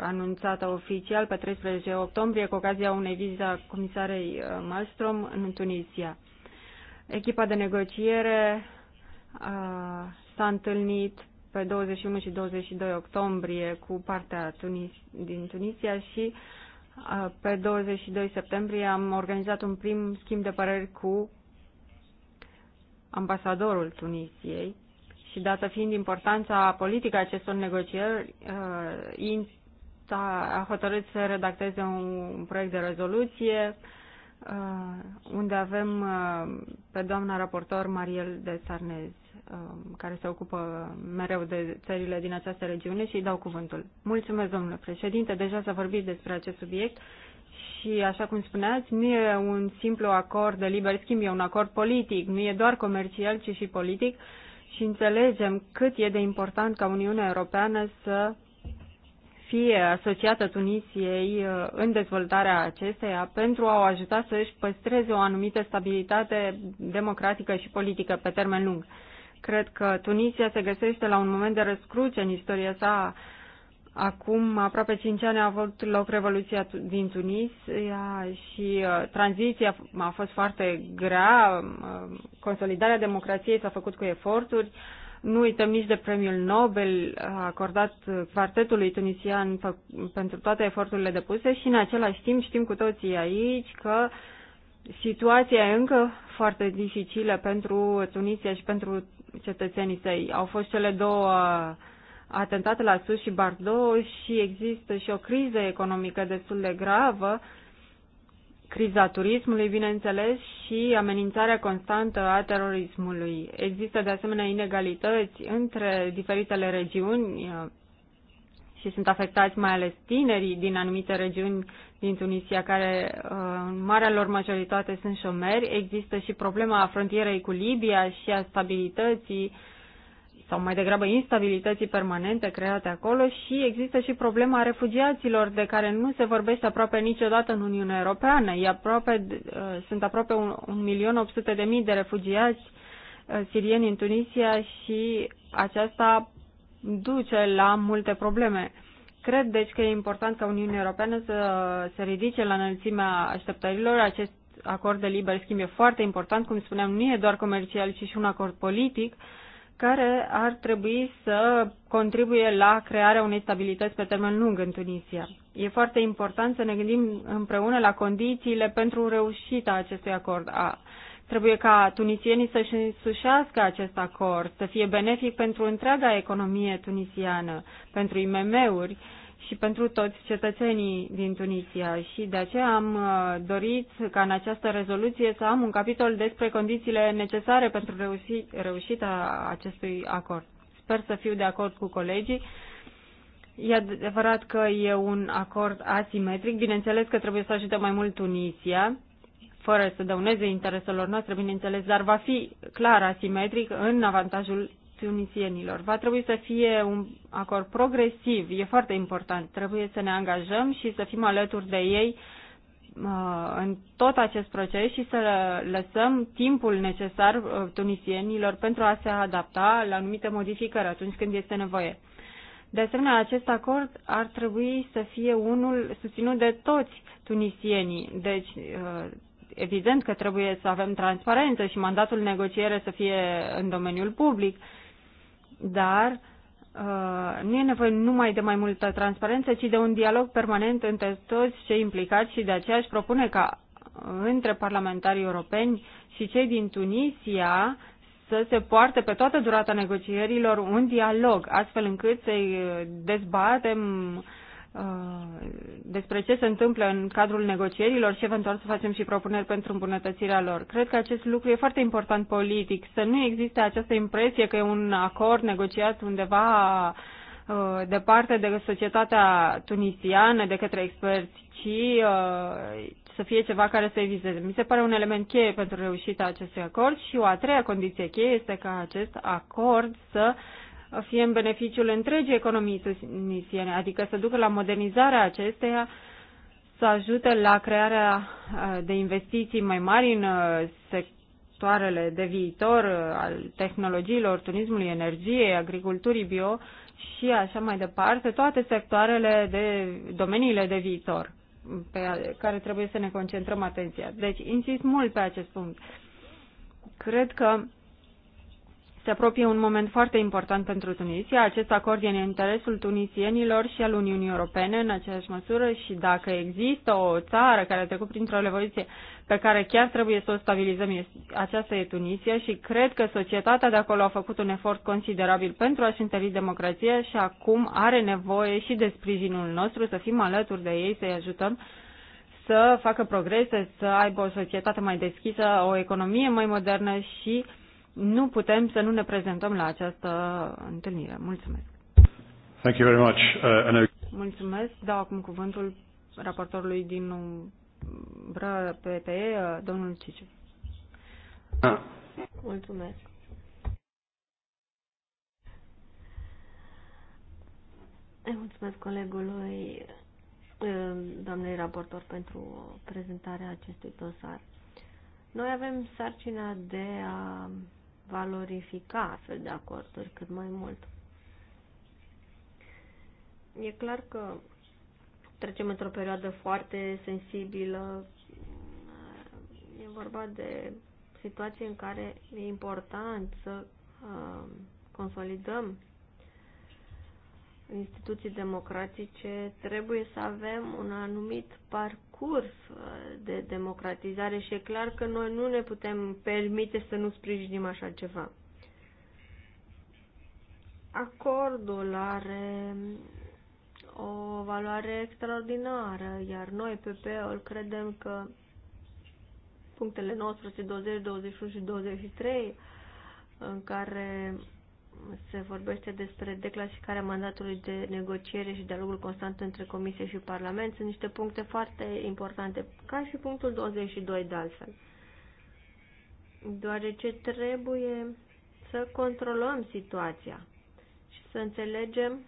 anunțată oficial pe 13 octombrie cu ocazia unei vizite a comisarei uh, Malmström în Tunisia. Echipa de negociere s-a întâlnit pe 21 și 22 octombrie cu partea Tunis, din Tunisia și pe 22 septembrie am organizat un prim schimb de păreri cu ambasadorul Tunisiei și dată fiind importanța politică a acestor negocieri, a hotărât să redacteze un proiect de rezoluție Uh, unde avem uh, pe doamna raportor Mariel de Sarnez, um, care se ocupă mereu de țările din această regiune și îi dau cuvântul. Mulțumesc, domnule președinte, deja s-a vorbit despre acest subiect și, așa cum spuneați, nu e un simplu acord de liber schimb, e un acord politic, nu e doar comercial, ci și politic și înțelegem cât e de important ca Uniunea Europeană să fie asociată Tunisiei uh, în dezvoltarea acesteia pentru a o ajuta să își păstreze o anumită stabilitate democratică și politică pe termen lung. Cred că Tunisia se găsește la un moment de răscruce în istoria sa. Acum aproape cinci ani a avut loc Revoluția din Tunisia și uh, tranziția a fost foarte grea, um, uh, consolidarea democrației s-a făcut cu eforturi, nu uităm nici de premiul Nobel acordat quartetului tunisian pentru toate eforturile depuse și în același timp știm cu toții aici că situația e încă foarte dificilă pentru Tunisia și pentru cetățenii săi. Au fost cele două atentate la Sus și Bardo și există și o criză economică destul de gravă criza turismului, bineînțeles, și amenințarea constantă a terorismului. Există de asemenea inegalități între diferitele regiuni uh, și sunt afectați mai ales tinerii din anumite regiuni din Tunisia, care uh, în marea lor majoritate sunt șomeri. Există și problema frontierei cu Libia și a stabilității sau mai degrabă instabilității permanente create acolo și există și problema refugiaților de care nu se vorbește aproape niciodată în Uniunea Europeană. E aproape, uh, sunt aproape 1.800.000 de refugiați uh, sirieni în Tunisia și aceasta duce la multe probleme. Cred deci că e important ca Uniunea Europeană să se ridice la înălțimea așteptărilor. Acest acord de liber schimb e foarte important, cum spuneam, nu e doar comercial, ci și un acord politic care ar trebui să contribuie la crearea unei stabilități pe termen lung în Tunisia. E foarte important să ne gândim împreună la condițiile pentru reușita acestui acord. A, trebuie ca tunisienii să-și însușească acest acord, să fie benefic pentru întreaga economie tunisiană, pentru IMM-uri, uh, și pentru toți cetățenii din Tunisia și de aceea am uh, dorit ca în această rezoluție să am un capitol despre condițiile necesare pentru reuși, reușita acestui acord. Sper să fiu de acord cu colegii. E adevărat că e un acord asimetric. Bineînțeles că trebuie să ajute mai mult Tunisia, fără să dăuneze intereselor noastre, bineînțeles, dar va fi clar asimetric în avantajul tunisienilor. Va trebui să fie un acord progresiv, e foarte important. Trebuie să ne angajăm și să fim alături de ei uh, în tot acest proces și să lăsăm timpul necesar uh, tunisienilor pentru a se adapta la anumite modificări atunci când este nevoie. De asemenea, acest acord ar trebui să fie unul susținut de toți tunisienii. Deci, uh, evident că trebuie să avem transparență și mandatul negociere să fie în domeniul public, dar uh, nu e nevoie numai de mai multă transparență, ci de un dialog permanent între toți cei implicați și de aceea își propune ca între parlamentarii europeni și cei din Tunisia să se poarte pe toată durata negocierilor un dialog, astfel încât să dezbatem uh, Uh, despre ce se întâmplă în cadrul negocierilor și eventual să facem și propuneri pentru îmbunătățirea lor. Cred că acest lucru e foarte important politic, să nu existe această impresie că e un acord negociat undeva uh, departe de societatea tunisiană, de către experți, ci uh, să fie ceva care să-i vizeze. Mi se pare un element cheie pentru reușita acestui acord și o a treia condiție cheie este ca acest acord să uh, fie în beneficiul întregii economii tunisiene, adică să ducă la modernizarea acesteia, să ajute la crearea uh, de investiții mai mari în uh, sectoarele de viitor uh, al tehnologiilor, turismului, energiei, agriculturii bio și așa mai departe, toate sectoarele de domeniile de viitor pe care trebuie să ne concentrăm atenția. Deci insist mult pe acest punct. Cred că se apropie un moment foarte important pentru Tunisia. Acest acord e în interesul tunisienilor și al Uniunii Europene în aceeași măsură și dacă există o țară care a trecut printr-o revoluție pe care chiar trebuie să o stabilizăm, aceasta e Tunisia și cred că societatea de acolo a făcut un efort considerabil pentru a-și întări democrația și acum are nevoie și de sprijinul nostru să fim alături de ei, să-i ajutăm să facă progrese, să aibă o societate mai deschisă, o economie mai modernă și uh, nu putem să nu ne prezentăm la această întâlnire. Mulțumesc. Thank you very much. Uh, Mulțumesc. Dau acum cuvântul raportorului din umbră PPE, domnul Ciciu. Ah. Mulțumesc. Îi mulțumesc colegului, uh, doamnei raportor, pentru prezentarea acestui dosar. Noi avem sarcina de a valorifica astfel de acorduri cât mai mult. E clar că trecem într-o perioadă foarte sensibilă. E vorba de situații în care e important să uh, consolidăm instituții democratice, trebuie să avem un anumit par curs uh, de democratizare și e clar că noi nu ne putem permite să nu sprijinim așa ceva. Acordul are o valoare extraordinară, iar noi, PP-ul, credem că punctele 19, 20, 21 și 23 în care se vorbește despre declasificarea mandatului de negociere și dialogul constant între Comisie și Parlament. Sunt niște puncte foarte importante, ca și punctul 22 de altfel. Deoarece trebuie să controlăm situația și să înțelegem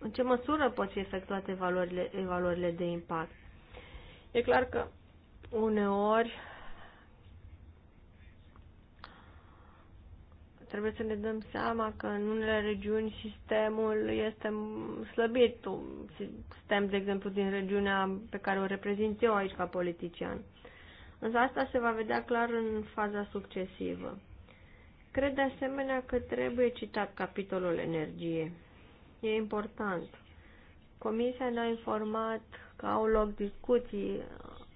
în ce măsură pot fi efectuate evaluările, evaluările de impact. E clar că uneori trebuie să ne dăm seama că în unele regiuni sistemul este slăbit, sistem, de exemplu, din regiunea pe care o reprezint eu aici ca politician. Însă asta se va vedea clar în faza succesivă. Cred de asemenea că trebuie citat capitolul energie. E important. Comisia ne-a informat că au loc discuții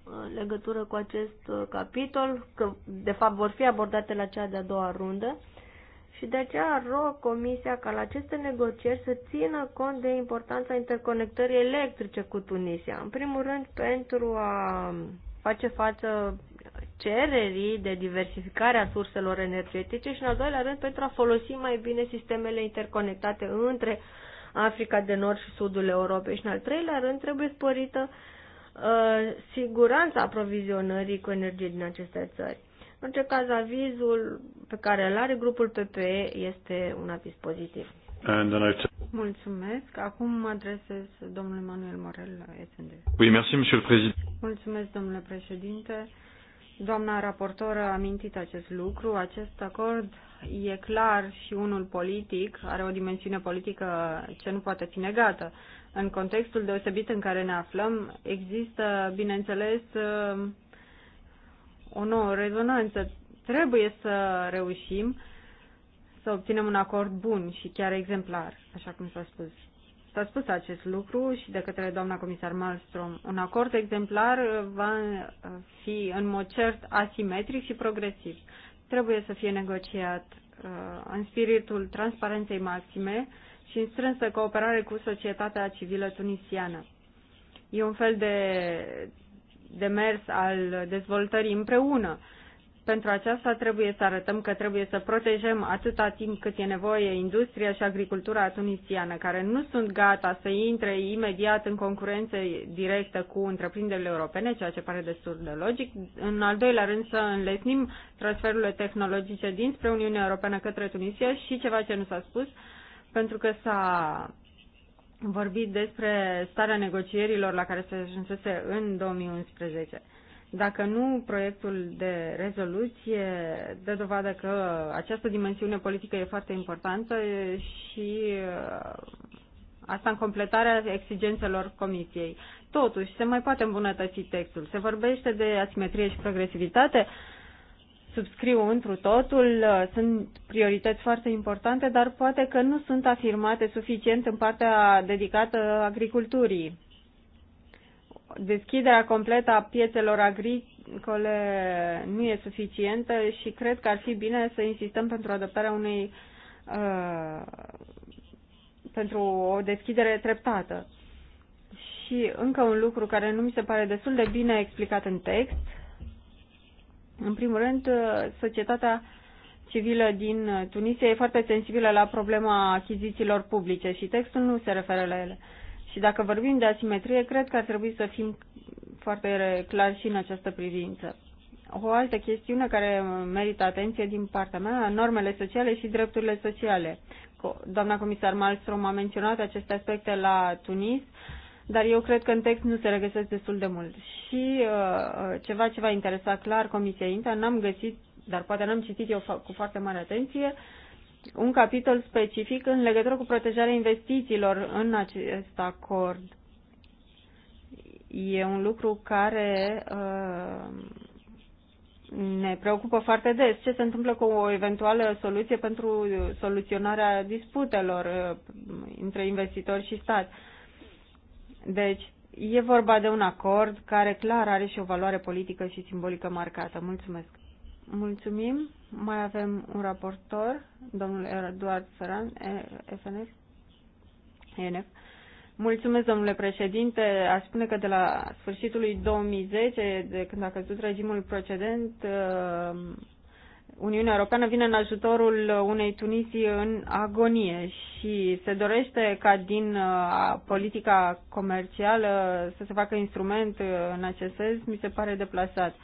în legătură cu acest capitol, că de fapt vor fi abordate la cea de-a doua rundă și de aceea rog Comisia ca la aceste negocieri să țină cont de importanța interconectării electrice cu Tunisia. În primul rând pentru a face față cererii de diversificare a surselor energetice și, în al doilea rând, pentru a folosi mai bine sistemele interconectate între Africa de Nord și Sudul Europei și, în al treilea rând, trebuie sporită uh, siguranța aprovizionării cu energie din aceste țări. În ce caz, avizul pe care îl are grupul PPE este un aviz pozitiv. Mulțumesc. Acum mă adresez domnului Manuel Morel, SND. Oui, merci, monsieur le président. Mulțumesc, domnule președinte. Doamna raportor a amintit acest lucru. Acest acord e clar și unul politic, are o dimensiune politică ce nu poate fi negată. În contextul deosebit în care ne aflăm, există, bineînțeles, o nouă rezonanță. Trebuie să reușim să obținem un acord bun și chiar exemplar, așa cum s-a spus. S-a spus acest lucru și de către doamna comisar Malmström. Un acord exemplar va fi în mod cert asimetric și progresiv. Trebuie să fie negociat uh, în spiritul transparenței maxime și în strânsă cooperare cu societatea civilă tunisiană. E un fel de demers al dezvoltării împreună. Pentru aceasta trebuie să arătăm că trebuie să protejăm atâta timp cât e nevoie industria și agricultura tunisiană, care nu sunt gata să intre imediat în concurență directă cu întreprinderile europene, ceea ce pare destul de logic. În al doilea rând să înlesnim transferurile tehnologice dinspre Uniunea Europeană către Tunisia și ceva ce nu s-a spus, pentru că s-a vorbit despre starea negocierilor la care se ajunsese în 2011. Dacă nu, proiectul de rezoluție dă dovadă că această dimensiune politică e foarte importantă și uh, asta în completarea exigențelor comisiei. Totuși, se mai poate îmbunătăți textul. Se vorbește de asimetrie și progresivitate. Uh, subscriu întru totul, uh, sunt priorități foarte importante, dar poate că nu sunt afirmate suficient în partea dedicată agriculturii. Deschiderea completă a piețelor agricole nu e suficientă și cred că ar fi bine să insistăm pentru adoptarea unei uh, pentru o deschidere treptată. Și încă un lucru care nu mi se pare destul de bine explicat în text, în primul rând, uh, societatea civilă din uh, Tunisia e foarte sensibilă la problema achizițiilor publice și textul nu se referă la ele. Și dacă vorbim de asimetrie, cred că ar trebui să fim foarte clari și în această privință. O altă chestiune care merită atenție din partea mea, normele sociale și drepturile sociale. Doamna comisar Malmström a menționat aceste aspecte la Tunis dar eu cred că în text nu se regăsesc destul de mult. Și uh, uh ceva ce va interesa clar Comisia INTA, n-am găsit, dar poate n-am citit eu cu foarte mare atenție, un capitol specific în legătură cu protejarea investițiilor în acest acord. E un lucru care uh, ne preocupă foarte des. Ce se întâmplă cu o eventuală soluție pentru soluționarea disputelor uh, între investitori și stat? Uh, deci, e vorba de un acord care clar are și o valoare politică și simbolică marcată. Mulțumesc! Mulțumim! Mai avem un raportor, domnul Eduard Săran, FNF. ENF. Mulțumesc, domnule președinte. Aș spune că de la sfârșitul lui 2010, de când a căzut regimul precedent, uh, Uniunea Europeană vine în ajutorul unei Tunisii în agonie și se dorește ca din uh, politica comercială să se facă instrument uh, în acest sens, mi se pare deplasat.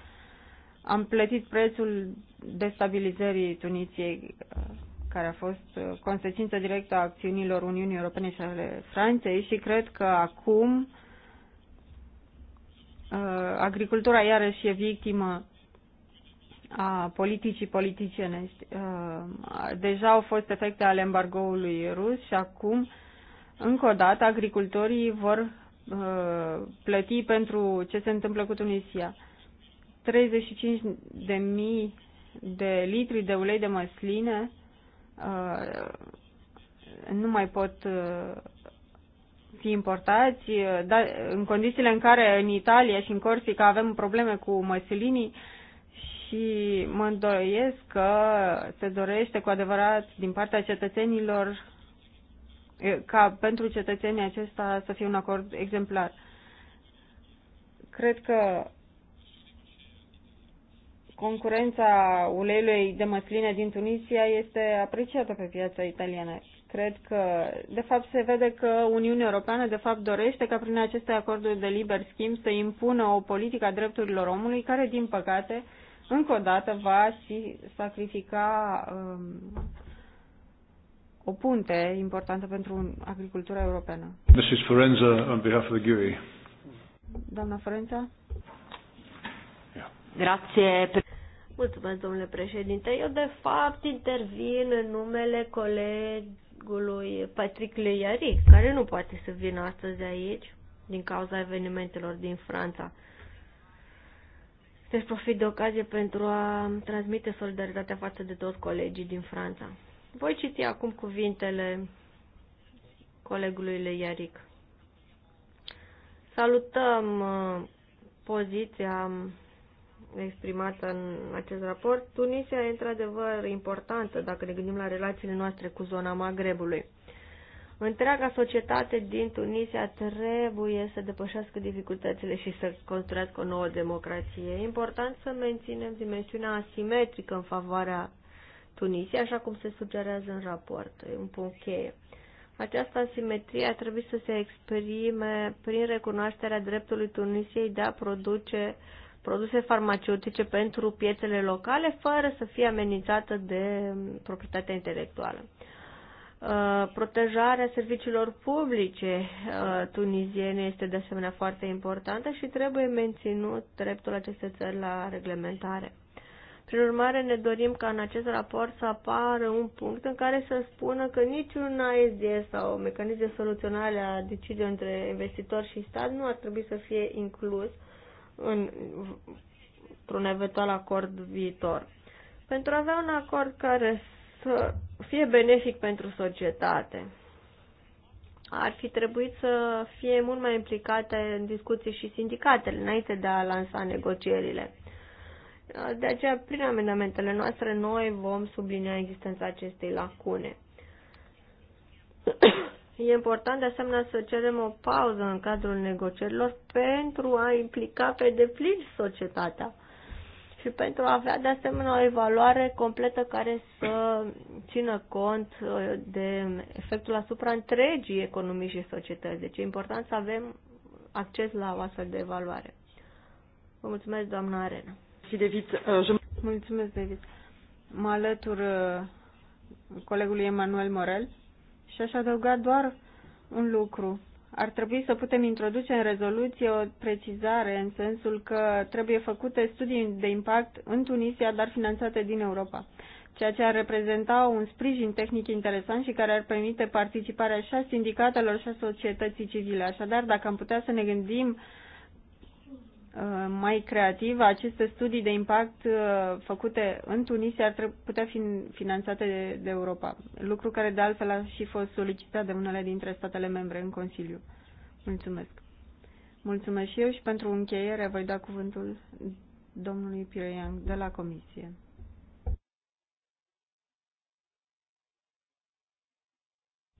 Am plătit prețul destabilizării Tuniției, uh, care a fost consecință directă a acțiunilor Uniunii Europene și ale Franței și cred că acum agricultura iarăși e victimă a politicii politiciene. Uh, deja au fost efecte ale embargoului rus și acum, încă o dată, agricultorii vor uh, plăti pentru ce se întâmplă cu Tunisia. 35.000 de litri de ulei de măsline uh, nu mai pot fi importați, dar în condițiile în care în Italia și în Corsica avem probleme cu măslinii, și mă îndoiesc că se dorește cu adevărat din partea cetățenilor ca pentru cetățenii acesta să fie un acord exemplar. Cred că concurența uleiului de măsline din Tunisia este apreciată pe piața italiană. Cred că, de fapt, se vede că Uniunea Europeană, de fapt, dorește ca prin aceste acorduri de liber schimb să impună o politică a drepturilor omului care, din păcate, încă o dată va și sacrifica um, o punte importantă pentru agricultura europeană. Mrs. Forenza, on behalf of the GUI. Doamna Forenza? Yeah. Grazie. Mulțumesc, domnule președinte. Eu, de fapt, intervin în numele colegului Patrick Leiaric, care nu poate să vină astăzi aici din cauza evenimentelor din Franța. Deci profit de ocazie pentru a transmite solidaritatea față de toți colegii din Franța. Voi citi acum cuvintele colegului Leiaric. Salutăm uh, poziția exprimată în acest raport. Tunisia e într-adevăr importantă dacă ne gândim la relațiile noastre cu zona Magrebului. Întreaga societate din Tunisia trebuie să depășească dificultățile și să construiască o nouă democrație. E important să menținem dimensiunea asimetrică în favoarea Tunisia, așa cum se sugerează în raport. E un punct cheie. Această asimetrie a trebuit să se exprime prin recunoașterea dreptului Tunisiei de a produce produse farmaceutice pentru piețele locale, fără să fie amenințată de proprietatea intelectuală. Uh, protejarea serviciilor publice uh, tuniziene este de asemenea foarte importantă și trebuie menținut dreptul acestei țări la reglementare. Prin urmare, ne dorim ca în acest raport să apară un punct în care să spună că niciun ASD sau mecanism de soluționare a deciziilor între investitor și stat nu ar trebui să fie inclus în, într-un eventual acord viitor. Pentru a avea un acord care să fie benefic pentru societate. Ar fi trebuit să fie mult mai implicate în discuții și sindicatele înainte de a lansa negocierile. De aceea, prin amendamentele noastre, noi vom sublinia existența acestei lacune. E important de asemenea să cerem o pauză în cadrul negocierilor pentru a implica pe deplin societatea și pentru a avea de asemenea o evaluare completă care să țină cont uh, de efectul asupra întregii economii și societăți. Deci e important să avem acces la o astfel de evaluare. Vă mulțumesc, doamna Arena. Uh, mulțumesc, David. Mă alătur uh, colegului Emanuel Morel și aș adăuga doar un lucru ar trebui să putem introduce în rezoluție o precizare în sensul că trebuie făcute studii de impact în Tunisia, dar finanțate din Europa, ceea ce ar reprezenta un sprijin tehnic interesant și care ar permite participarea și a sindicatelor și a societății civile. Așadar, dacă am putea să ne gândim uh, Uh, mai creativ, aceste studii de impact uh, făcute în Tunisia ar putea fi finanțate de, de Europa, lucru care de altfel a și fost solicitat de unele dintre statele membre în Consiliu. Mulțumesc. Mulțumesc și eu și pentru încheiere voi da cuvântul domnului Pireian de la Comisie.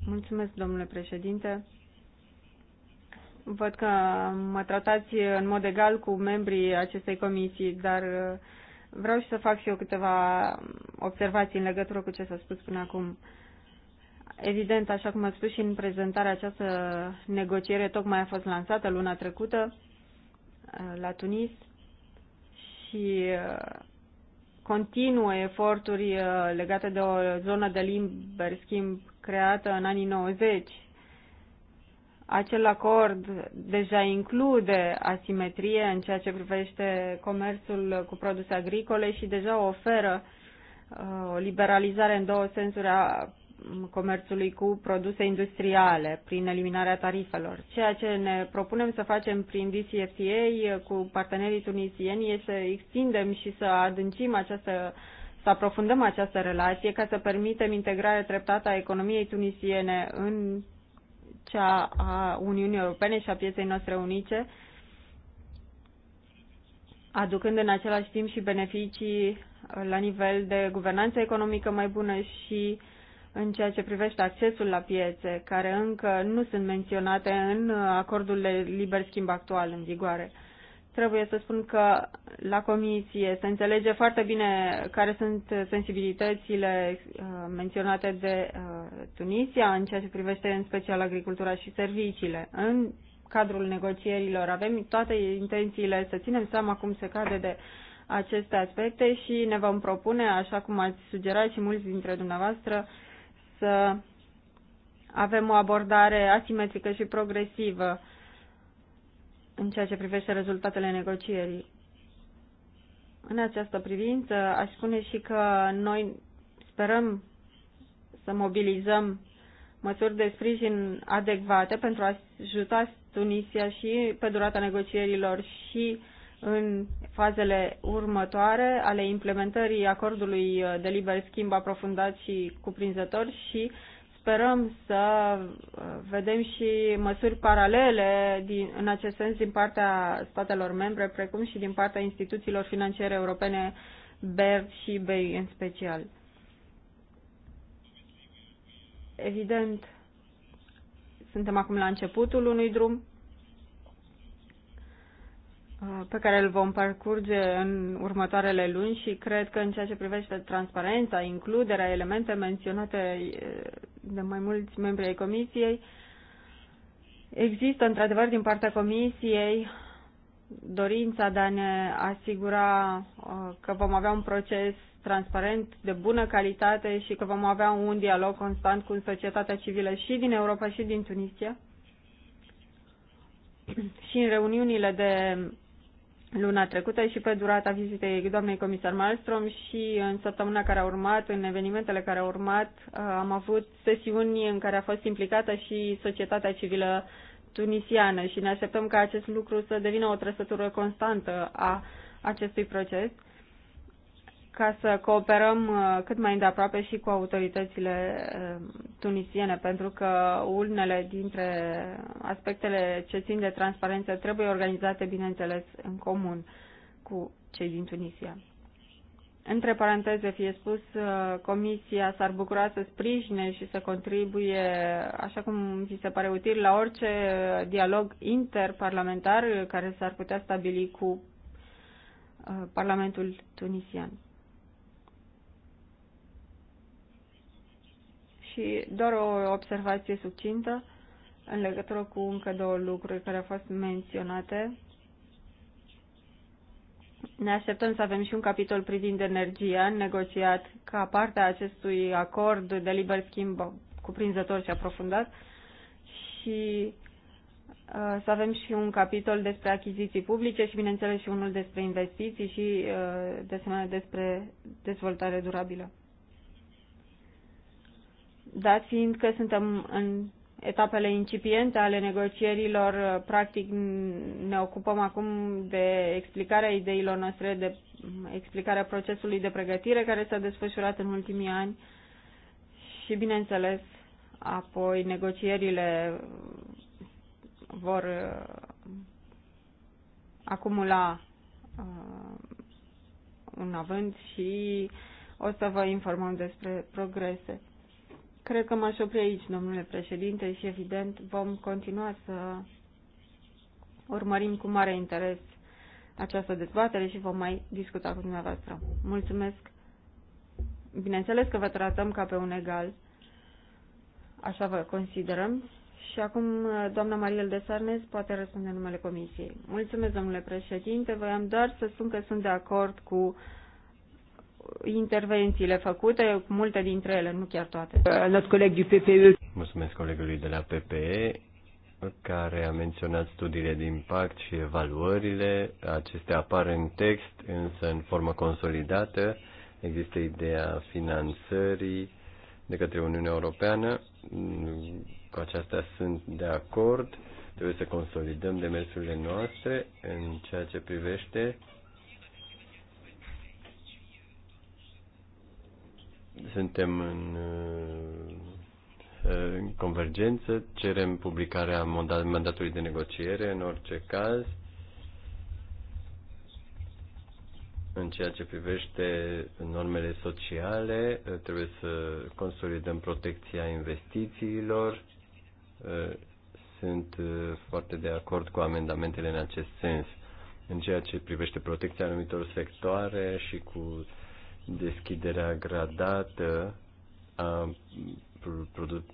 Mulțumesc, domnule președinte. Văd că mă tratați în mod egal cu membrii acestei comisii, dar uh, vreau și să fac și eu câteva observații în legătură cu ce s-a spus până acum. Evident, așa cum am spus și în prezentarea această negociere, tocmai a fost lansată luna trecută uh, la Tunis și uh, continuă eforturi legate de o zonă de liber schimb creată în anii 90 acel acord deja include asimetrie în ceea ce privește comerțul cu produse agricole și deja oferă uh, o liberalizare în două sensuri a comerțului cu produse industriale prin eliminarea tarifelor. Ceea ce ne propunem să facem prin DCFTA uh, cu partenerii tunisieni este să extindem și să adâncim această să aprofundăm această relație ca să permitem integrarea treptată a economiei tunisiene în cea a Uniunii Europene și a pieței noastre unice, aducând în același timp și beneficii la nivel de guvernanță economică mai bună și în ceea ce privește accesul la piețe, care încă nu sunt menționate în acordul de liber schimb actual în vigoare. Trebuie să spun că la comisie se înțelege foarte bine care sunt sensibilitățile uh, menționate de uh, Tunisia în ceea ce privește în special agricultura și serviciile. În cadrul negocierilor avem toate intențiile să ținem seama cum se cade de aceste aspecte și ne vom propune, așa cum ați sugerat și mulți dintre dumneavoastră, să avem o abordare asimetrică și progresivă în ceea ce privește rezultatele negocierii. În această privință, aș spune și că noi sperăm să mobilizăm măsuri de sprijin adecvate pentru a ajuta Tunisia și pe durata negocierilor și în fazele următoare ale implementării acordului de liber schimb aprofundat și cuprinzător și sperăm să uh, vedem și măsuri paralele din, în acest sens din partea statelor membre, precum și din partea instituțiilor financiare europene, BER și BEI în special. Evident, suntem acum la începutul unui drum Uh, pe care îl vom parcurge în următoarele luni și cred că în ceea ce privește transparența, includerea elemente menționate uh, de mai mulți membri ai Comisiei, există într-adevăr din partea Comisiei dorința de a ne asigura uh, că vom avea un proces transparent, de bună calitate și că vom avea un dialog constant cu societatea civilă și din Europa și din Tunisia. Și în reuniunile de luna trecută și pe durata vizitei doamnei comisar Malmström și în săptămâna care a urmat, în evenimentele care au urmat, uh, am avut sesiuni în care a fost implicată și societatea civilă tunisiană și ne așteptăm ca acest lucru să devină o trăsătură constantă a acestui proces ca să cooperăm uh, cât mai îndeaproape și cu autoritățile uh, tunisiene, pentru că unele dintre aspectele ce țin de transparență trebuie organizate, bineînțeles, în comun cu cei din Tunisia. Între paranteze, fie spus, uh, Comisia s-ar bucura să sprijine și să contribuie, așa cum vi se pare util, la orice dialog interparlamentar care s-ar putea stabili cu Parlamentul tunisian. și doar o observație succintă în legătură cu încă două lucruri care au fost menționate. Ne așteptăm să avem și un capitol privind energia negociat ca parte a acestui acord de liber schimb cuprinzător și aprofundat și uh, să avem și un capitol despre achiziții publice și, bineînțeles, și unul despre investiții și, uh, de asemenea, despre dezvoltare durabilă dat fiind că suntem în etapele incipiente ale negocierilor, practic ne ocupăm acum de explicarea ideilor noastre, de explicarea procesului de pregătire care s-a desfășurat în ultimii ani și, bineînțeles, apoi negocierile vor uh, acumula uh, un avânt și o să vă informăm despre progrese. Cred că m-aș opri aici, domnule președinte, și evident vom continua să urmărim cu mare interes această dezbatere și vom mai discuta cu dumneavoastră. Mulțumesc! Bineînțeles că vă tratăm ca pe un egal, așa vă considerăm. Și acum doamna Mariel de Sarnez poate răspunde numele comisiei. Mulțumesc, domnule președinte, voiam doar să spun că sunt de acord cu uh, intervențiile făcute, multe dintre ele, nu chiar toate. Uh, notre coleg du PPE. Mulțumesc colegului de la PPE care a menționat studiile de impact și evaluările. Acestea apar în text, însă în formă consolidată. Există ideea finanțării de către Uniunea Europeană. Cu aceasta sunt de acord. Trebuie să consolidăm demersurile noastre în ceea ce privește suntem uh, în convergență, cerem publicarea mandatului de negociere în orice caz. În ceea ce privește normele sociale, uh, trebuie să consolidăm protecția investițiilor. Uh, sunt foarte de acord cu amendamentele în acest sens. În ceea ce privește protecția anumitor sectoare și cu deschiderea gradată a produ-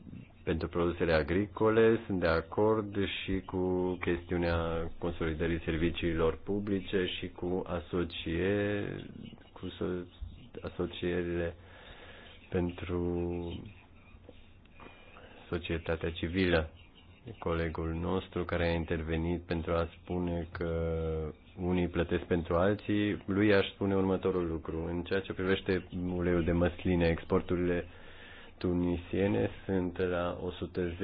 pentru produsele agricole, sunt de acord și cu chestiunea consolidării serviciilor publice și cu asociere, cu asocierile pentru societatea civilă. Colegul nostru care a intervenit pentru a spune că unii plătesc pentru alții, lui aș spune următorul lucru. În ceea ce privește uleiul de măsline, exporturile tunisiene sunt la 110.000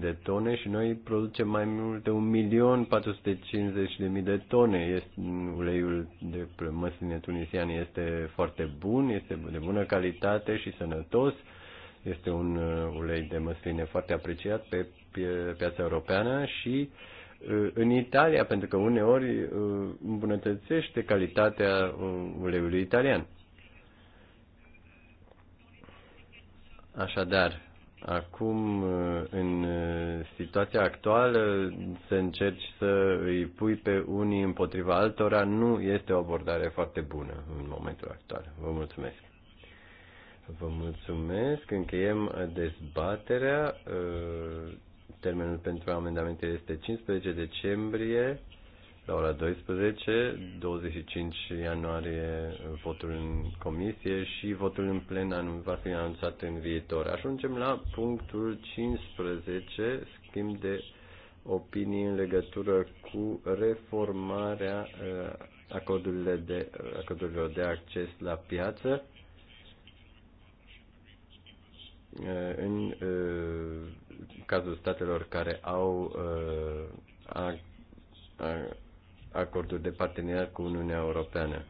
de tone și noi producem mai mult de 1.450.000 de tone. Este, uleiul de măsline tunisian este foarte bun, este de bună calitate și sănătos. Este un uh, ulei de măsline foarte apreciat pe piața europeană și uh, în Italia, pentru că uneori uh, îmbunătățește calitatea uh, uleiului italian. Așadar, acum, uh, în situația actuală, să încerci să îi pui pe unii împotriva altora nu este o abordare foarte bună în momentul actual. Vă mulțumesc! Vă mulțumesc, încheiem dezbaterea. Termenul pentru amendamente este 15 decembrie la ora 12, 25 ianuarie votul în comisie și votul în plen va fi anunțat în viitor. Ajungem la punctul 15, schimb de opinii în legătură cu reformarea eh, acordurilor de, acordurilor de acces la piață în uh, cazul statelor care au uh, acorduri de parteneriat cu Uniunea Europeană.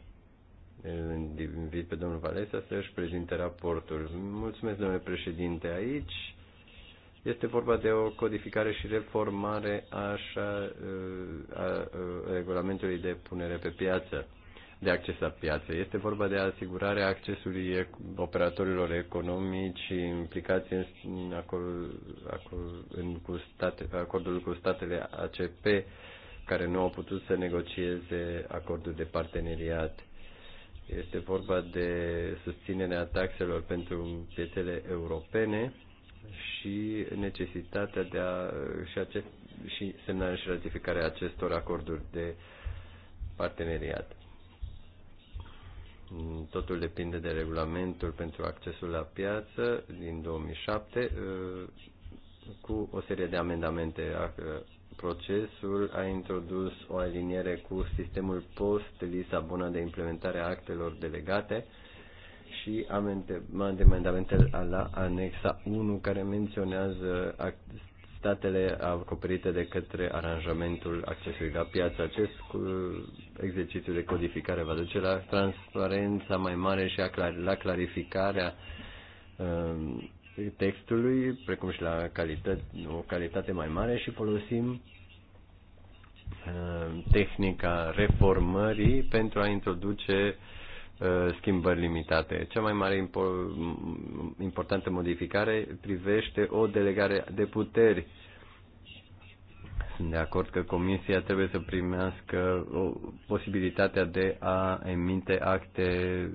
invit pe domnul Valesa să își prezinte raportul. Mulțumesc, domnule președinte, aici. Este vorba de o codificare și reformare așa, uh, a, a, a regulamentului de punere pe piață de acces la piață. Este vorba de asigurarea accesului operatorilor economici implicați în, acordul, în, cu state, acordul cu statele ACP care nu au putut să negocieze acordul de parteneriat. Este vorba de susținerea taxelor pentru piețele europene și necesitatea de a și, acest, și semnarea și ratificarea acestor acorduri de parteneriat. Mm, totul depinde de regulamentul pentru accesul la piață din 2007 uh, cu o serie de amendamente. Uh, procesul a introdus o aliniere cu sistemul post-Lisabona de implementare a actelor delegate și amendamentele la anexa 1 care menționează statele acoperite de către aranjamentul accesului la piață. Acest exercițiu de codificare va duce la transparența mai mare și la clarificarea um, textului, precum și la calitate, o calitate mai mare și folosim um, tehnica reformării pentru a introduce uh, Uh, schimbări limitate. Cea mai mare impo- importantă modificare privește o delegare de puteri. Sunt de acord că Comisia trebuie să primească o posibilitatea de a emite acte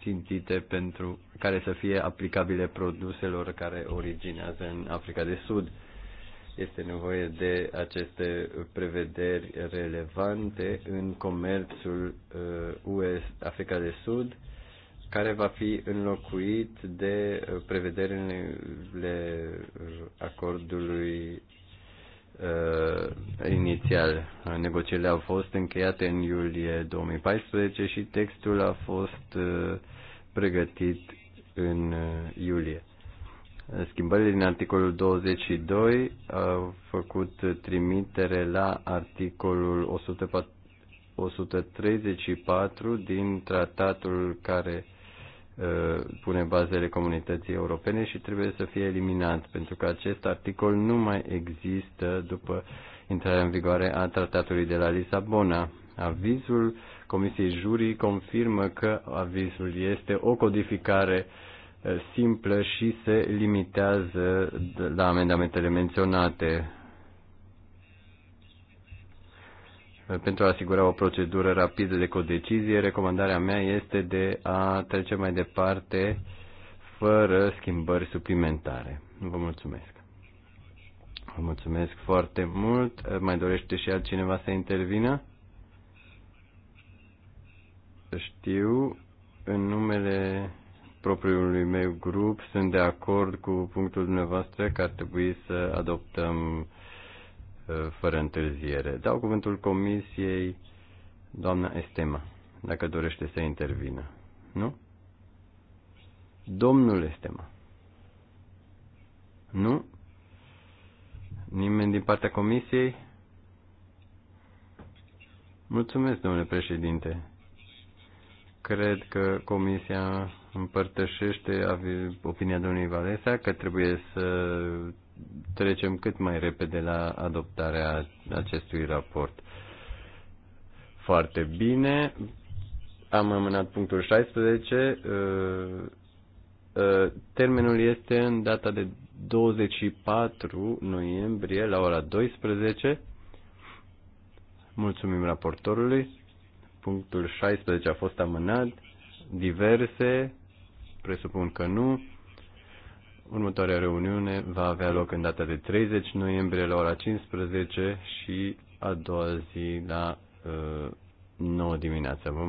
țintite pentru care să fie aplicabile produselor care originează în Africa de Sud. Este nevoie de aceste prevederi relevante în comerțul UE uh, Africa de Sud, care va fi înlocuit de uh, prevederile acordului uh, inițial. Negocierile au fost încheiate în iulie 2014 și textul a fost uh, pregătit în uh, iulie. Schimbările din articolul 22 au uh, făcut trimitere la articolul 134 din tratatul care uh, pune bazele comunității europene și trebuie să fie eliminat, pentru că acest articol nu mai există după intrarea în vigoare a tratatului de la Lisabona. Avizul Comisiei Jurii confirmă că avizul este o codificare uh, simplă și se limitează la amendamentele menționate pentru a asigura o procedură rapidă de codecizie, recomandarea mea este de a trece mai departe fără schimbări suplimentare. Vă mulțumesc. Vă mulțumesc foarte mult. Mai dorește și altcineva să intervină? Știu, în numele propriului meu grup sunt de acord cu punctul dumneavoastră că ar trebui să adoptăm uh, fără întârziere. Dau cuvântul comisiei doamna Estema, dacă dorește să intervină. Nu? Domnul Estema. Nu? Nimeni din partea comisiei? Mulțumesc, domnule președinte. Cred că comisia împărtășește opinia domnului Valesa că trebuie să trecem cât mai repede la adoptarea acestui raport. Foarte bine. Am amânat punctul 16. Uh, uh, termenul este în data de 24 noiembrie la ora 12. Mulțumim raportorului. Punctul 16 a fost amânat. Diverse Presupun că nu. Următoarea reuniune va avea loc în data de 30 noiembrie la ora 15 și a doua zi la uh, 9 dimineața.